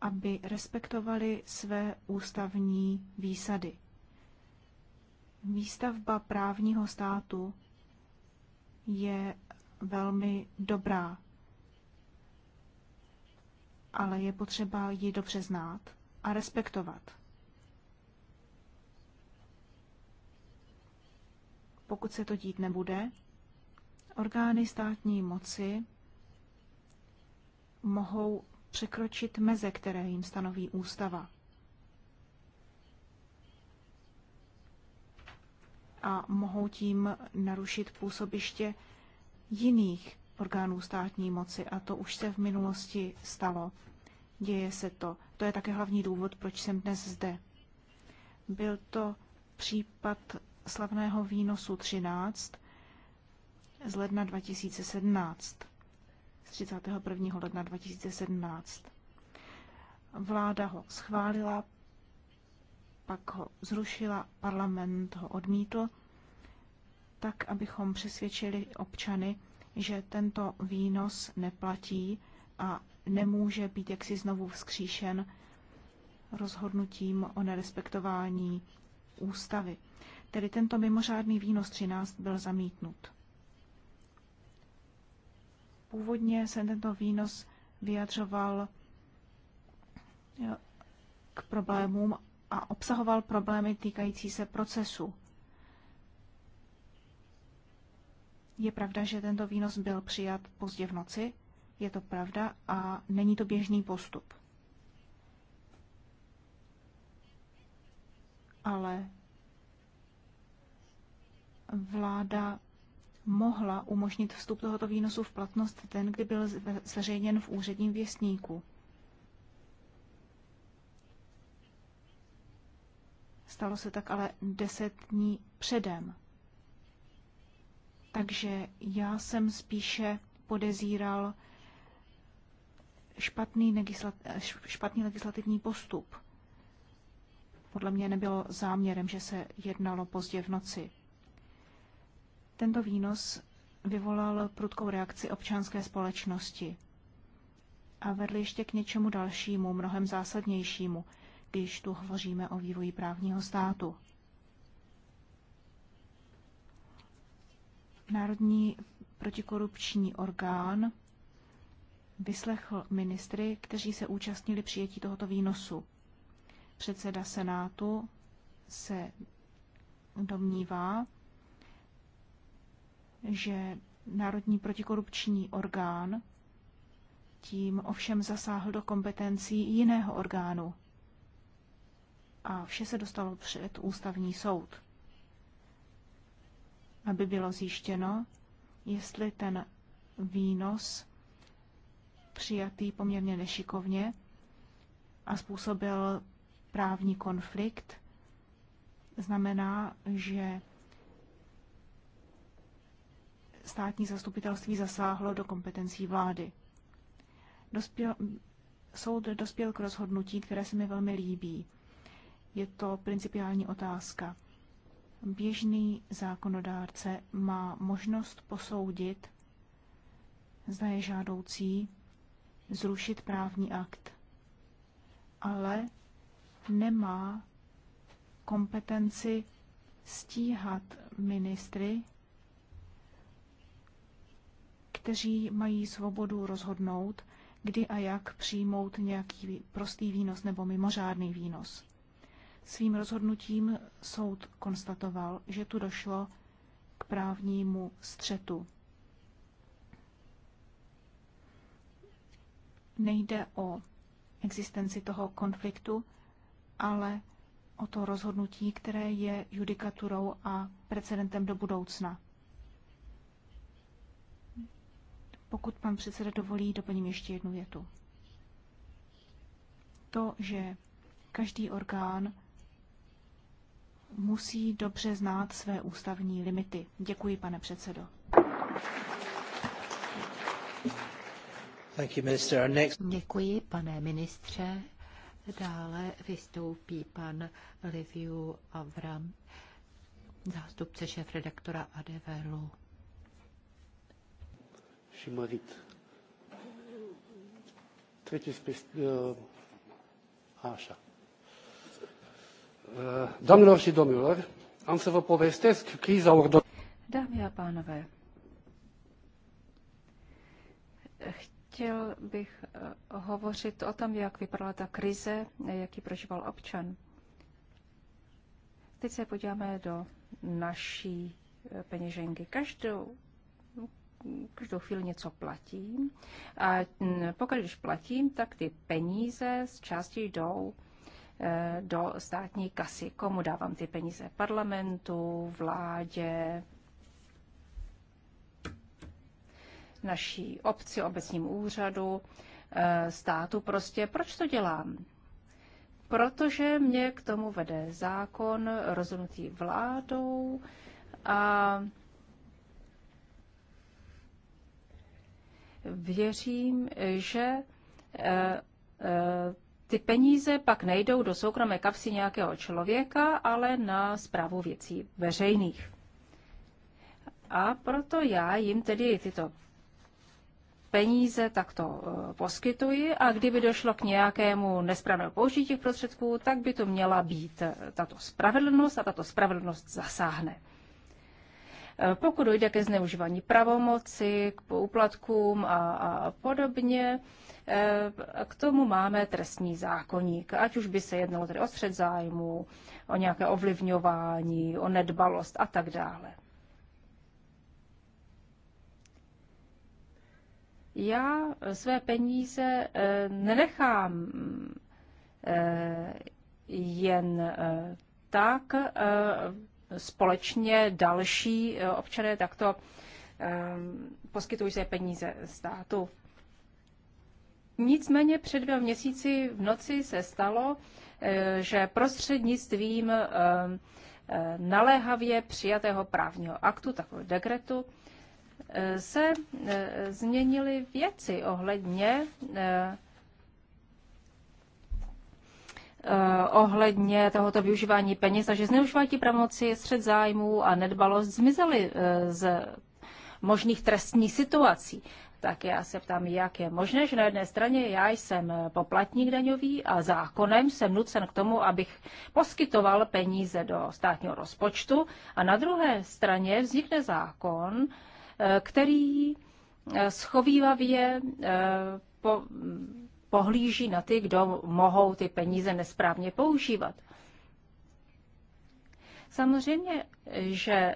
aby respektovali své ústavní výsady. Výstavba právního státu je velmi dobrá, ale je potřeba ji dobře znát a respektovat. Pokud se to dít nebude, orgány státní moci mohou překročit meze, které jim stanoví ústava. A mohou tím narušit působiště jiných orgánů státní moci a to už se v minulosti stalo. Děje se to. To je také hlavní důvod, proč jsem dnes zde. Byl to případ slavného výnosu 13 z ledna 2017, z 31. ledna 2017. Vláda ho schválila, pak ho zrušila, parlament ho odmítl tak abychom přesvědčili občany, že tento výnos neplatí a nemůže být jaksi znovu vzkříšen rozhodnutím o nerespektování ústavy. Tedy tento mimořádný výnos 13 byl zamítnut. Původně se tento výnos vyjadřoval k problémům a obsahoval problémy týkající se procesu. Je pravda, že tento výnos byl přijat pozdě v noci, je to pravda a není to běžný postup. Ale vláda mohla umožnit vstup tohoto výnosu v platnost ten, kdy byl zveřejněn v úředním věstníku. Stalo se tak ale deset dní předem. Takže já jsem spíše podezíral špatný, legislat, špatný legislativní postup. Podle mě nebylo záměrem, že se jednalo pozdě v noci. Tento výnos vyvolal prudkou reakci občanské společnosti a vedl ještě k něčemu dalšímu, mnohem zásadnějšímu, když tu hovoříme o vývoji právního státu. Národní protikorupční orgán vyslechl ministry, kteří se účastnili přijetí tohoto výnosu. Předseda Senátu se domnívá, že Národní protikorupční orgán tím ovšem zasáhl do kompetencí jiného orgánu. A vše se dostalo před ústavní soud aby bylo zjištěno, jestli ten výnos přijatý poměrně nešikovně a způsobil právní konflikt, znamená, že státní zastupitelství zasáhlo do kompetencí vlády. Dospěl, soud dospěl k rozhodnutí, které se mi velmi líbí. Je to principiální otázka. Běžný zákonodárce má možnost posoudit, zda je žádoucí zrušit právní akt, ale nemá kompetenci stíhat ministry, kteří mají svobodu rozhodnout, kdy a jak přijmout nějaký prostý výnos nebo mimořádný výnos. Svým rozhodnutím soud konstatoval, že tu došlo k právnímu střetu. Nejde o existenci toho konfliktu, ale o to rozhodnutí, které je judikaturou a precedentem do budoucna. Pokud pan předseda dovolí, doplním ještě jednu větu. To, že každý orgán musí dobře znát své ústavní limity. Děkuji, pane předsedo. Děkuji, pane ministře. Dále vystoupí pan Liviu Avram, zástupce šéf-redaktora ADVRu. Třetí spis... Uh, Eh, Doamnelor și domnilor, am să vă povestesc criza ordonată. Dámy a pánové, chtěl bych eh, hovořit o tom, jak vypadala ta krize, jaký prožíval občan. Teď se podíváme do naší eh, peněženky. Každou, každou chvíli něco platím a mm, pokud když platím, tak ty peníze z části jdou Eh, do státní kasy. Komu dávám ty peníze? Parlamentu, vládě, naší obci, obecním úřadu, eh, státu prostě. Proč to dělám? Protože mě k tomu vede zákon rozhodnutý vládou a věřím, že eh, ty peníze pak nejdou do soukromé kapsy nějakého člověka, ale na zprávu věcí veřejných. A proto já jim tedy tyto peníze takto eh, poskytuji a kdyby došlo k nějakému nesprávnému použití těch prostředků, tak by to měla být eh, tato spravedlnost a tato spravedlnost zasáhne. Eh, pokud dojde ke zneužívání pravomoci, k úplatkům a, a podobně, Eh, k tomu máme trestní zákonník, ať už by se jednalo tedy o střed zájmu, o nějaké ovlivňování, o nedbalost a tak dále. Já své peníze eh, nenechám eh, jen tak společně další občané takto poskytují své peníze státu. Nicméně před dvěma měsíci v noci se stalo, eh, že prostřednictvím eh, eh, naléhavě přijatého právního aktu, takového dekretu, se změnily věci ohledně ohledně tohoto využívání peněz, takže zneužívání pravomoci, střed zájmů a nedbalost zmizely z možných trestních situací tak já se ptám, jak je možné, že na jedné straně já jsem poplatník daňový a zákonem jsem nucen k tomu, abych poskytoval peníze do státního rozpočtu a na druhé straně vznikne zákon, eh, který eh, schovývavě eh, po, pohlíží na ty, kdo mohou ty peníze nesprávně používat. Samozřejmě, že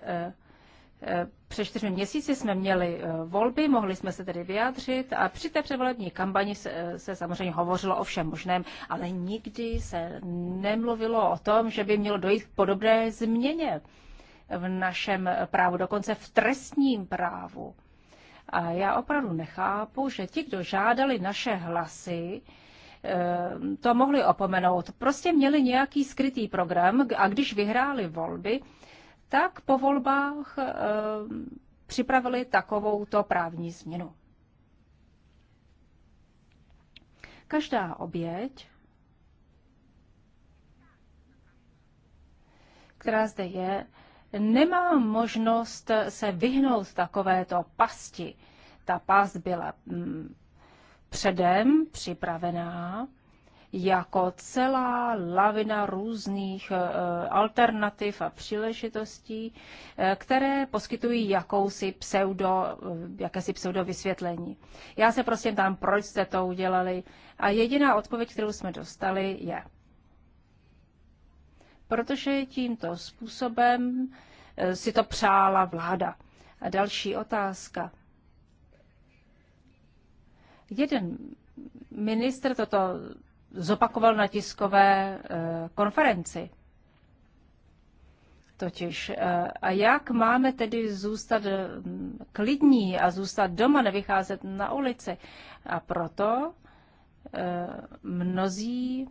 před čtyřmi měsíci jsme měli e, volby, mohli jsme se tedy vyjádřit a při té předvolební kampani se, se samozřejmě hovořilo o všem možném, ale nikdy se nemluvilo o tom, že by mělo dojít k podobné změně v našem právu, dokonce v trestním právu. A já opravdu nechápu, že ti, kdo žádali naše hlasy, e, to mohli opomenout. Prostě měli nějaký skrytý program a když vyhráli volby, tak po volbách eh, připravili takovouto právní změnu. Každá oběť, která zde je, nemá možnost se vyhnout takovéto pasti. Ta past byla mm, předem připravená jako celá lavina různých eh, alternativ a příležitostí, eh, které poskytují jakousi pseudo, eh, jakési pseudo vysvětlení. Já se prostě tam, proč jste to udělali a jediná odpověď, kterou jsme dostali, je, protože tímto způsobem si to přála vláda. A další otázka. Jeden ministr toto zopakoval na tiskové eh, konferenci. Totiž, eh, a jak máme tedy zůstat eh, klidní a zůstat doma, nevycházet na ulici? A proto mnozí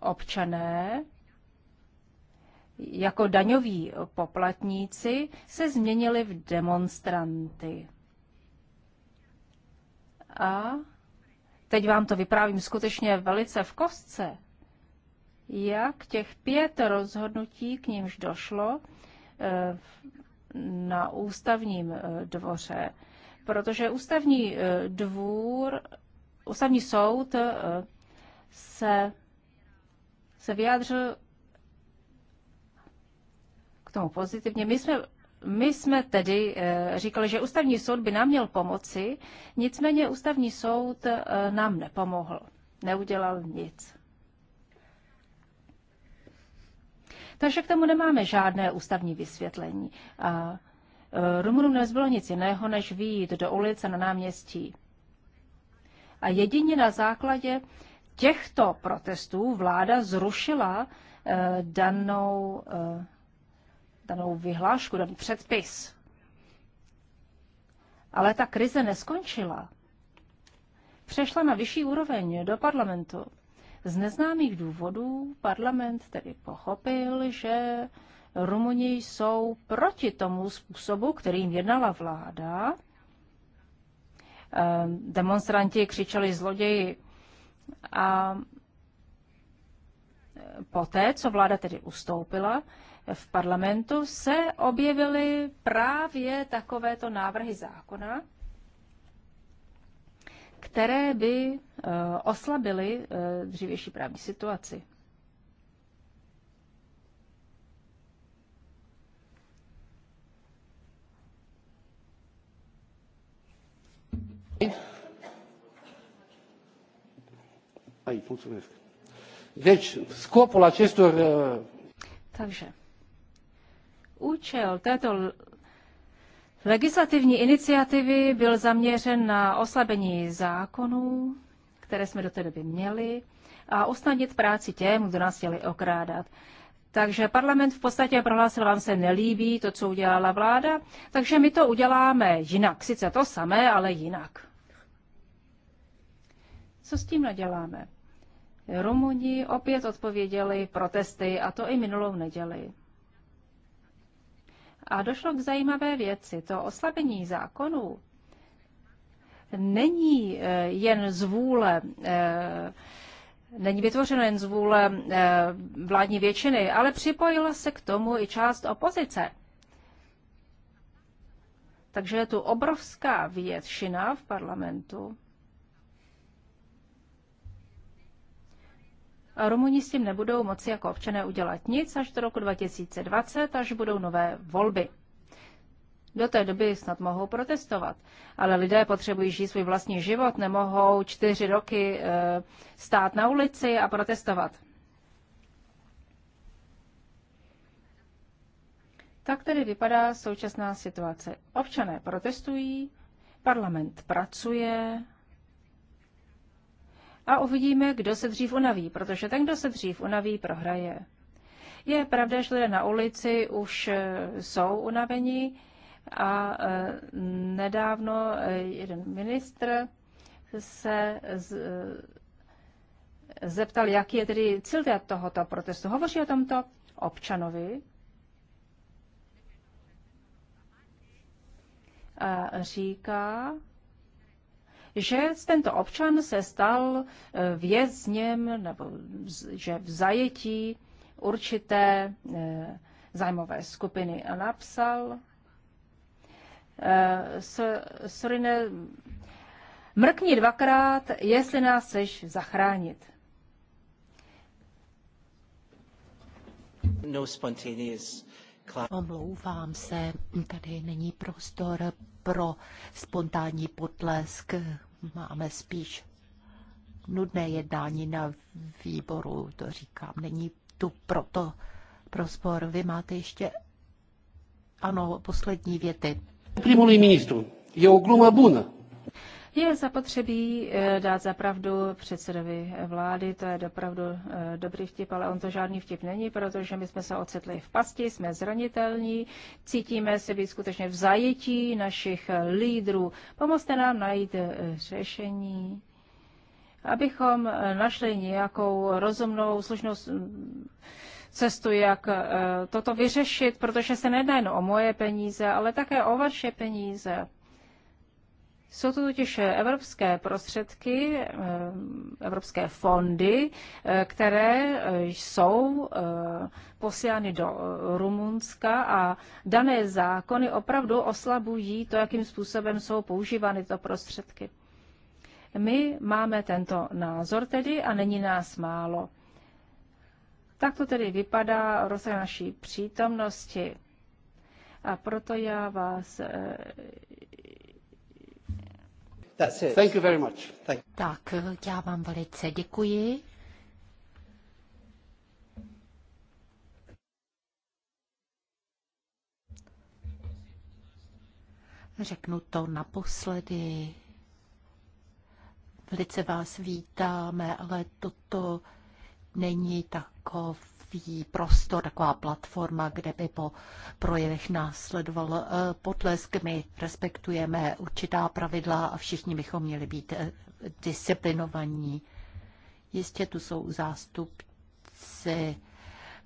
občané jako daňoví poplatníci se změnili v demonstranty. A Teď vám to vyprávím skutečně velice v kostce, jak těch pět rozhodnutí, k nímž došlo eh, na ústavním eh, dvoře. Protože ústavní eh, dvůr, ústavní soud se, se vyjádřil k tomu pozitivně. My jsme my jsme tedy eh, říkali, že ústavní soud by nám měl pomoci, nicméně ústavní soud eh, nám nepomohl, neudělal nic. Takže k tomu nemáme žádné ústavní vysvětlení. A eh, Rumunům nezbylo nic jiného, než výjít do ulice na náměstí. A jedině na základě těchto protestů vláda zrušila danou danou vyhlášku, daný předpis. Ale ta krize neskončila. Přešla na vyšší úroveň do parlamentu. Z neznámých důvodů parlament tedy pochopil, že Rumuni jsou proti tomu způsobu, kterým jednala vláda. Ehm, demonstranti křičeli zloději a poté, co vláda tedy ustoupila, v parlamentu se objevily právě takovéto návrhy zákona, které by e, oslabily e, dřívější právní situaci. Deci, scopul acestor... E, Takže Účel této legislativní iniciativy byl zaměřen na oslabení zákonů, které jsme do té doby měli, a usnadnit práci těm, kdo nás chtěli okrádat. Takže parlament v podstatě prohlásil, vám se nelíbí to, co udělala vláda, takže my to uděláme jinak. Sice to samé, ale jinak. Co s tím naděláme? Rumuni opět odpověděli protesty, a to i minulou neděli a došlo k zajímavé věci. To oslabení zákonů není eh, jen z vůle eh, není vytvořeno jen z vůle eh, vládní většiny, ale připojila se k tomu i část opozice. Takže je tu obrovská většina v parlamentu, A Rumuni s tím nebudou moci jako občané udělat nic až do roku 2020, až budou nové volby. Do té doby snad mohou protestovat, ale lidé potřebují žít svůj vlastní život, nemohou čtyři roky e, stát na ulici a protestovat. Tak tedy vypadá současná situace. Občané protestují, parlament pracuje, a uvidíme, kdo se dřív unaví, protože ten, kdo se dřív unaví, prohraje. Je pravda, že lidé na ulici už eh, jsou unavení a eh, nedávno eh, jeden ministr se zeptal, jaký je tedy cíl tohoto protestu. Hovoří o tomto občanovi a říká, že tento občan se stal eh, vězněm nebo že v zajetí určité eh, zájmové skupiny a napsal eh, Sorine, mrkni dvakrát, jestli nás chceš zachránit. No spontaneous Omlouvám se, tady není prostor pro spontánní potlesk. Máme spíš nudné jednání na výboru, to říkám. Není tu proto prospor. Vy máte ještě, ano, poslední věty. Primulý ministru, je ogluma Buna. Je zapotřebí eh, dát zapravdu předsedovi vlády, to je opravdu eh, dobrý vtip, ale on to žádný vtip není, protože my jsme se ocitli v pasti, jsme zranitelní, cítíme se být skutečně v zajetí našich lídrů. Pomozte nám najít eh, řešení abychom našli nějakou rozumnou, slušnost cestu, jak toto vyřešit, protože se nedá jen o moje peníze, ale také o vaše peníze. Jsou to totiž eh, evropské prostředky, eh, evropské fondy, eh, které jsou posílány do Rumunska a dané zákony opravdu oslabují to, jakým způsobem jsou používány to prostředky. My máme tento názor tedy a není nás málo. Tak to tedy vypadá rozsah naší přítomnosti. A proto já vás Thank you very much. Thank you. Tak, já vám velice děkuji. Řeknu to naposledy. Velice vás vítáme, ale toto není takové takový prostor, taková platforma, kde by po projevech následoval eh, potlesk. My respektujeme určitá pravidla a všichni bychom měli být eh, disciplinovaní. Jistě tu jsou zástupci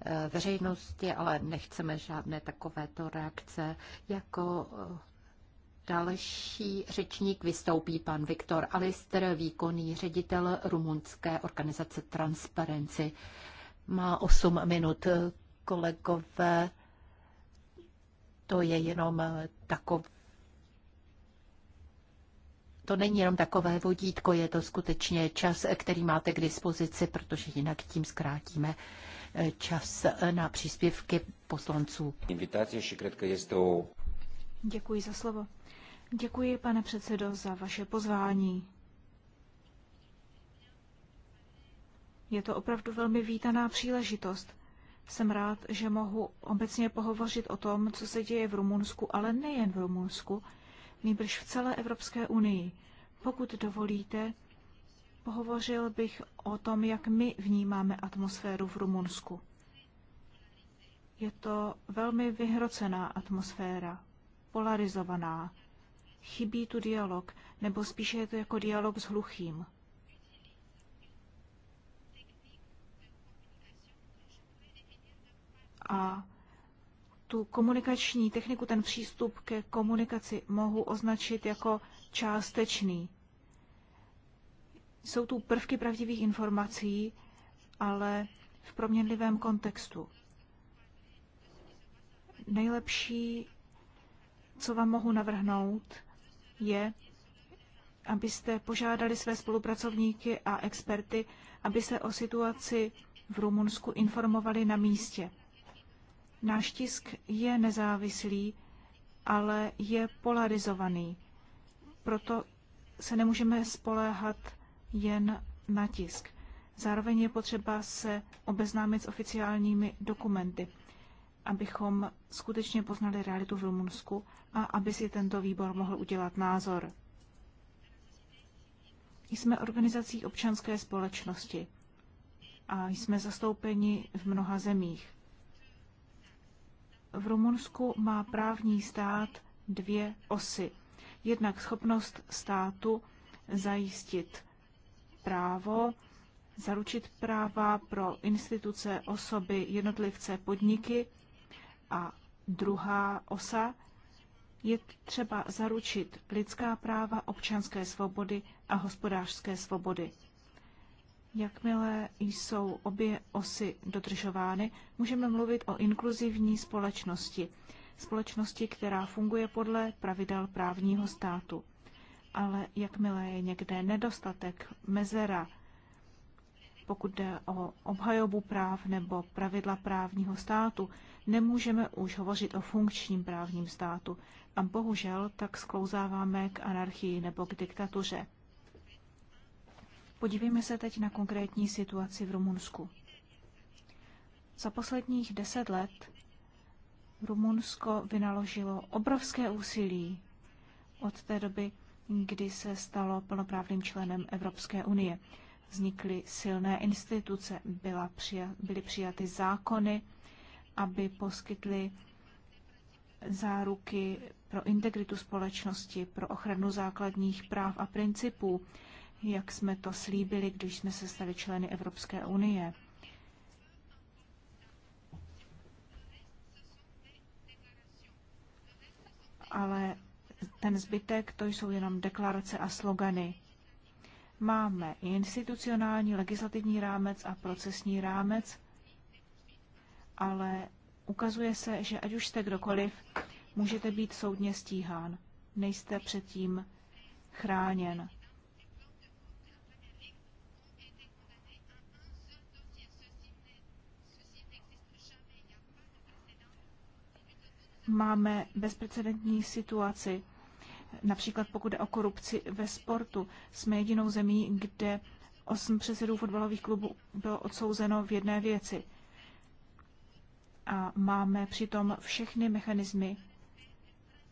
eh, veřejnosti, ale nechceme žádné takovéto reakce. Jako další řečník vystoupí pan Viktor Alister, výkonný ředitel rumunské organizace Transparency má 8 minut. Kolegové, to je jenom takové. To není jenom takové vodítko, je to skutečně čas, který máte k dispozici, protože jinak tím zkrátíme eh, čas eh, na příspěvky poslanců. Děkuji za slovo. Děkuji, pane předsedo, za vaše pozvání. Je to opravdu velmi vítaná příležitost. Jsem rád, že mohu obecně pohovořit o tom, co se děje v Rumunsku, ale nejen v Rumunsku, nýbrž v celé Evropské unii. Pokud dovolíte, pohovořil bych o tom, jak my vnímáme atmosféru v Rumunsku. Je to velmi vyhrocená atmosféra, polarizovaná. Chybí tu dialog, nebo spíše je to jako dialog s hluchým. a tu komunikační techniku, ten přístup ke komunikaci mohu označit jako částečný. Jsou tu prvky pravdivých informací, ale v proměnlivém kontextu. Nejlepší, co vám mohu navrhnout, je, abyste požádali své spolupracovníky a experty, aby se o situaci v Rumunsku informovali na místě. Náš tisk je nezávislý, ale je polarizovaný. Proto se nemůžeme spoléhat jen na tisk. Zároveň je potřeba se obeznámit s oficiálními dokumenty, abychom skutečně poznali realitu v Rumunsku a aby si tento výbor mohl udělat názor. Jsme organizací občanské společnosti a jsme zastoupeni v mnoha zemích. V Rumunsku má právní stát dvě osy. Jednak schopnost státu zajistit právo, zaručit práva pro instituce, osoby, jednotlivce, podniky. A druhá osa je třeba zaručit lidská práva, občanské svobody a hospodářské svobody. Jakmile jsou obě osy dodržovány, můžeme mluvit o inkluzivní společnosti, společnosti, která funguje podle pravidel právního státu. Ale jakmile je někde nedostatek, mezera, pokud jde o obhajobu práv nebo pravidla právního státu, nemůžeme už hovořit o funkčním právním státu a bohužel tak sklouzáváme k anarchii nebo k diktatuře. Podívejme se teď na konkrétní situaci v Rumunsku. Za posledních deset let Rumunsko vynaložilo obrovské úsilí od té doby, kdy se stalo plnoprávným členem Evropské unie. Vznikly silné instituce, byla přija, byly přijaty zákony, aby poskytly záruky pro integritu společnosti, pro ochranu základních práv a principů, jak jsme to slíbili, když jsme se stali členy Evropské unie. Ale ten zbytek to jsou jenom deklarace a slogany. Máme institucionální legislativní rámec a procesní rámec, ale ukazuje se, že ať už jste kdokoliv, můžete být soudně stíhán. Nejste předtím chráněn. máme bezprecedentní situaci. Například pokud jde o korupci ve sportu, jsme jedinou zemí, kde osm předsedů fotbalových klubů bylo odsouzeno v jedné věci. A máme přitom všechny mechanismy,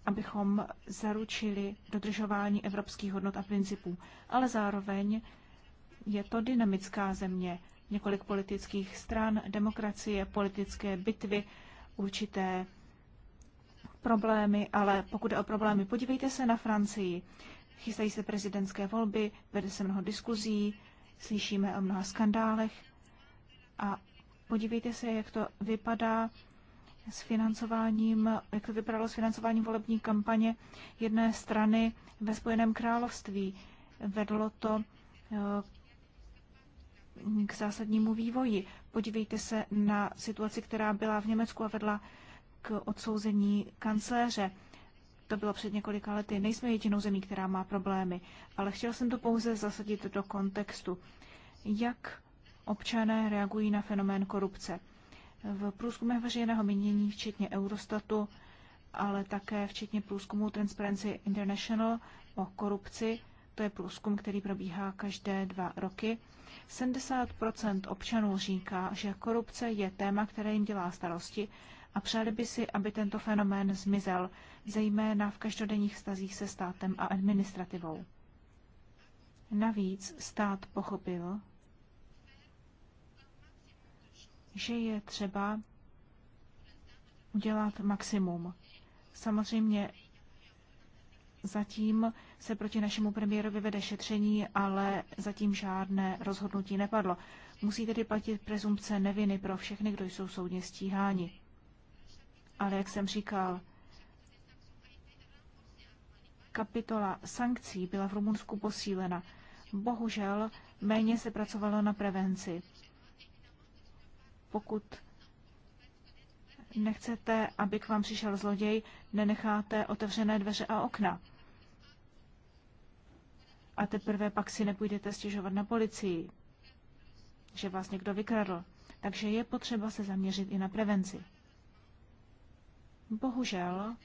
abychom zaručili dodržování evropských hodnot a principů. Ale zároveň je to dynamická země, několik politických stran, demokracie, politické bitvy, určité problémy, ale pokud jde o problémy, podívejte se na Francii. Chystají se prezidentské volby, vede se mnoho diskuzí, slyšíme o mnoha skandálech a podívejte se, jak to vypadá s financováním, jak to vypadalo s financováním volební kampaně jedné strany ve Spojeném království. Vedlo to eh, k zásadnímu vývoji. Podívejte se na situaci, která byla v Německu a vedla k odsouzení kancléře. To bylo před několika lety. Nejsme jedinou zemí, která má problémy, ale chtěl jsem to pouze zasadit do kontextu. Jak občané reagují na fenomén korupce? V průzkumech veřejného mínění, včetně Eurostatu, ale také včetně průzkumu Transparency International o korupci, to je průzkum, který probíhá každé dva roky, 70 občanů říká, že korupce je téma, které jim dělá starosti a přáli by si, aby tento fenomén zmizel, zejména v každodenních stazích se státem a administrativou. Navíc stát pochopil, že je třeba udělat maximum. Samozřejmě zatím se proti našemu premiérovi vede šetření, ale zatím žádné rozhodnutí nepadlo. Musí tedy platit prezumpce neviny pro všechny, kdo jsou soudně stíháni ale jak jsem říkal, kapitola sankcí byla v Rumunsku posílena. Bohužel méně se pracovalo na prevenci. Pokud nechcete, aby k vám přišel zloděj, nenecháte otevřené dveře a okna. A teprve pak si nepůjdete stěžovat na policii, že vás někdo vykradl. Takže je potřeba se zaměřit i na prevenci. Bohužel,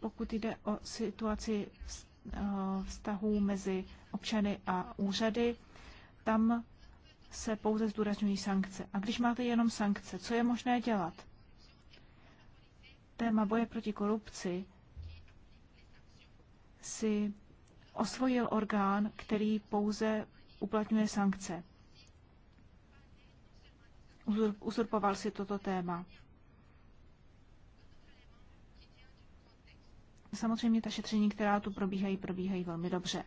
pokud jde o situaci eh, vztahů mezi občany a úřady, tam se pouze zdůrazňují sankce. A když máte jenom sankce, co je možné dělat? Téma boje proti korupci si osvojil orgán, který pouze uplatňuje sankce. Uzurpoval si toto téma. samozřejmě ta šetření, která tu probíhají, probíhají velmi dobře.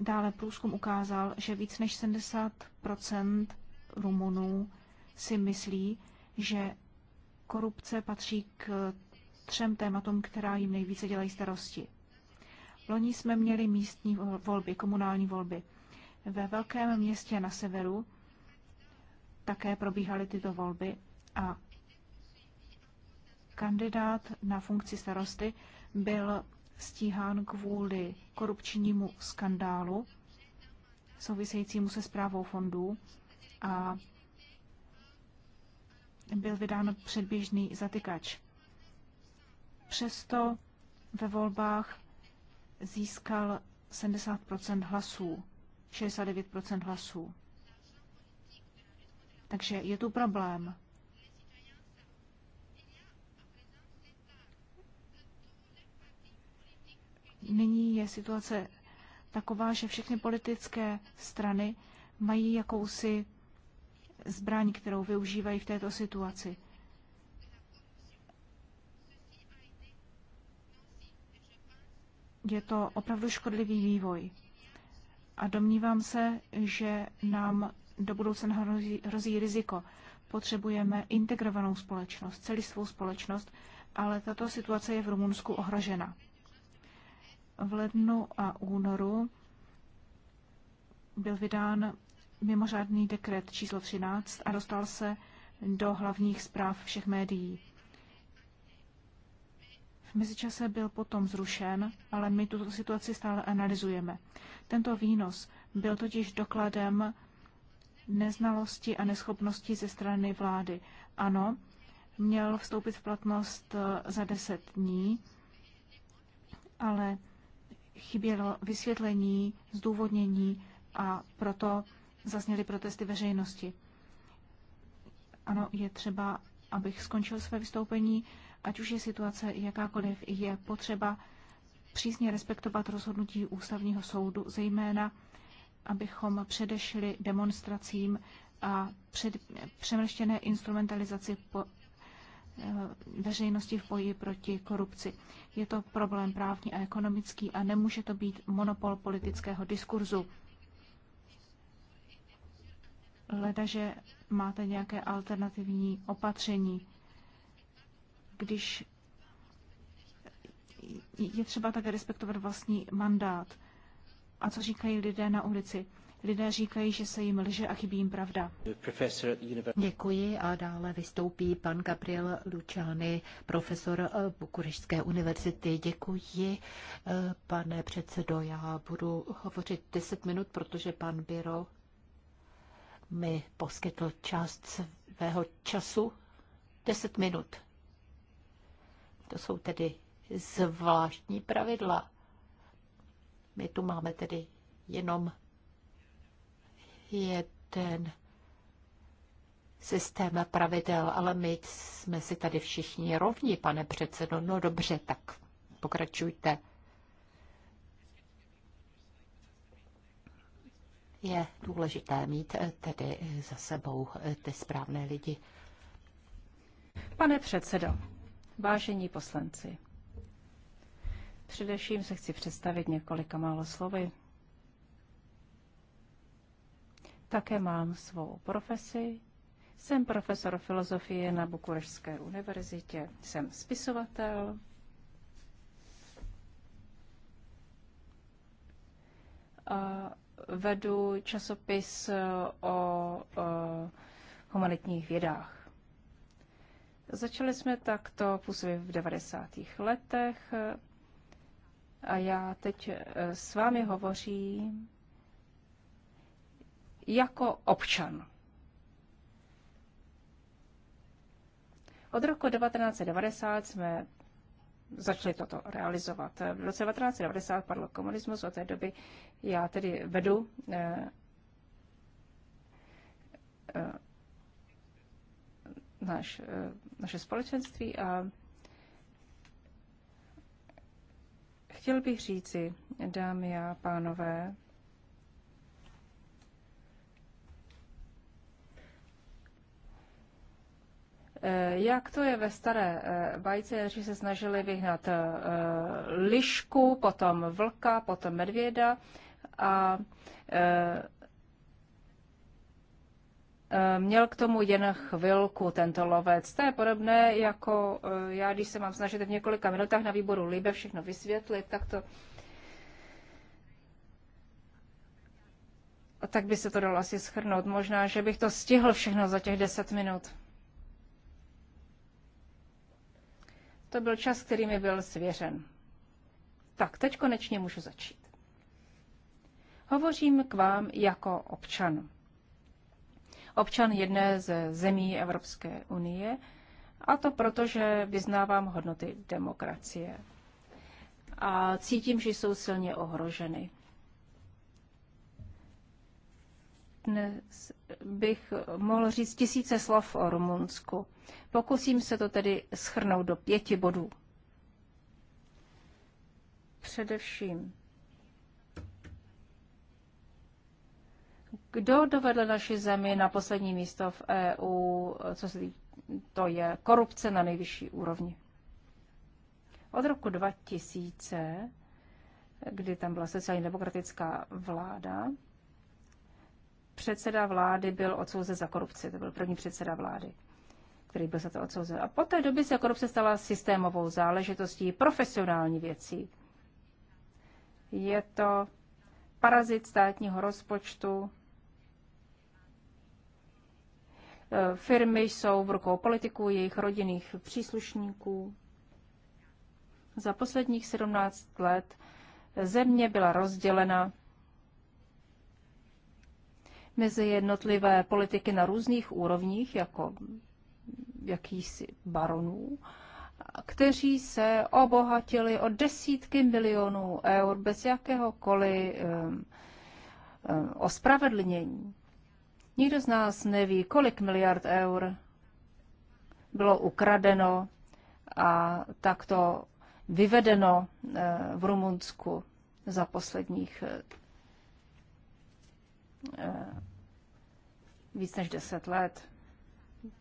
Dále průzkum ukázal, že víc než 70 Rumunů si myslí, že korupce patří k třem tématům, která jim nejvíce dělají starosti. Loni jsme měli místní volby, komunální volby. Ve velkém městě na severu také probíhaly tyto volby a kandidát na funkci starosty byl stíhán kvůli korupčnímu skandálu souvisejícímu se zprávou fondů a byl vydán předběžný zatykač. Přesto ve volbách získal 70 hlasů, 69 hlasů. Takže je tu problém. Nyní je situace taková, že všechny politické strany mají jakousi zbraň, kterou využívají v této situaci. Je to opravdu škodlivý vývoj. A domnívám se, že nám do budoucna hrozí, hrozí riziko. Potřebujeme integrovanou společnost, celistvou společnost, ale tato situace je v Rumunsku ohrožena. V lednu a únoru byl vydán mimořádný dekret číslo 13 a dostal se do hlavních zpráv všech médií. V mezičase byl potom zrušen, ale my tuto situaci stále analyzujeme. Tento výnos byl totiž dokladem neznalosti a neschopnosti ze strany vlády. Ano, měl vstoupit v platnost eh, za deset dní, ale chybělo vysvětlení, zdůvodnění a proto zazněly protesty veřejnosti. Ano, je třeba, abych skončil své vystoupení, ať už je situace jakákoliv, je potřeba přísně respektovat rozhodnutí ústavního soudu, zejména abychom předešli demonstracím a před, přemrštěné instrumentalizaci po, Eh, veřejnosti v boji proti korupci. Je to problém právní a ekonomický a nemůže to být monopol politického diskurzu. že máte nějaké alternativní opatření. Když je třeba také respektovat vlastní mandát. A co říkají lidé na ulici? Lidé říkají, že se jim lže a chybí jim pravda. Děkuji a dále vystoupí pan Gabriel Lučány, profesor eh, Bukurešské univerzity. Děkuji, eh, pane předsedo. Já budu hovořit 10 minut, protože pan Biro mi poskytl část svého času. 10 minut. To jsou tedy zvláštní pravidla. My tu máme tedy jenom je ten systém pravidel, ale my jsme si tady všichni rovni, pane předsedo. No dobře, tak pokračujte. Je důležité mít eh, tedy eh, za sebou eh, ty správné lidi. Pane předsedo, vážení poslanci, především se chci představit několika málo slovy. Také mám svou profesi. Jsem profesor filozofie na Bukurešské univerzitě. Jsem spisovatel. A vedu časopis eh, o, o eh, humanitních vědách. Začali jsme takto působit v 90. letech eh, a já teď s vámi hovořím jako občan. Od roku 1990 jsme začali toto realizovat. V roce 1990 padl komunismus, od té doby já tedy vedu eh, eh, eh, naše společenství a chtěl bych říci, dámy a pánové, Eh, jak to je ve staré eh, bajce, že se snažili vyhnat eh, lišku, potom vlka, potom medvěda a měl k tomu jen chvilku tento lovec. To je podobné jako já, když se mám snažit v několika minutách na výboru Libe všechno vysvětlit, tak to tak by se to dalo asi schrnout. Možná, že bych to stihl všechno za těch deset minut. To byl čas, který mi byl svěřen. Tak, teď konečně můžu začít. Hovořím k vám jako občan. Občan jedné ze zemí Evropské unie, a to proto, že vyznávám hodnoty demokracie. A cítím, že jsou silně ohroženy. Dnes bych mohl říct tisíce slov o Rumunsku. Pokusím se to tedy schrnout do pěti bodů. Především, kdo dovedl naši zemi na poslední místo v EU, co se týká to je korupce na nejvyšší úrovni. Od roku 2000, kdy tam byla sociálně demokratická vláda, předseda vlády byl odsouzen za korupci. To byl první předseda vlády, který byl za to odsouzen. A po té doby se korupce stala systémovou záležitostí, profesionální věcí. Je to parazit státního rozpočtu. E, firmy jsou v rukou politiků, jejich rodinných příslušníků. Za posledních 17 let země byla rozdělena mezi jednotlivé politiky na různých úrovních, jako jakýsi baronů, kteří se obohatili o desítky milionů eur bez jakéhokoliv um, um, ospravedlnění. Nikdo z nás neví, kolik miliard eur bylo ukradeno a takto vyvedeno eh, v Rumunsku za posledních eh, víc než 10 let,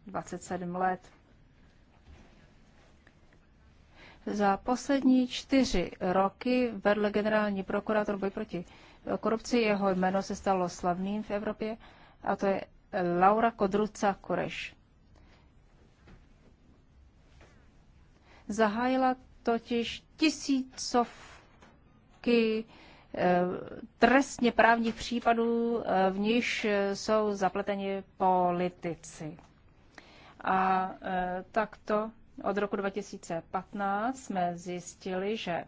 27 let. Za poslední čtyři roky vedl generální prokurátor boj proti korupci. Jeho jméno se stalo slavným v Evropě a to je Laura Kodruca Koreš. Zahájila totiž tisícovky trestně právních případů, eh, v níž eh, jsou zapleteni politici. A eh, takto od roku 2015 jsme zjistili, že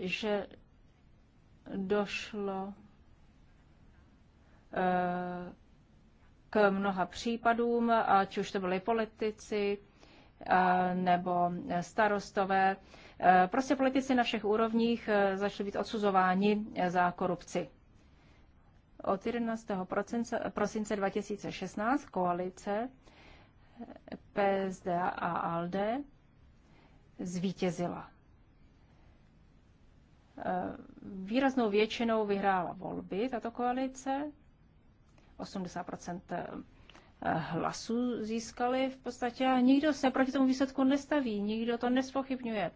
že došlo mnoha případům, ať už to byli politici nebo starostové. Prostě politici na všech úrovních začali být odsuzováni za korupci. Od 11. prosince 2016 koalice PSD a ALDE zvítězila. Výraznou většinou vyhrála volby tato koalice 80 eh, hlasů získali v podstatě a nikdo se proti tomu výsledku nestaví, nikdo to nespochybňuje.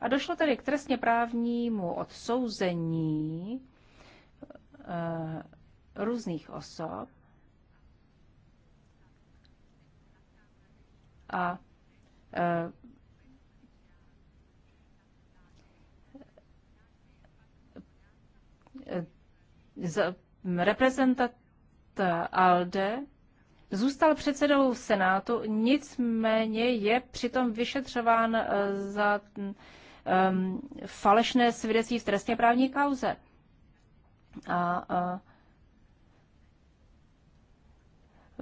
A došlo tedy k trestně právnímu odsouzení e, různých osob a e, z, reprezentat, Alde zůstal předsedou Senátu, nicméně je přitom vyšetřován eh, za um, falešné svědectví v trestně právní kauze. A, a eh,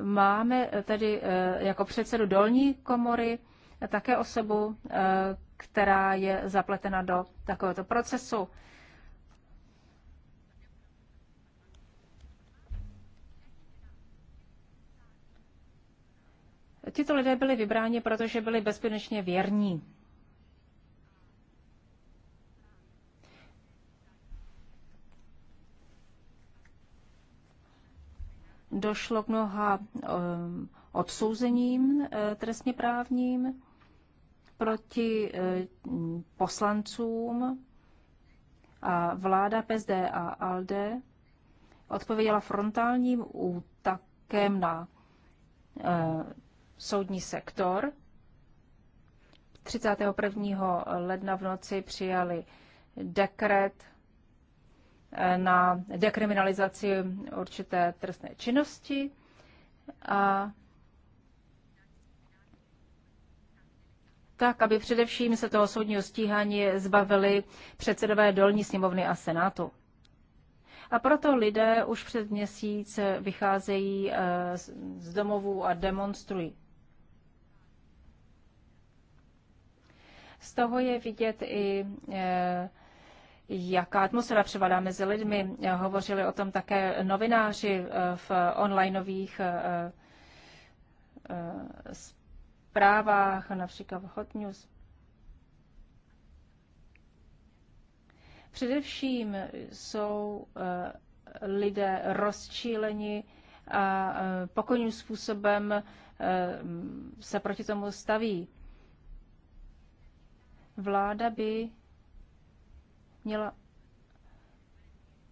máme tedy eh, jako předsedu dolní komory také osobu, která je zapletena do takovéto procesu. Tito lidé byli vybráni, protože byli bezpečně věrní. Došlo k mnoha eh, odsouzením eh, trestně právním proti eh, poslancům a vláda PSD a ALDE odpověděla frontálním útakem na soudní sektor. 31. ledna v noci přijali dekret eh, na dekriminalizaci určité trestné činnosti a tak, aby především se toho soudního stíhání zbavili předsedové dolní sněmovny a senátu. A proto lidé už před měsíc vycházejí eh, z domovů a demonstrují. Z toho je vidět i e, jaká atmosféra převadá mezi lidmi. Hovořili o tom také novináři e, v onlineových e, zprávách, například v Hot News. Především jsou lidé rozčíleni a pokojným způsobem se proti tomu staví. Vláda by měla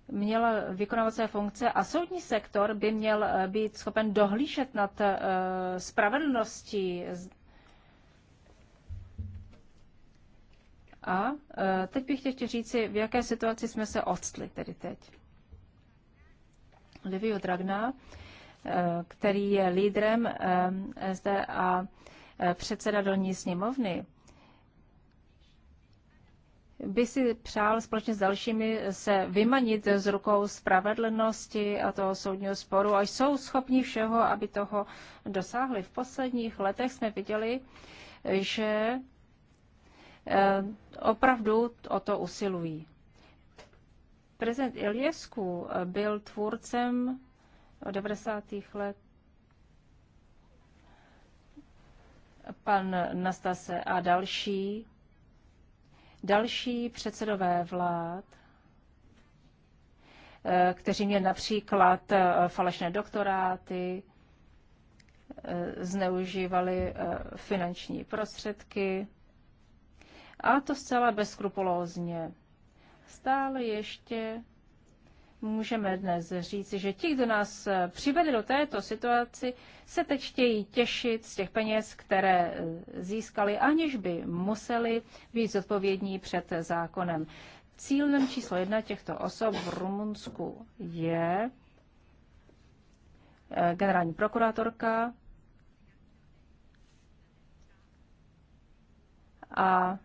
měla vykonávat své funkce a soudní sektor by měl eh, být schopen dohlížet nad eh, spravedlností. A eh, teď bych chtěl říci, v jaké situaci jsme se odstli tedy teď. Livio Dragna, který je lídrem zde a předseda dolní sněmovny, by si přál společně s dalšími se vymanit z rukou spravedlnosti a toho soudního sporu a jsou schopni všeho, aby toho dosáhli. V posledních letech jsme viděli, že eh, opravdu o to usilují. Prezident Iljesku byl tvůrcem 90. let pan Nastase a další Další předsedové vlád, eh, kteří měli například eh, falešné doktoráty, eh, zneužívali finanční prostředky a to zcela bezskrupulózně. Stále ještě můžeme dnes říci, že ti, kdo nás eh, přivedli do této situaci, se teď chtějí těšit z těch peněz, které eh, získali, aniž by museli být zodpovědní před zákonem. Cílem číslo jedna těchto osob v Rumunsku je eh, generální prokurátorka a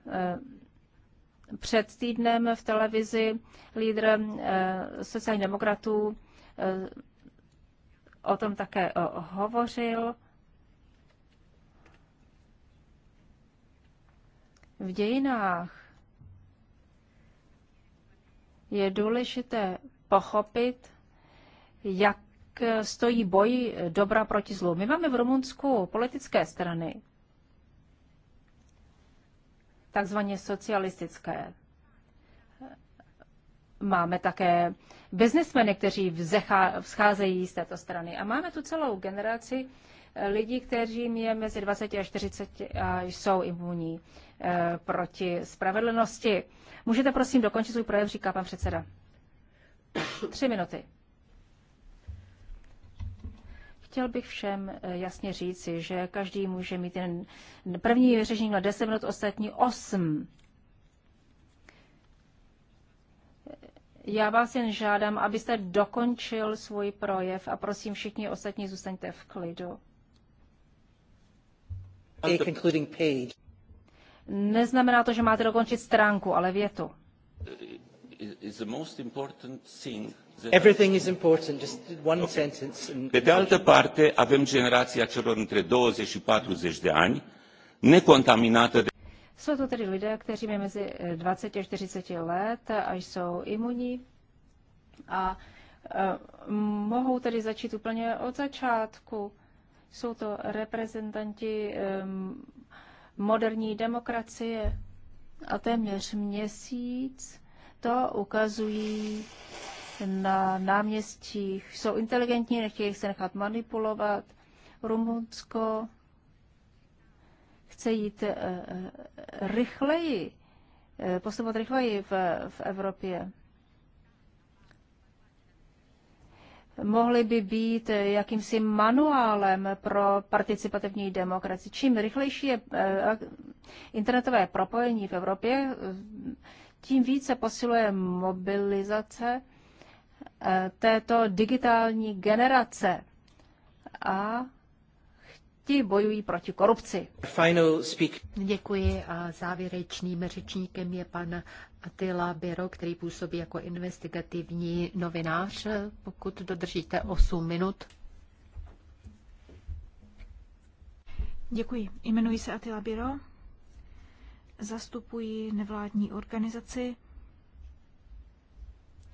před týdnem v televizi lídr eh, sociálních demokratů eh, o tom také hovořil. V dějinách je důležité pochopit, jak stojí boj dobra proti zlu. My máme v Rumunsku politické strany, takzvaně socialistické. Máme také biznesmeny, kteří vzcházejí z této strany. A máme tu celou generaci eh, lidí, kteří je mezi 20 a 40 a jsou imunní e, proti spravedlnosti. Můžete prosím dokončit svůj projev, říká pan předseda. Tři minuty. Chtěl bych všem eh, jasně říci, že každý může mít ten první řečník na 10 minut, ostatní 8. Já vás jen žádám, abyste dokončil svůj projev a prosím všichni ostatní zůstaňte v klidu. Neznamená to, že máte dokončit stránku, ale větu. Eh, is the most important thing. That Everything is important, just one okay. sentence. And... Pe de altă parte, avem generația celor între 20 și 40 de ani, necontaminată de... Jsou to tedy lidé, kteří mají mezi 20 eh, a 40 let a jsou imunní a eh, mohou tedy začít úplně od začátku. Jsou to reprezentanti ehm, moderní demokracie a téměř měsíc to ukazují na náměstích. Jsou inteligentní, nechtějí se nechat manipulovat. Rumunsko chce jít eh, eh, rychleji, eh, postupovat rychleji v, v Evropě. mohly by být jakýmsi manuálem pro participativní demokracii. Čím rychlejší je internetové propojení v Evropě, tím více posiluje mobilizace eh, této digitální generace a ti bojují proti korupci. Děkuji a závěrečným řečníkem je pan Attila Biro, který působí jako investigativní novinář, pokud dodržíte 8 minut. Děkuji. Jmenuji se Attila Biro zastupuji nevládní organizaci,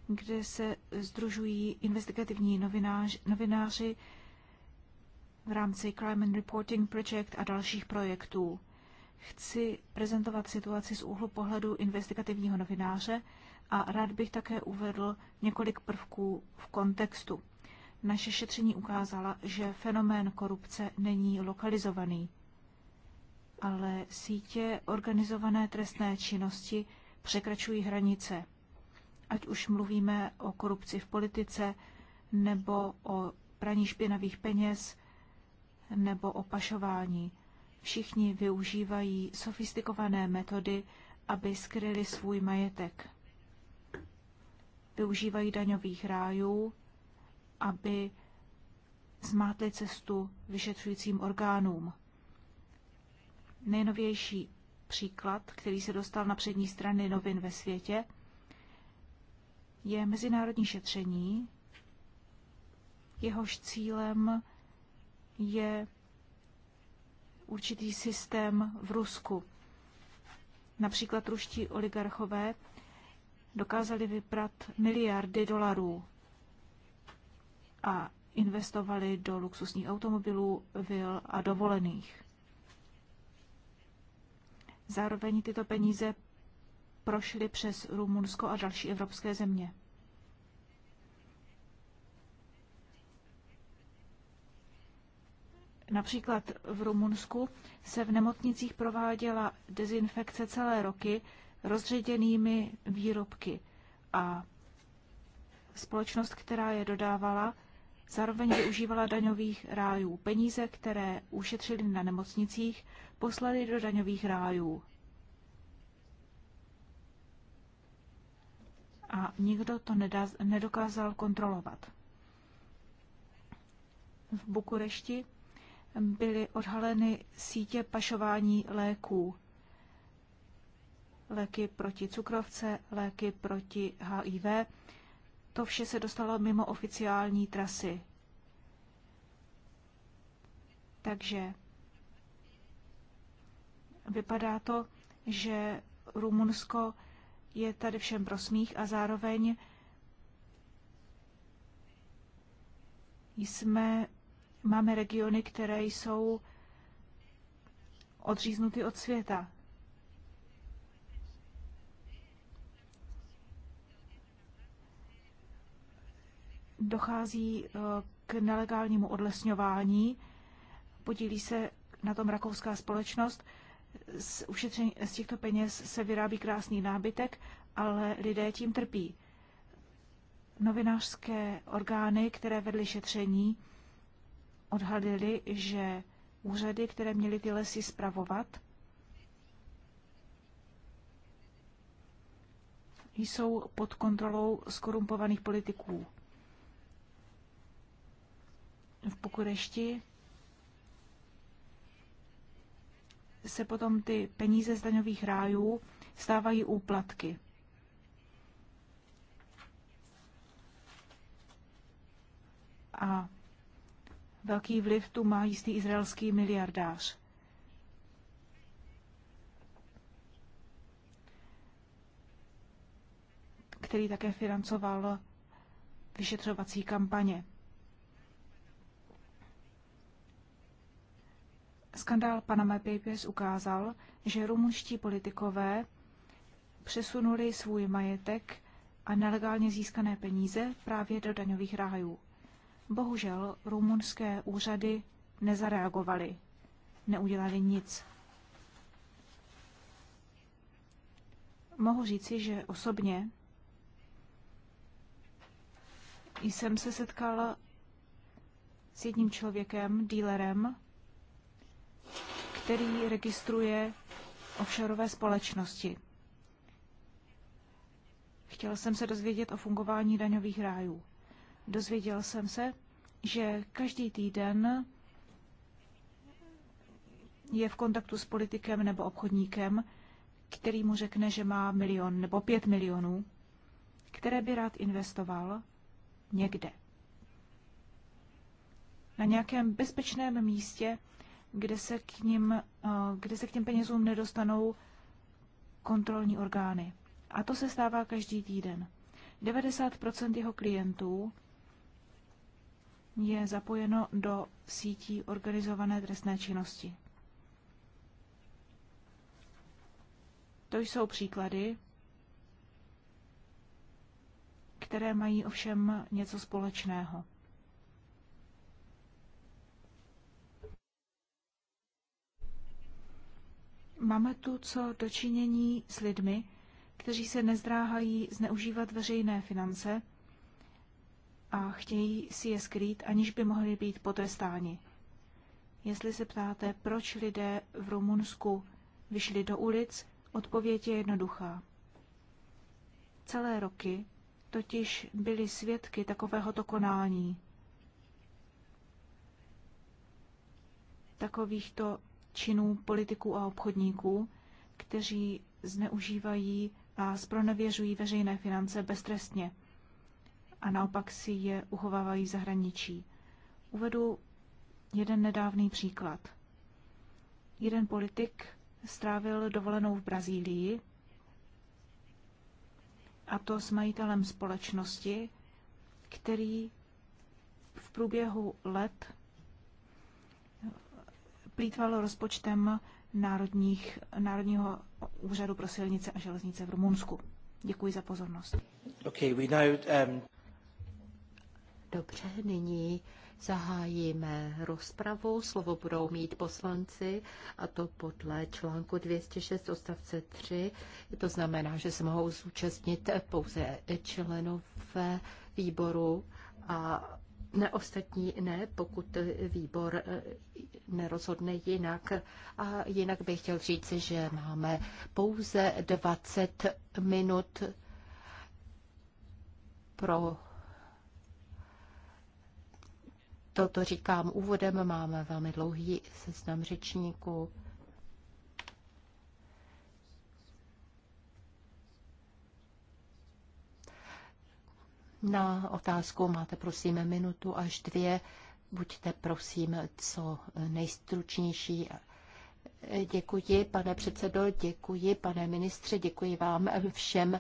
kde se združují investigativní novináři, novináři v rámci Crime and Reporting Project a dalších projektů. Chci prezentovat situaci z úhlu pohledu investigativního novináře a rád bych také uvedl několik prvků v kontextu. Naše šetření ukázala, že fenomén korupce není lokalizovaný ale sítě organizované trestné činnosti překračují hranice. Ať už mluvíme o korupci v politice, nebo o praní špinavých peněz, nebo o pašování. Všichni využívají sofistikované metody, aby skryli svůj majetek. Využívají daňových rájů, aby zmátli cestu vyšetřujícím orgánům nejnovější příklad, který se dostal na přední strany novin ve světě, je mezinárodní šetření. Jehož cílem je určitý systém v Rusku. Například ruští oligarchové dokázali vyprat miliardy dolarů a investovali do luxusních automobilů, vil a dovolených. Zároveň tyto peníze prošly přes Rumunsko a další evropské země. Například v Rumunsku se v nemocnicích prováděla dezinfekce celé roky rozředěnými výrobky a společnost, která je dodávala, Zároveň využívala daňových rájů. Peníze, které ušetřili na nemocnicích, poslali do daňových rájů. A nikdo to nedokázal kontrolovat. V Bukurešti byly odhaleny sítě pašování léků. Léky proti cukrovce, léky proti HIV, to vše se dostalo mimo oficiální trasy. Takže vypadá to, že Rumunsko je tady všem prosmích a zároveň jsme, máme regiony, které jsou odříznuty od světa. dochází eh, k nelegálnímu odlesňování, podílí se na tom rakouská společnost. Z, ušetření, z těchto peněz se vyrábí krásný nábytek, ale lidé tím trpí. Novinářské orgány, které vedly šetření, odhalily, že úřady, které měly ty lesy spravovat, jsou pod kontrolou skorumpovaných politiků v Bukurešti se potom ty peníze z daňových rájů stávají úplatky. A velký vliv tu má jistý izraelský miliardář. který také financoval vyšetřovací kampaně. Skandál Panama Papers ukázal, že rumunští politikové přesunuli svůj majetek a nelegálně získané peníze právě do daňových rájů. Bohužel rumunské úřady nezareagovaly, neudělali nic. Mohu říci, že osobně jsem se setkal s jedním člověkem, dílerem, který registruje offshoreové společnosti. Chtěl jsem se dozvědět o fungování daňových rájů. Dozvěděl jsem se, že každý týden je v kontaktu s politikem nebo obchodníkem, který mu řekne, že má milion nebo pět milionů, které by rád investoval někde. Na nějakém bezpečném místě kde se k, ním, eh, kde se k těm penězům nedostanou kontrolní orgány. A to se stává každý týden. 90% jeho klientů je zapojeno do sítí organizované trestné činnosti. To jsou příklady, které mají ovšem něco společného. Máme tu co dočinění s lidmi, kteří se nezdráhají zneužívat veřejné finance a chtějí si je skrýt, aniž by mohli být potrestáni. Jestli se ptáte, proč lidé v Rumunsku vyšli do ulic, odpověď je jednoduchá. Celé roky totiž byli svědky takovéhoto konání. Takovýchto činů politiků a obchodníků, kteří zneužívají a spronevěřují veřejné finance beztrestně a naopak si je uchovávají v zahraničí. Uvedu jeden nedávný příklad. Jeden politik strávil dovolenou v Brazílii, a to s majitelem společnosti, který v průběhu let plítvalo rozpočtem národních, Národního úřadu pro silnice a železnice v Rumunsku. Děkuji za pozornost. Okay, we now, um... Dobře, nyní zahájíme rozpravu. Slovo budou mít poslanci a to podle článku 206 odstavce 3. To znamená, že se mohou zúčastnit pouze členové výboru a ne ostatní ne, pokud výbor eh, nerozhodne jinak. A jinak bych chtěl říct, že máme pouze 20 minut pro toto říkám úvodem, máme velmi dlouhý seznam řečníků. Na otázku máte prosím minutu až dvě. Buďte prosím co nejstručnější. Děkuji, pane předsedo, děkuji, pane ministře, děkuji vám všem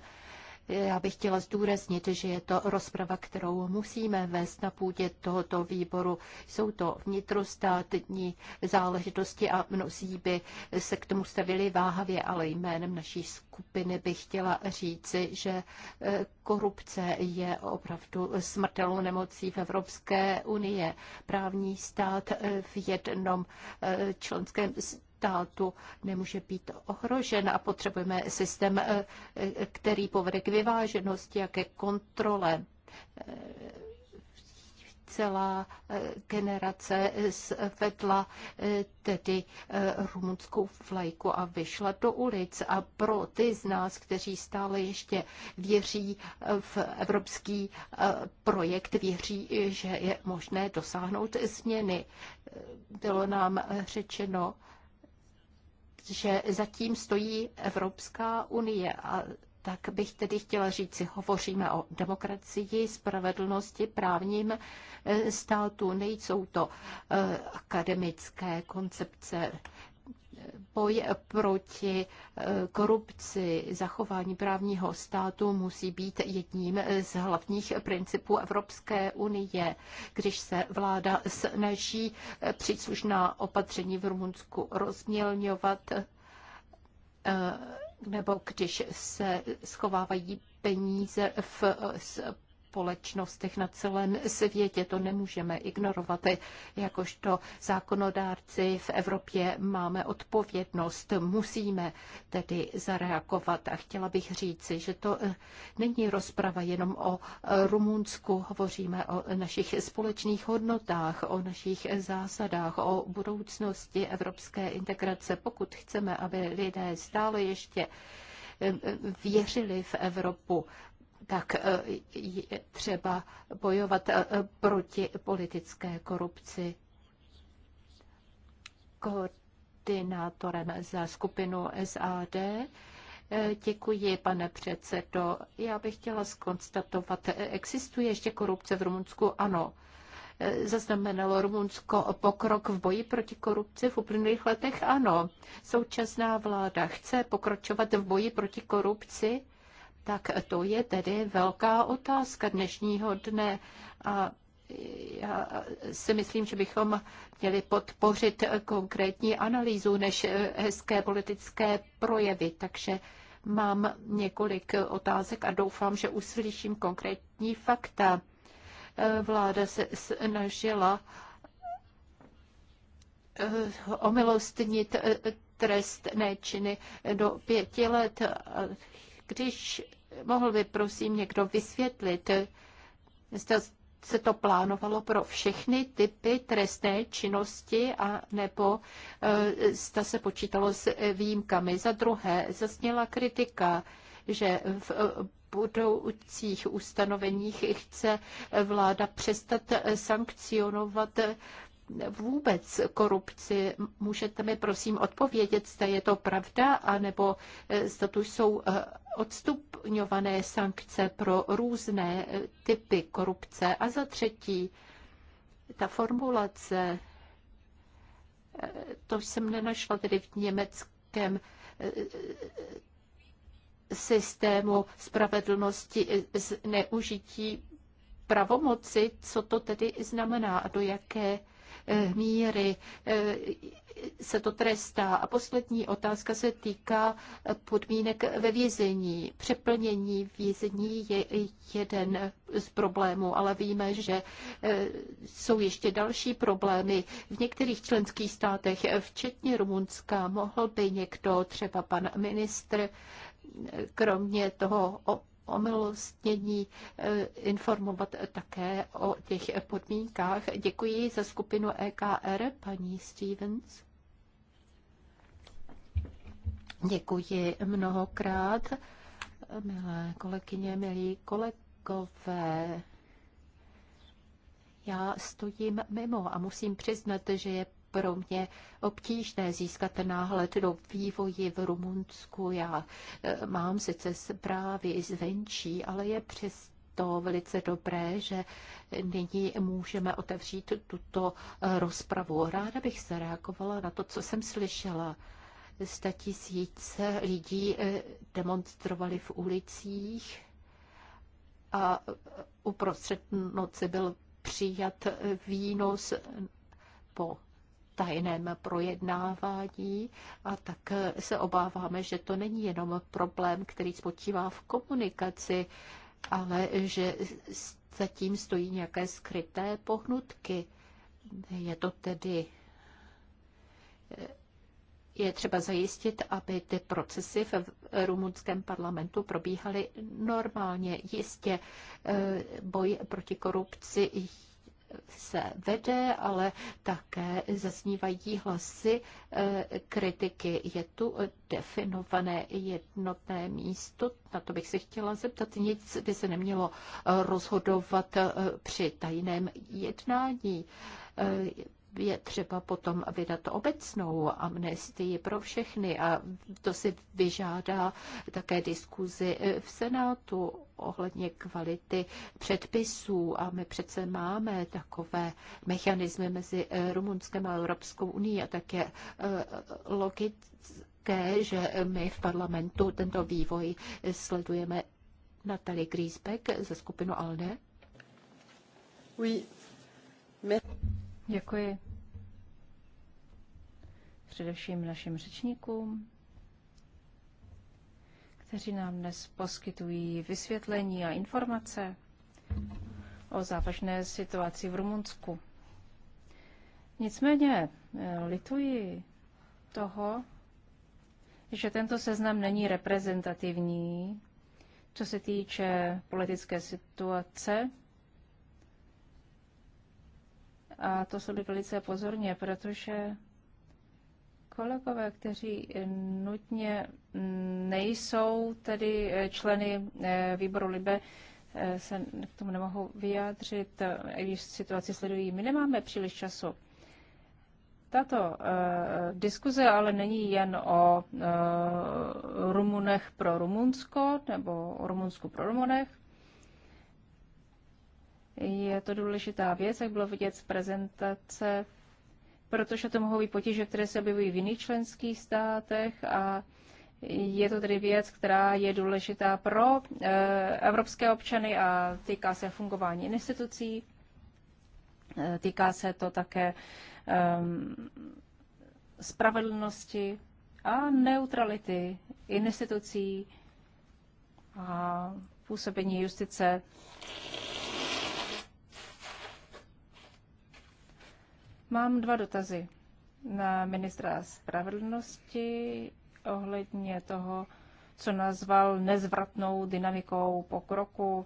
já bych chtěla zdůraznit, že je to rozprava, kterou musíme vést na půdě tohoto výboru. Jsou to vnitrostátní záležitosti a mnozí by se k tomu stavili váhavě, ale jménem naší skupiny bych chtěla říci, že eh, korupce je opravdu smrtelnou nemocí v Evropské unie. Právní stát eh, v jednom eh, členském státu nemůže být ohrožen a potřebujeme systém, eh, eh, který povede k vyváženosti a ke kontrole eh, celá generace zvedla tedy rumunskou vlajku a vyšla do ulic. A pro ty z nás, kteří stále ještě věří v evropský projekt, věří, že je možné dosáhnout změny. Bylo nám řečeno, že zatím stojí Evropská unie a tak bych tedy chtěla říct, si hovoříme o demokracii, spravedlnosti, právním eh, státu, nejsou to eh, akademické koncepce, boj proti eh, korupci, zachování právního státu musí být jedním z hlavních principů Evropské unie. Když se vláda snaží eh, příslušná opatření v Rumunsku rozmělňovat, eh, nebo když se schovávají peníze v společnostech na celém světě. To nemůžeme ignorovat. Jakožto zákonodárci v Evropě máme odpovědnost. Musíme tedy zareagovat. A chtěla bych říci, že to eh, není rozprava jenom o eh, Rumunsku. Hovoříme o našich společných hodnotách, o našich zásadách, o budoucnosti evropské integrace. Pokud chceme, aby lidé stále ještě eh, věřili v Evropu, tak e, je třeba bojovat e, proti politické korupci. Koordinátorem za skupinu SAD e, Děkuji, pane předsedo. Já bych chtěla skonstatovat, existuje ještě korupce v Rumunsku? Ano. Zaznamenalo Rumunsko pokrok v boji proti korupci v uplynulých letech? Ano. Současná vláda chce pokračovat v boji proti korupci? tak to je tedy velká otázka dnešního dne. A já si myslím, že bychom měli podpořit konkrétní analýzu než hezké politické projevy. Takže mám několik otázek a doufám, že uslyším konkrétní fakta. Vláda se snažila eh, omilostnit eh, trest nečiny do pěti let když mohl by prosím někdo vysvětlit, jestli se to plánovalo pro všechny typy trestné činnosti a nebo eh, zda se počítalo s výjimkami. Za druhé, zasněla kritika, že v eh, budoucích ustanoveních chce vláda přestat sankcionovat eh, vůbec korupci. Můžete mi prosím odpovědět, zda je to pravda, anebo eh, zda tu jsou eh, odstupňované sankce pro různé eh, typy korupce. A za třetí, ta formulace, to jsem nenašla tedy v německém systému spravedlnosti zneužití pravomoci, co to tedy znamená a do jaké E, míry e, se to trestá. A poslední otázka se týká podmínek ve vězení. Přeplnění vězení je jeden z problémů, ale víme, že e, jsou ještě další problémy v některých členských státech, včetně Rumunska. Mohl by někdo, třeba pan ministr, kromě toho omilostnění eh, informovat také o těch podmínkách. Děkuji za skupinu EKR, paní Stevens. Děkuji mnohokrát, milé kolegyně, milí kolegové. Já stojím mimo a musím přiznat, že je pro mě obtížné získat náhled do vývoji v Rumunsku. Já eh, mám sice zprávy zvenčí, ale je přes to velice dobré, že nyní můžeme otevřít tuto eh, rozpravu. Ráda bych reagovala na to, co jsem slyšela. Sta tisíce lidí eh, demonstrovali v ulicích a uprostřed noci byl přijat výnos po tajném projednávání a tak se obáváme, že to není jenom problém, který spočívá v komunikaci, ale že zatím stojí nějaké skryté pohnutky. Je to tedy je třeba zajistit, aby ty procesy v rumunském parlamentu probíhaly normálně. Jistě eh, boj proti korupci se vede, ale také zaznívají hlasy eh, kritiky. Je tu definované jednotné místo. Na to bych se chtěla zeptat. Nic by se nemělo eh, rozhodovat eh, při tajném jednání je třeba potom vydat obecnou amnestii pro všechny a to si vyžádá také diskuzi v Senátu ohledně kvality předpisů a my přece máme takové mechanismy mezi eh, Rumunskem a Evropskou unii a také eh, logické, že my v parlamentu tento vývoj sledujeme Natalie Griesbeck ze skupinu ALDE. Oui. Děkuji především našim řečníkům, kteří nám dnes poskytují vysvětlení a informace o závažné situaci v Rumunsku. Nicméně eh, lituji toho, že tento seznam není reprezentativní, co se týče politické situace a to jsou velice pozorně, protože kolegové, kteří nutně nejsou tedy členy eh, výboru LIBE, eh, se k tomu nemohou vyjádřit, eh, i když situaci sledují. My nemáme příliš času. Tato uh, diskuze ale není jen o uh, Rumunech pro Rumunsko nebo o Rumunsku pro Rumunech. Je to důležitá věc, jak bylo vidět z prezentace, protože to mohou být potíže, které se objevují v jiných členských státech a je to tedy věc, která je důležitá pro eh, evropské občany a týká se fungování institucí. Eh, týká se to také um, spravedlnosti a neutrality institucí a působení justice Mám dva dotazy na ministra spravedlnosti ohledně toho, co nazval nezvratnou dynamikou pokroku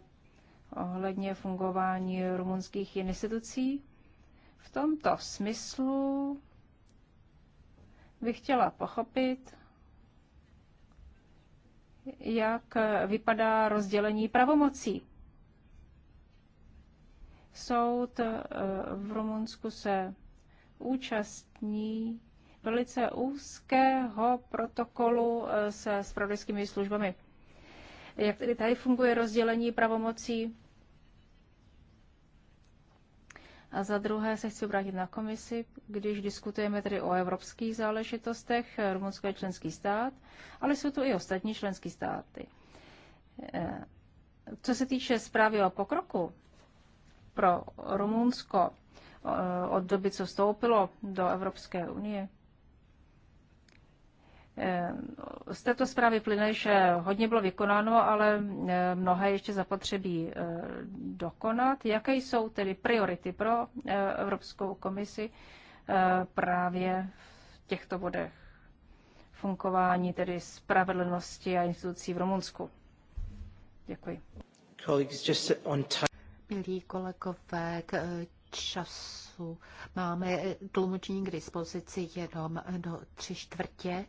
ohledně fungování rumunských institucí. V tomto smyslu bych chtěla pochopit, jak vypadá rozdělení pravomocí. Soud eh, v Rumunsku se účastní velice úzkého protokolu eh, se spravodajskými službami. Jak tedy tady funguje rozdělení pravomocí? A za druhé se chci obrátit na komisi, když diskutujeme tedy o evropských záležitostech, eh, Rumunsko je členský stát, ale jsou tu i ostatní členské státy. Eh, co se týče zprávy o pokroku pro Rumunsko, Eh, od doby, co vstoupilo do Evropské unie. Eh, z této zprávy plyne, že hodně bylo vykonáno, ale eh, mnohé ještě zapotřebí dokonat. Jaké jsou tedy priority pro Evropskou komisi právě v těchto bodech fungování tedy spravedlnosti a institucí v Rumunsku? Děkuji. Milí kolegové, času. Máme tlumočení k dispozici jenom do tři čtvrtě,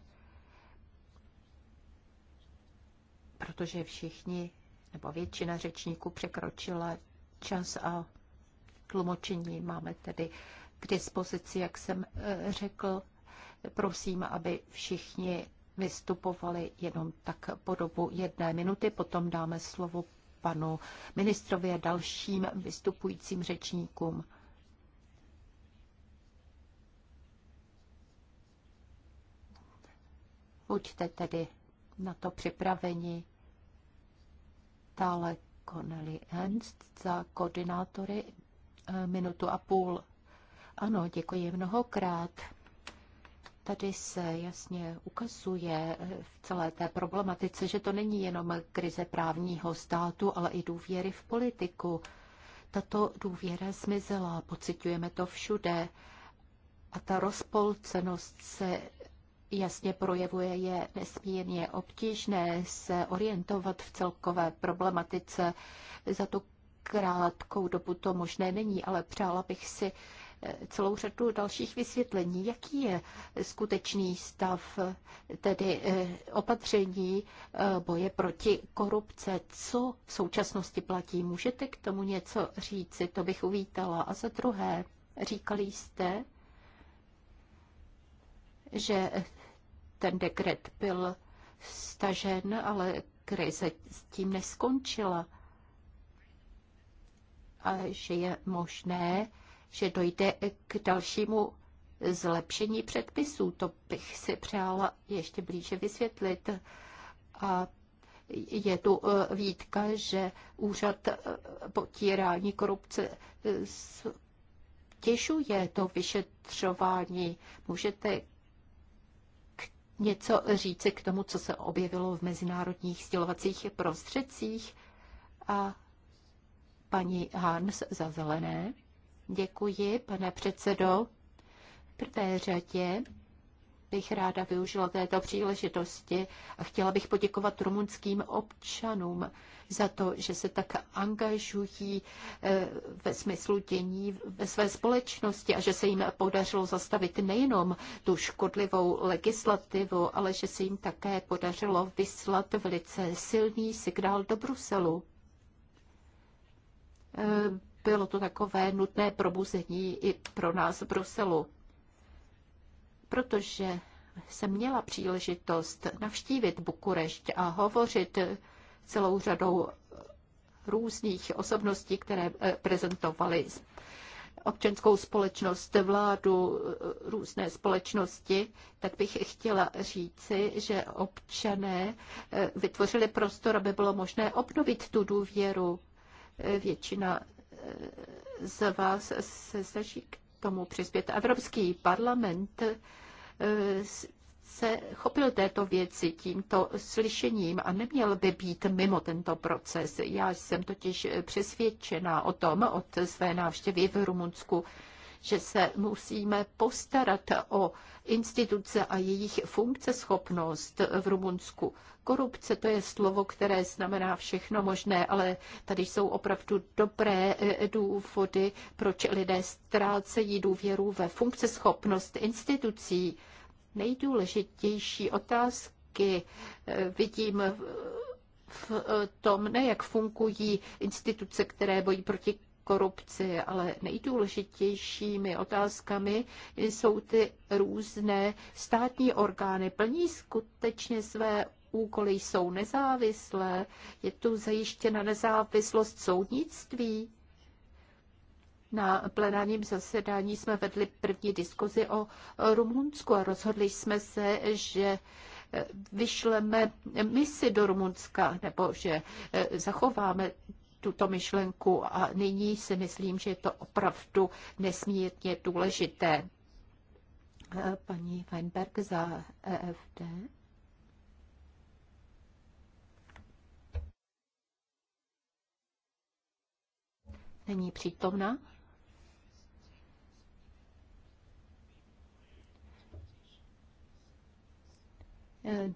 protože všichni nebo většina řečníků překročila čas a tlumočení máme tedy k dispozici, jak jsem eh, řekl. Prosím, aby všichni vystupovali jenom tak po dobu jedné minuty, potom dáme slovo panu ministrovi a dalším vystupujícím řečníkům. Buďte tedy na to připraveni. Dále Connelly Ernst za koordinátory eh, minutu a půl. Ano, děkuji mnohokrát. Tady se jasně ukazuje eh, v celé té problematice, že to není jenom krize právního státu, ale i důvěry v politiku. Tato důvěra zmizela, pocitujeme to všude. A ta rozpolcenost se jasně projevuje, je nesmírně obtížné se orientovat v celkové problematice. Za tu krátkou dobu to možné není, ale přála bych si eh, celou řadu dalších vysvětlení, jaký je skutečný stav, tedy eh, opatření eh, boje proti korupce, co v současnosti platí. Můžete k tomu něco říci, to bych uvítala. A za druhé, říkali jste, že ten dekret byl stažen, ale krize s tím neskončila. A že je možné, že dojde k dalšímu zlepšení předpisů. To bych si přála ještě blíže vysvětlit. A je tu e, výtka, že úřad e, potírání korupce e, těžuje to vyšetřování. Můžete něco říci k tomu, co se objevilo v mezinárodních sdělovacích prostředcích? A paní Hans za zelené. Děkuji, pane předsedo. V prvé řadě bych ráda využila této příležitosti a chtěla bych poděkovat rumunským občanům za to, že se tak angažují eh, ve smyslu dění ve své společnosti a že se jim podařilo zastavit nejenom tu škodlivou legislativu, ale že se jim také podařilo vyslat velice silný signál do Bruselu eh, bylo to takové nutné probuzení i pro nás v Bruselu protože jsem měla příležitost navštívit Bukurešť a hovořit celou řadou různých osobností, které eh, prezentovaly občanskou společnost, vládu, eh, různé společnosti, tak bych chtěla říci, že občané eh, vytvořili prostor, aby bylo možné obnovit tu důvěru. Většina z vás se snaží k tomu přispět. Evropský parlament eh, se chopil této věci tímto slyšením a neměl by být mimo tento proces. Já jsem totiž přesvědčena o tom od své návštěvy v Rumunsku, že se musíme postarat o instituce a jejich funkceschopnost v Rumunsku. Korupce to je slovo, které znamená všechno možné, ale tady jsou opravdu dobré e, důvody, proč lidé ztrácejí důvěru ve funkceschopnost institucí. Nejdůležitější otázky e, vidím v tom, ne jak fungují instituce, které bojí proti korupci, ale nejdůležitějšími otázkami jsou ty různé státní orgány. Plní skutečně své úkoly, jsou nezávislé, je tu zajištěna nezávislost soudnictví. Na plenárním zasedání jsme vedli první diskuzi o Rumunsku a rozhodli jsme se, že vyšleme misi do Rumunska nebo že zachováme tuto myšlenku a nyní si myslím, že je to opravdu nesmírně důležité. Eh, paní Weinberg za EFD. Není přítomna? Uh,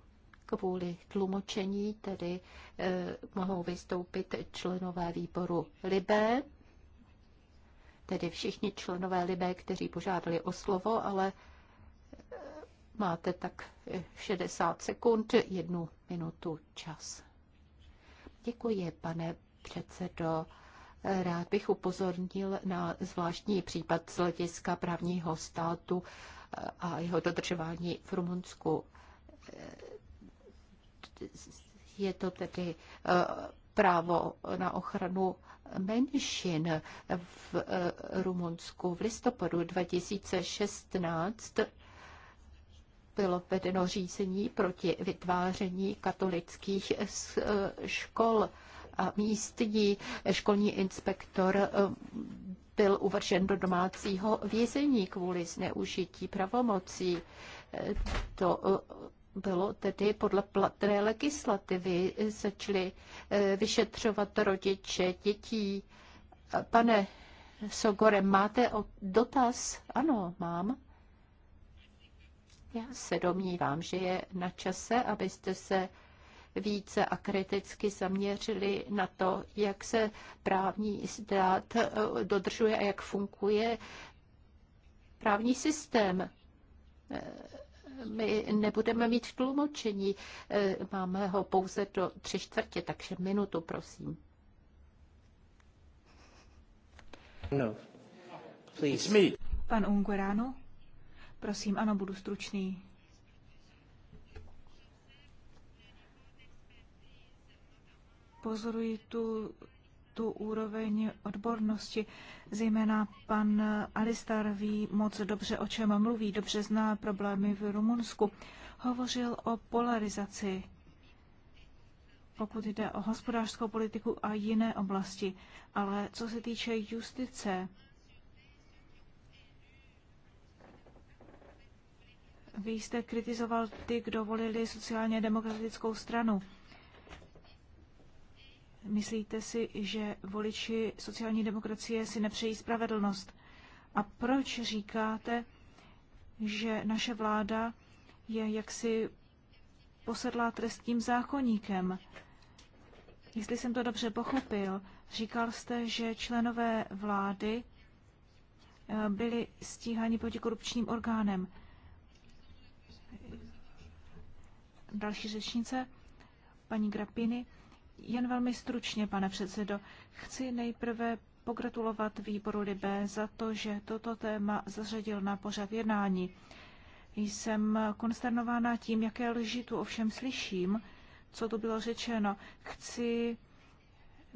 kvůli tlumočení, tedy eh, mohou vystoupit členové výboru Libé, tedy všichni členové Libé, kteří požádali o slovo, ale eh, máte tak 60 eh, sekund, jednu minutu čas. Děkuji, pane předsedo. Rád bych upozornil na zvláštní případ z hlediska právního státu eh, a jeho dodržování v Rumunsku. Eh, je to tedy eh, právo na ochranu menšin v eh, Rumunsku. V listopadu 2016 bylo vedeno řízení proti vytváření katolických škol a místní školní inspektor eh, byl uvržen do domácího vězení kvůli zneužití pravomocí. To bylo tedy podle platné legislativy, eh, začali eh, vyšetřovat rodiče dětí. Pane Sogore, máte dotaz? Ano, mám. Já se domnívám, že je na čase, abyste se více a kriticky zaměřili na to, jak se právní stát eh, dodržuje a jak funguje právní systém my nebudeme mít tlumočení, eh, máme ho pouze do tři čtvrtě, takže minutu, prosím. No. Please. me. Pan Unguerano? Prosím, ano, budu stručný. Pozoruji tu tu úroveň odbornosti. Zejména pan Alistar ví moc dobře, o čem mluví, dobře zná problémy v Rumunsku. Hovořil o polarizaci, pokud jde o hospodářskou politiku a jiné oblasti. Ale co se týče justice, vy jste kritizoval ty, kdo volili sociálně demokratickou stranu. Myslíte si, že voliči sociální demokracie si nepřejí spravedlnost? A proč říkáte, že naše vláda je jaksi posedlá trestním zákoníkem? Jestli jsem to dobře pochopil, říkal jste, že členové vlády eh, byli stíháni protikorupčním orgánem. Další řečnice, paní Grapiny. Jen velmi stručně, pane předsedo, chci nejprve pogratulovat výboru Libé za to, že toto téma zařadil na pořad jednání. Jsem konsternována tím, jaké lži tu ovšem slyším, co tu bylo řečeno. Chci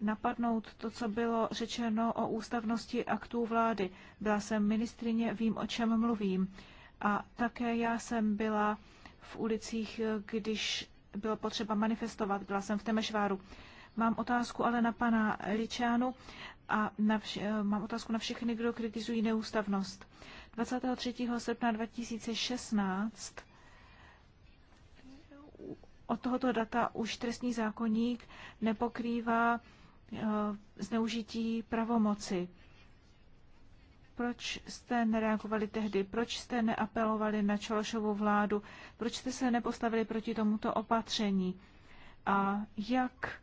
napadnout to, co bylo řečeno o ústavnosti aktů vlády. Byla jsem ministrině, vím, o čem mluvím. A také já jsem byla v ulicích, když bylo potřeba manifestovat. Byla jsem v Temešváru. Mám otázku ale na pana Ličánu a na vš- eh, mám otázku na všechny, kdo kritizují neústavnost. 23. srpna 2016 od tohoto data už trestní zákonník nepokrývá eh, zneužití pravomoci. Proč jste nereagovali tehdy? Proč jste neapelovali na Čelošovu vládu? Proč jste se nepostavili proti tomuto opatření? A jak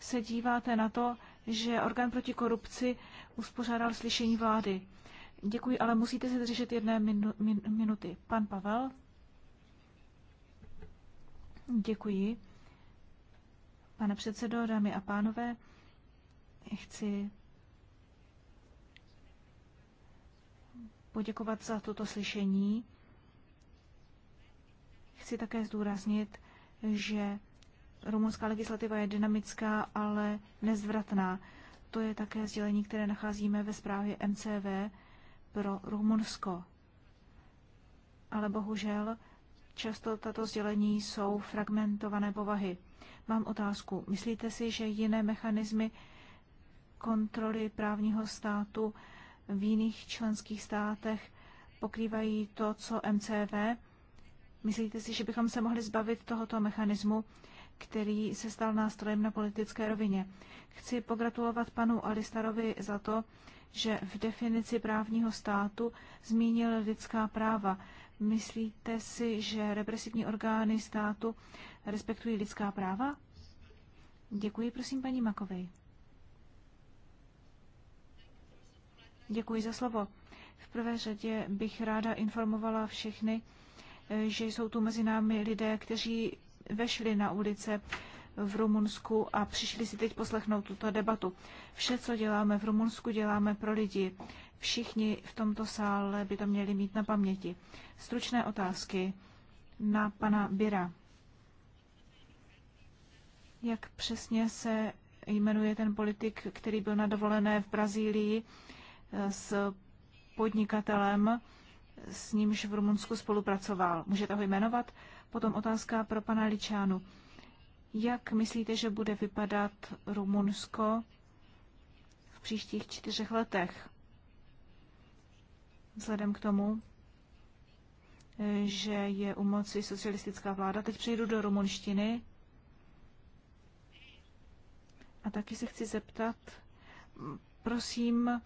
se díváte na to, že orgán proti korupci uspořádal slyšení vlády? Děkuji, ale musíte se držet jedné minu, min, minuty. Pan Pavel? Děkuji. Pane předsedo, dámy a pánové, chci poděkovat za toto slyšení. Chci také zdůraznit, že rumunská legislativa je dynamická, ale nezvratná. To je také sdělení, které nacházíme ve zprávě MCV pro Rumunsko. Ale bohužel často tato sdělení jsou fragmentované povahy. Mám otázku. Myslíte si, že jiné mechanismy kontroly právního státu v jiných členských státech pokrývají to, co MCV. Myslíte si, že bychom se mohli zbavit tohoto mechanismu, který se stal nástrojem na politické rovině? Chci pogratulovat panu Alistarovi za to, že v definici právního státu zmínil lidská práva. Myslíte si, že represivní orgány státu respektují lidská práva? Děkuji, prosím, paní Makovej. Děkuji za slovo. V prvé řadě bych ráda informovala všechny, eh, že jsou tu mezi námi lidé, kteří vešli na ulice v Rumunsku a přišli si teď poslechnout tuto debatu. Vše, co děláme v Rumunsku, děláme pro lidi. Všichni v tomto sále by to měli mít na paměti. Stručné otázky na pana Bira. Jak přesně se jmenuje ten politik, který byl na dovolené v Brazílii? s podnikatelem, s nímž v Rumunsku spolupracoval. Můžete ho jmenovat? Potom otázka pro pana Ličánu. Jak myslíte, že bude vypadat Rumunsko v příštích čtyřech letech? Vzhledem k tomu, že je u moci socialistická vláda. Teď přejdu do rumunštiny. A taky se chci zeptat, prosím,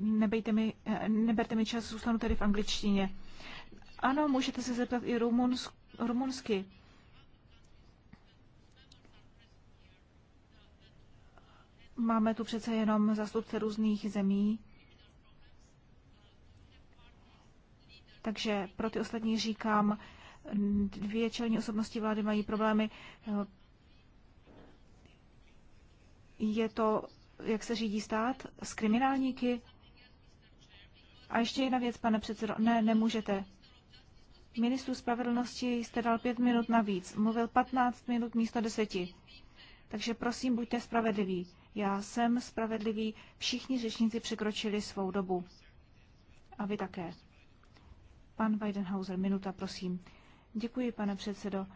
nebejte mi, eh, neberte mi čas, zůstanu tady v angličtině. Ano, můžete se zeptat i rumunsk, rumunsky. Máme tu přece jenom zastupce různých zemí. Takže pro ty ostatní říkám, dvě čelní osobnosti vlády mají problémy. Je to, jak se řídí stát, s kriminálníky, a ještě jedna věc, pane předsedo. Ne, nemůžete. Ministru spravedlnosti jste dal pět minut navíc. Mluvil 15 minut místo deseti. Takže prosím, buďte spravedliví. Já jsem spravedlivý. Všichni řečníci překročili svou dobu. A vy také. Pan Weidenhauser, minuta, prosím. Děkuji, pane předsedo.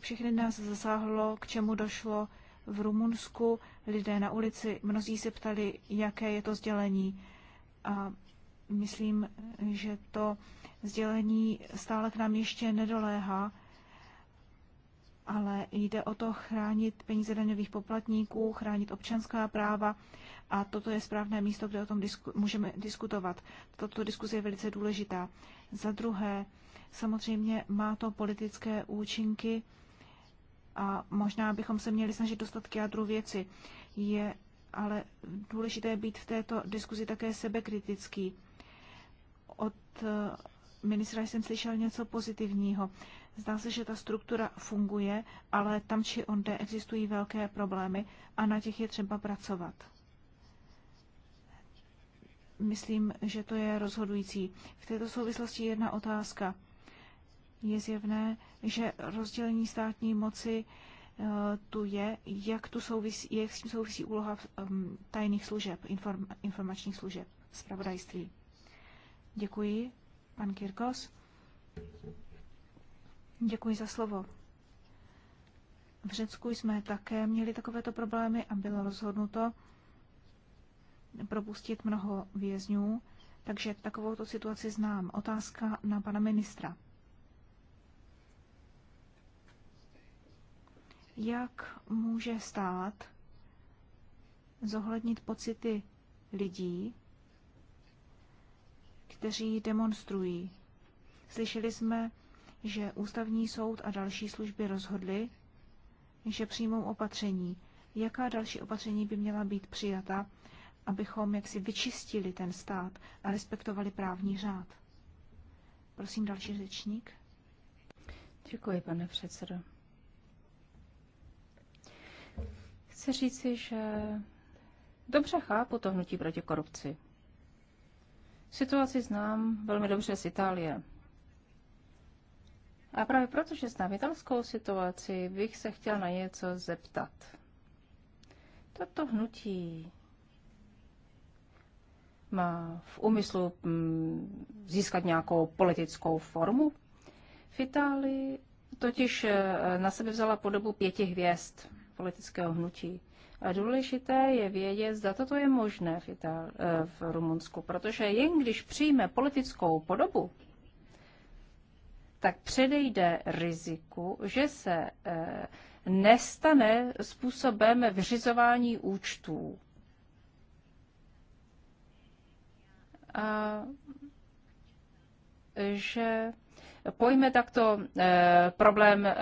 Všechny nás zasáhlo, k čemu došlo v Rumunsku lidé na ulici, mnozí se ptali, jaké je to sdělení. A myslím, že to sdělení stále k nám ještě nedoléhá, ale jde o to chránit peníze daňových poplatníků, chránit občanská práva a toto je správné místo, kde o tom disku, můžeme diskutovat. Toto diskuze je velice důležitá. Za druhé, samozřejmě má to politické účinky, a možná bychom se měli snažit dostat k jádru věci. Je ale důležité být v této diskuzi také sebekritický. Od eh, ministra jsem slyšel něco pozitivního. Zdá se, že ta struktura funguje, ale tam či onde existují velké problémy a na těch je třeba pracovat. Myslím, že to je rozhodující. V této souvislosti jedna otázka je zjevné, že rozdělení státní moci eh, tu je, jak, tu souvisí, jak s tím souvisí úloha ehm, tajných služeb, inform, informačních služeb, zpravodajství. Děkuji, pan Kirkos. Děkuji za slovo. V Řecku jsme také měli takovéto problémy a bylo rozhodnuto propustit mnoho vězňů, takže takovouto situaci znám. Otázka na pana ministra. jak může stát zohlednit pocity lidí, kteří demonstrují. Slyšeli jsme, že ústavní soud a další služby rozhodly, že přijmou opatření. Jaká další opatření by měla být přijata, abychom jaksi vyčistili ten stát a respektovali právní řád? Prosím, další řečník. Děkuji, pane předsedo. chci říci, že dobře chápu to hnutí proti korupci. Situaci znám velmi dobře z Itálie. A právě proto, že znám italskou situaci, bych se chtěl na něco zeptat. Toto hnutí má v úmyslu mm, získat nějakou politickou formu. V Itálii totiž eh, na sebe vzala podobu pěti hvězd politického hnutí. A důležité je vědět, zda toto je možné v, Itál- eh, v Rumunsku, protože jen když přijme politickou podobu, tak předejde riziku, že se eh, nestane způsobem vyřizování účtů. A že pojme takto eh, problém eh,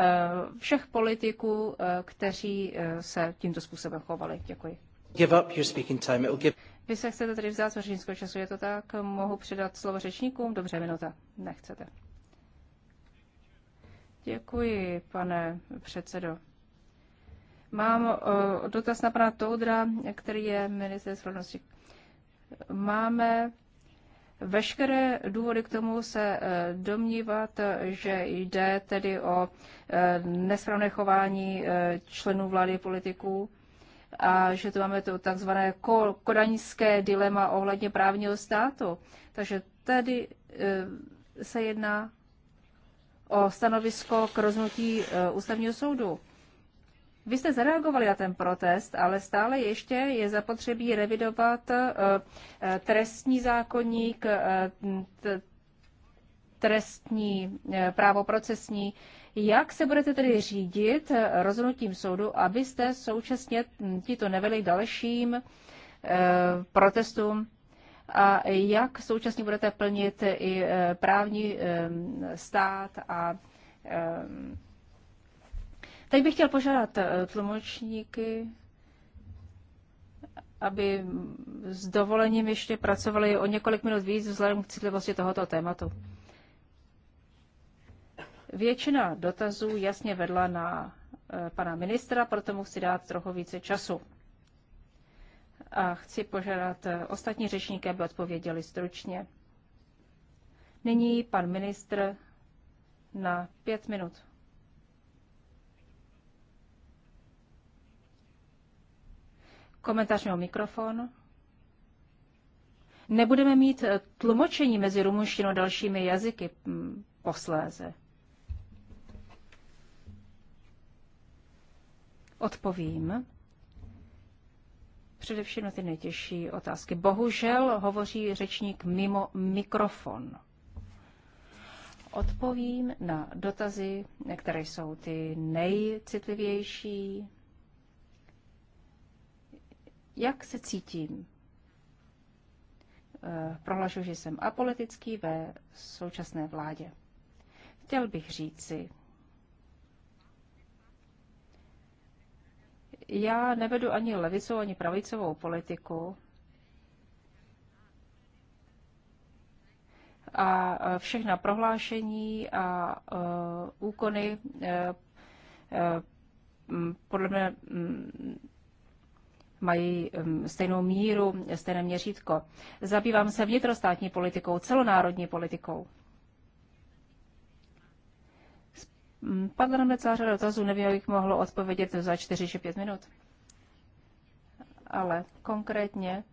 všech politiků, eh, kteří se tímto způsobem chovali. Děkuji. Give up your speaking time. It'll give... Vy se chcete tady vzát z řečnického času, je to tak? Mohu předat slovo řečníkům? Dobře, minuta. Nechcete. Děkuji, pane předsedo. Mám dotaz na pana Toudra, který je minister spravedlnosti. Máme Veškeré důvody k tomu se eh, domnívat, že jde tedy o eh, nesprávné chování eh, členů vlády politiků a že tu máme to takzvané kodaňské dilema ohledně právního státu. Takže tedy se jedná o stanovisko k rozhodnutí ústavního soudu. Vy jste zareagovali na ten protest, ale stále ještě je zapotřebí revidovat eh, eh, trestní zákonník, eh, trestní právo procesní. Jak se budete tedy řídit rozhodnutím soudu, abyste současně hm, tito neveli dalším protestům a jak současně budete plnit i právní stát a Teď bych chtěl požádat eh, tlumočníky, aby s dovolením ještě pracovali o několik minut víc vzhledem k citlivosti tohoto tématu. Většina dotazů jasně vedla na eh, pana ministra, proto mu chci dát trochu více času. A chci požádat eh, ostatní řečníky, aby odpověděli stručně. Nyní pan ministr na pět minut. Komentář mimo mikrofon. Nebudeme mít eh, tlumočení mezi rumunštinou a dalšími jazyky mm, posléze. Odpovím. Především na ty nejtěžší otázky. Bohužel hovoří řečník mimo mikrofon. Odpovím na dotazy, které jsou ty nejcitlivější, jak se cítím. Eh, Prohlašu, že jsem apolitický ve současné vládě. Chtěl bych říci, já nevedu ani levicovou, ani pravicovou politiku, a eh, všechna prohlášení a uh, úkony uh, uh, podle mě mají stejnou míru, stejné měřítko. Zabývám se vnitrostátní politikou, celonárodní politikou. Padla nám celá řada dotazů, nevím, jak bych mohlo odpovědět za 4 či 5 minut. Ale konkrétně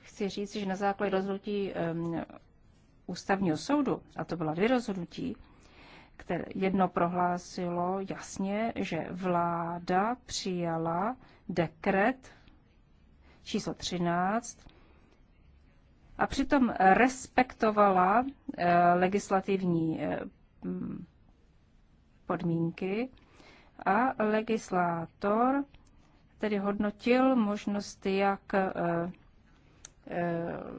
chci říct, že na základě rozhodnutí um, ústavního soudu, a to byla dvě rozhodnutí, které jedno prohlásilo jasně, že vláda přijala dekret číslo 13 a přitom respektovala eh, legislativní eh, mm, podmínky a legislátor tedy hodnotil možnosti jak eh,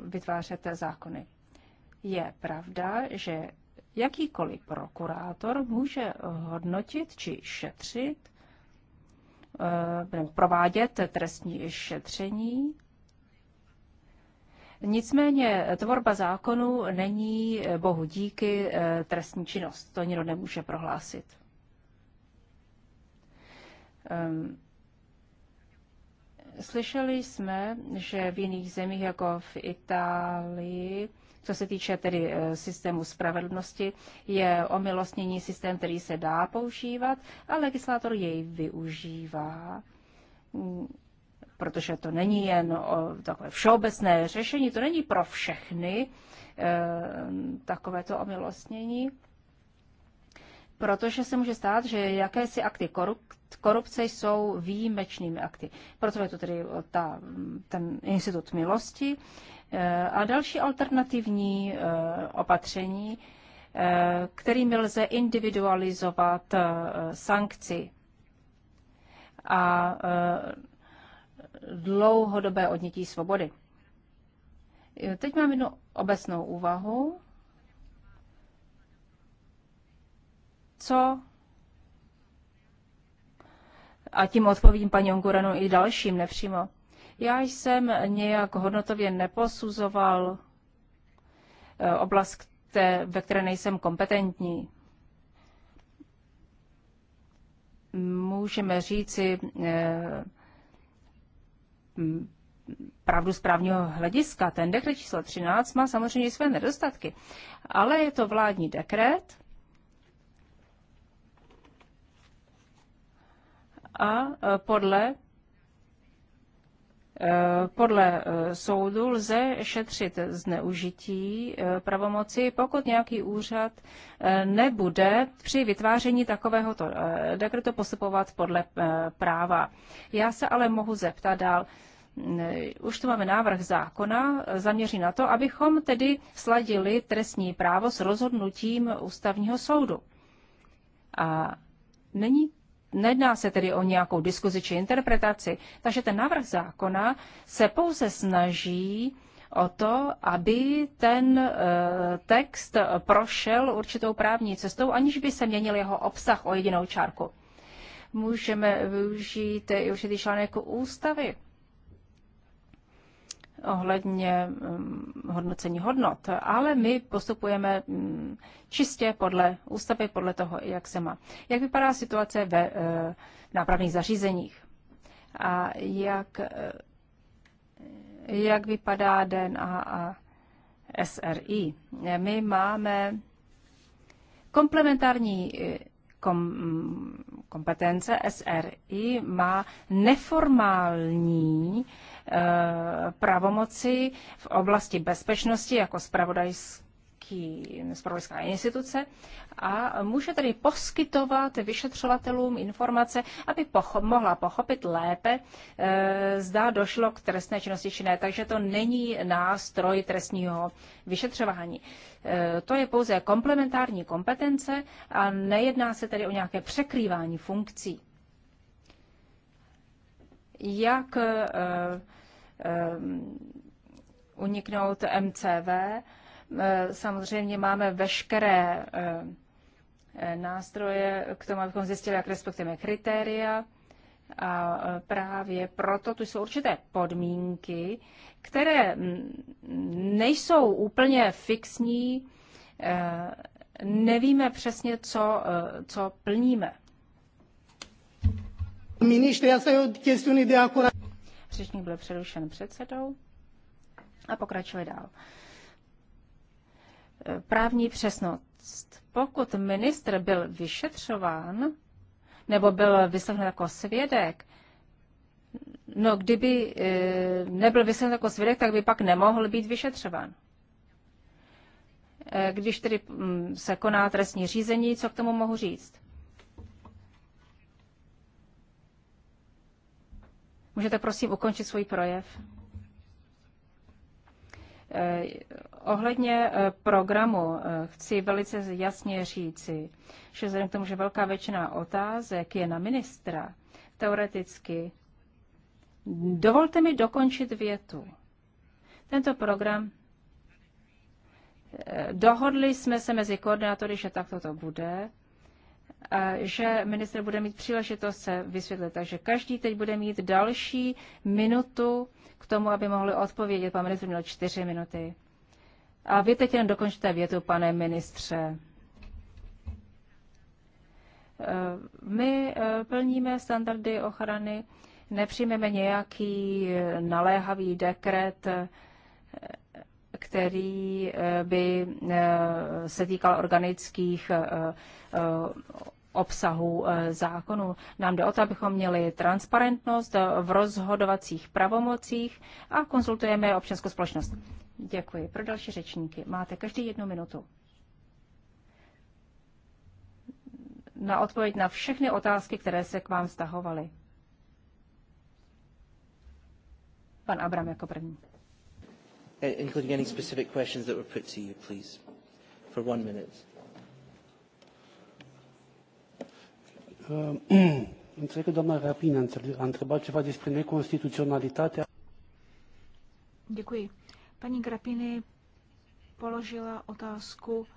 vytvářet zákony. Je pravda, že jakýkoliv prokurátor může hodnotit či šetřit Eh, budeme provádět trestní šetření. Nicméně tvorba zákonu není eh, bohu díky eh, trestní činnost. To nikdo nemůže prohlásit. Ehm, slyšeli jsme, že v jiných zemích, jako v Itálii, co se týče tedy e, systému spravedlnosti, je omilostnění systém, který se dá používat a legislátor jej využívá mm, protože to není jen o takové všeobecné řešení, to není pro všechny e, takovéto omilostnění, protože se může stát, že jakési akty korupce jsou výjimečnými akty. Proto je to tedy ta, ten institut milosti, Eh, a další alternativní eh, opatření, eh, kterými lze individualizovat sankci a dlouhodobé odnětí svobody. Teď mám jednu obecnou úvahu. Co a tím odpovím paní Onguranu i dalším nepřímo. Já jsem nějak hodnotově neposuzoval eh, oblast, ve které nejsem kompetentní. Můžeme říci eh, pravdu správního hlediska. Ten dekret číslo 13 má samozřejmě své nedostatky, ale je to vládní dekret a eh, podle Eh, podle eh, soudu lze šetřit zneužití eh, pravomoci, pokud nějaký úřad nebude při vytváření takovéhoto dekretu postupovat podle práva. Já se ale mohu zeptat dál. Už tu máme návrh zákona, zaměří na to, abychom tedy sladili trestní právo s rozhodnutím ústavního soudu. A není Nedná se tedy o nějakou diskuzi či interpretaci, takže ten návrh zákona se pouze snaží o to, aby ten eh, text prošel určitou právní cestou, aniž by se měnil jeho obsah o jedinou čárku. Můžeme využít i určitý článek ústavy ohledně mm, hodnocení hodnot, ale my postupujeme mm, čistě podle ústavy, podle toho, jak se má. Jak vypadá situace ve e, nápravných zařízeních a jak, e, jak vypadá DNA a SRI. My máme komplementární e, kom, mm, kompetence SRI má neformální Eh, pravomoci v oblasti bezpečnosti jako spravodajská instituce a může tedy poskytovat vyšetřovatelům informace, aby pocho- mohla pochopit lépe, e, zda došlo k trestné činnosti či ne. Takže to není nástroj trestního vyšetřování. E, to je pouze komplementární kompetence a nejedná se tedy o nějaké překrývání funkcí. Jak e, Ehm, uniknout MCV. Ehm, samozřejmě máme veškeré ehm, nástroje k tomu, abychom zjistili, jak respektujeme kritéria. A e, právě proto tu jsou určité podmínky, které nejsou úplně fixní, nevíme přesně, co, e, co plníme. Ministře, já se těstu nejde akorát. Řečník byl přerušen předsedou a pokračuje dál. Právní přesnost. Pokud ministr byl vyšetřován nebo byl vyslechnut jako svědek, no kdyby e, nebyl vyslechnut jako svědek, tak by pak nemohl být vyšetřován e, když tedy mm, se koná trestní řízení, co k tomu mohu říct? Můžete prosím ukončit svůj projev? Eh, ohledně eh, programu eh, chci velice jasně říci, že vzhledem k tomu, že velká většina otázek je na ministra, teoreticky, dovolte mi dokončit větu. Tento program Dohodli jsme se mezi koordinátory, že takto to bude že minister bude mít příležitost se vysvětlit. Takže každý teď bude mít další minutu k tomu, aby mohli odpovědět. Pan ministr měl čtyři minuty. A vy teď jen dokončte větu, pane ministře. Eh, my eh, plníme standardy ochrany, nepřijmeme nějaký naléhavý dekret, eh, který eh, by eh, se týkal organických eh, obsahu zákonu. Nám jde o to, abychom měli transparentnost v rozhodovacích pravomocích a konzultujeme občanskou společnost. Děkuji. Pro další řečníky máte každý jednu minutu. Na odpověď na všechny otázky, které se k vám stahovaly. Pan Abram jako první. Uh, including any specific questions that were put to you, please, for one minute. Um, înțeleg că doamna Rapin a întrebat ceva despre neconstitucionalitatea. Děkuji. Paní Grapiny položila otázku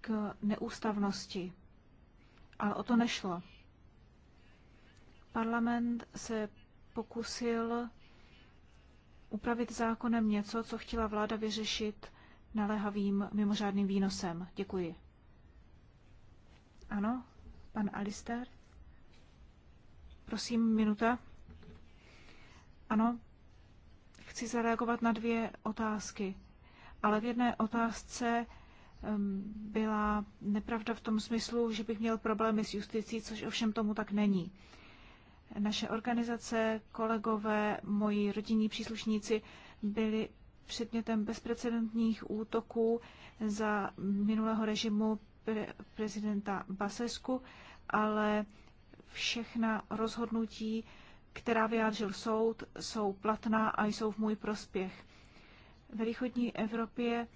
k neústavnosti, ale o to nešlo. Parlament se pokusil upravit zákonem něco, co chtěla vláda vyřešit naléhavým mimořádným výnosem. Děkuji. Ano, pan Alister. Prosím, minuta. Ano, chci zareagovat na dvě otázky. Ale v jedné otázce byla nepravda v tom smyslu, že bych měl problémy s justicí, což ovšem tomu tak není. Naše organizace, kolegové, moji rodinní příslušníci byli předmětem bezprecedentních útoků za minulého režimu pre- prezidenta Basesku, ale všechna rozhodnutí, která vyjádřil soud, jsou platná a jsou v můj prospěch. Ve východní Evropě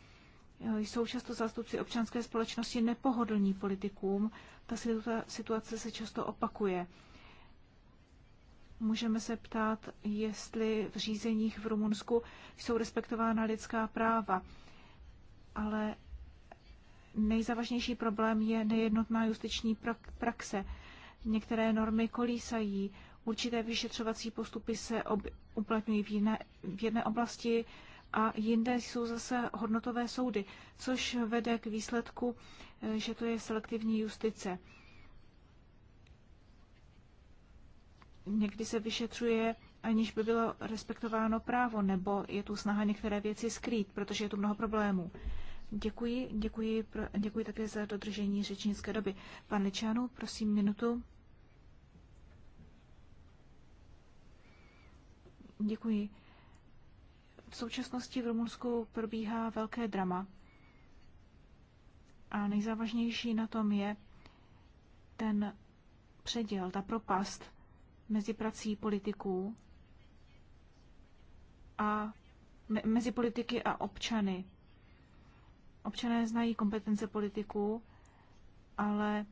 eh, jsou často zástupci občanské společnosti nepohodlní politikům. Ta situace se často opakuje. Můžeme se ptát, jestli v řízeních v Rumunsku jsou respektována lidská práva. Ale nejzávažnější problém je nejednotná justiční praxe. Některé normy kolísají, určité vyšetřovací postupy se ob- uplatňují v jedné, v jedné oblasti a jinde jsou zase hodnotové soudy, což vede k výsledku, eh, že to je selektivní justice. někdy se vyšetřuje aniž by bylo respektováno právo, nebo je tu snaha některé věci skrýt, protože je tu mnoho problémů. Děkuji, děkuji, pro, děkuji také za dodržení řečnické doby. Pan Ličánu, prosím minutu. Děkuji. V současnosti v Rumunsku probíhá velké drama. A nejzávažnější na tom je ten předěl, ta propast mezi prací politiků a me, mezi politiky a občany. Občané znají kompetence politiků, ale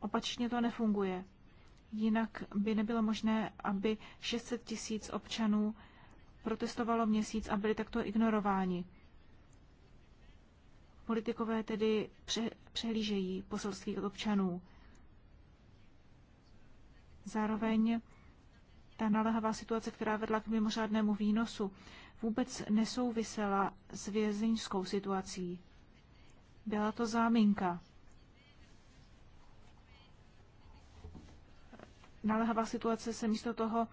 opačně to nefunguje. Jinak by nebylo možné, aby 600 tisíc občanů protestovalo měsíc a byli takto ignorováni. Politikové tedy pře- přehlížejí poselství od občanů. Zároveň ta naléhavá situace, která vedla k mimořádnému výnosu, vůbec nesouvisela s vězeňskou situací. Byla to záminka. Naléhavá situace se místo toho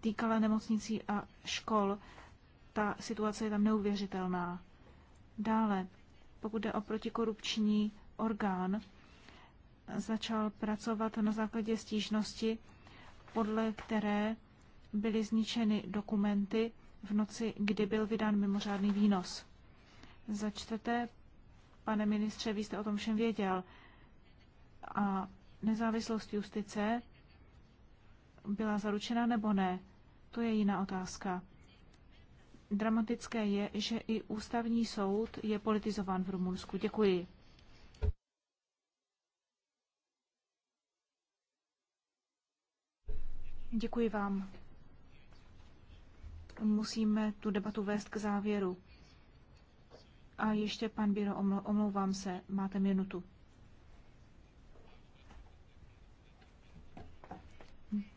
týkala nemocnicí a škol. Ta situace je tam neuvěřitelná. Dále, pokud jde o protikorupční orgán, začal pracovat na základě stížnosti, podle které byly zničeny dokumenty v noci, kdy byl vydán mimořádný výnos. Začtete, pane ministře, vy jste o tom všem věděl. A nezávislost justice byla zaručena nebo ne, to je jiná otázka. Dramatické je, že i ústavní soud je politizován v Rumunsku. Děkuji. Děkuji vám. Musíme tu debatu vést k závěru. A ještě, pan Biro, omlouvám se, máte minutu.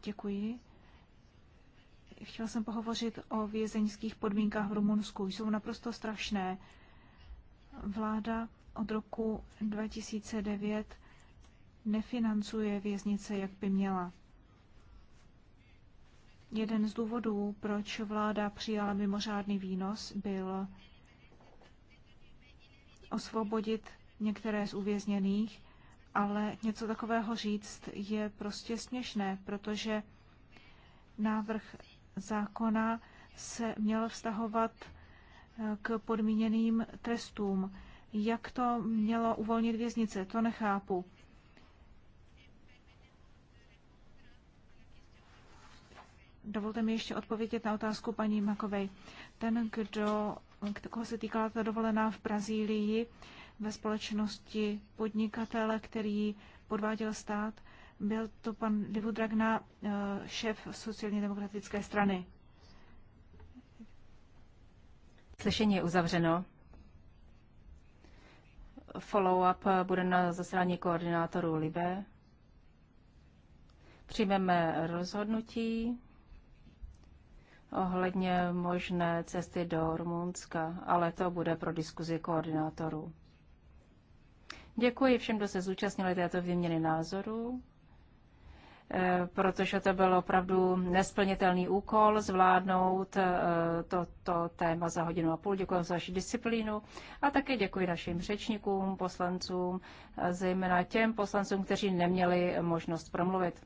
Děkuji. Chtěla jsem pohovořit o vězeňských podmínkách v Rumunsku. Jsou naprosto strašné. Vláda od roku 2009 nefinancuje věznice, jak by měla. Jeden z důvodů, proč vláda přijala mimořádný výnos, byl osvobodit některé z uvězněných, ale něco takového říct je prostě směšné, protože návrh zákona se měl vztahovat eh, k podmíněným trestům. Jak to mělo uvolnit věznice, to nechápu. Dovolte mi ještě odpovědět na otázku paní Makovej. Ten, kdo, koho se týkala ta dovolená v Brazílii ve společnosti podnikatele, který podváděl stát, byl to pan Livu Dragna, eh, šéf sociálně demokratické strany. Slyšení je uzavřeno. Follow-up bude na zasedání koordinátorů Libe. Přijmeme rozhodnutí ohledně možné cesty do Rumunska, ale to bude pro diskuzi koordinátorů. Děkuji všem, kdo se zúčastnili této výměny názorů, eh, protože to byl opravdu nesplnitelný úkol zvládnout eh, toto téma za hodinu a půl. Děkuji za vaši disciplínu a také děkuji našim řečníkům, poslancům, eh, zejména těm poslancům, kteří neměli možnost promluvit.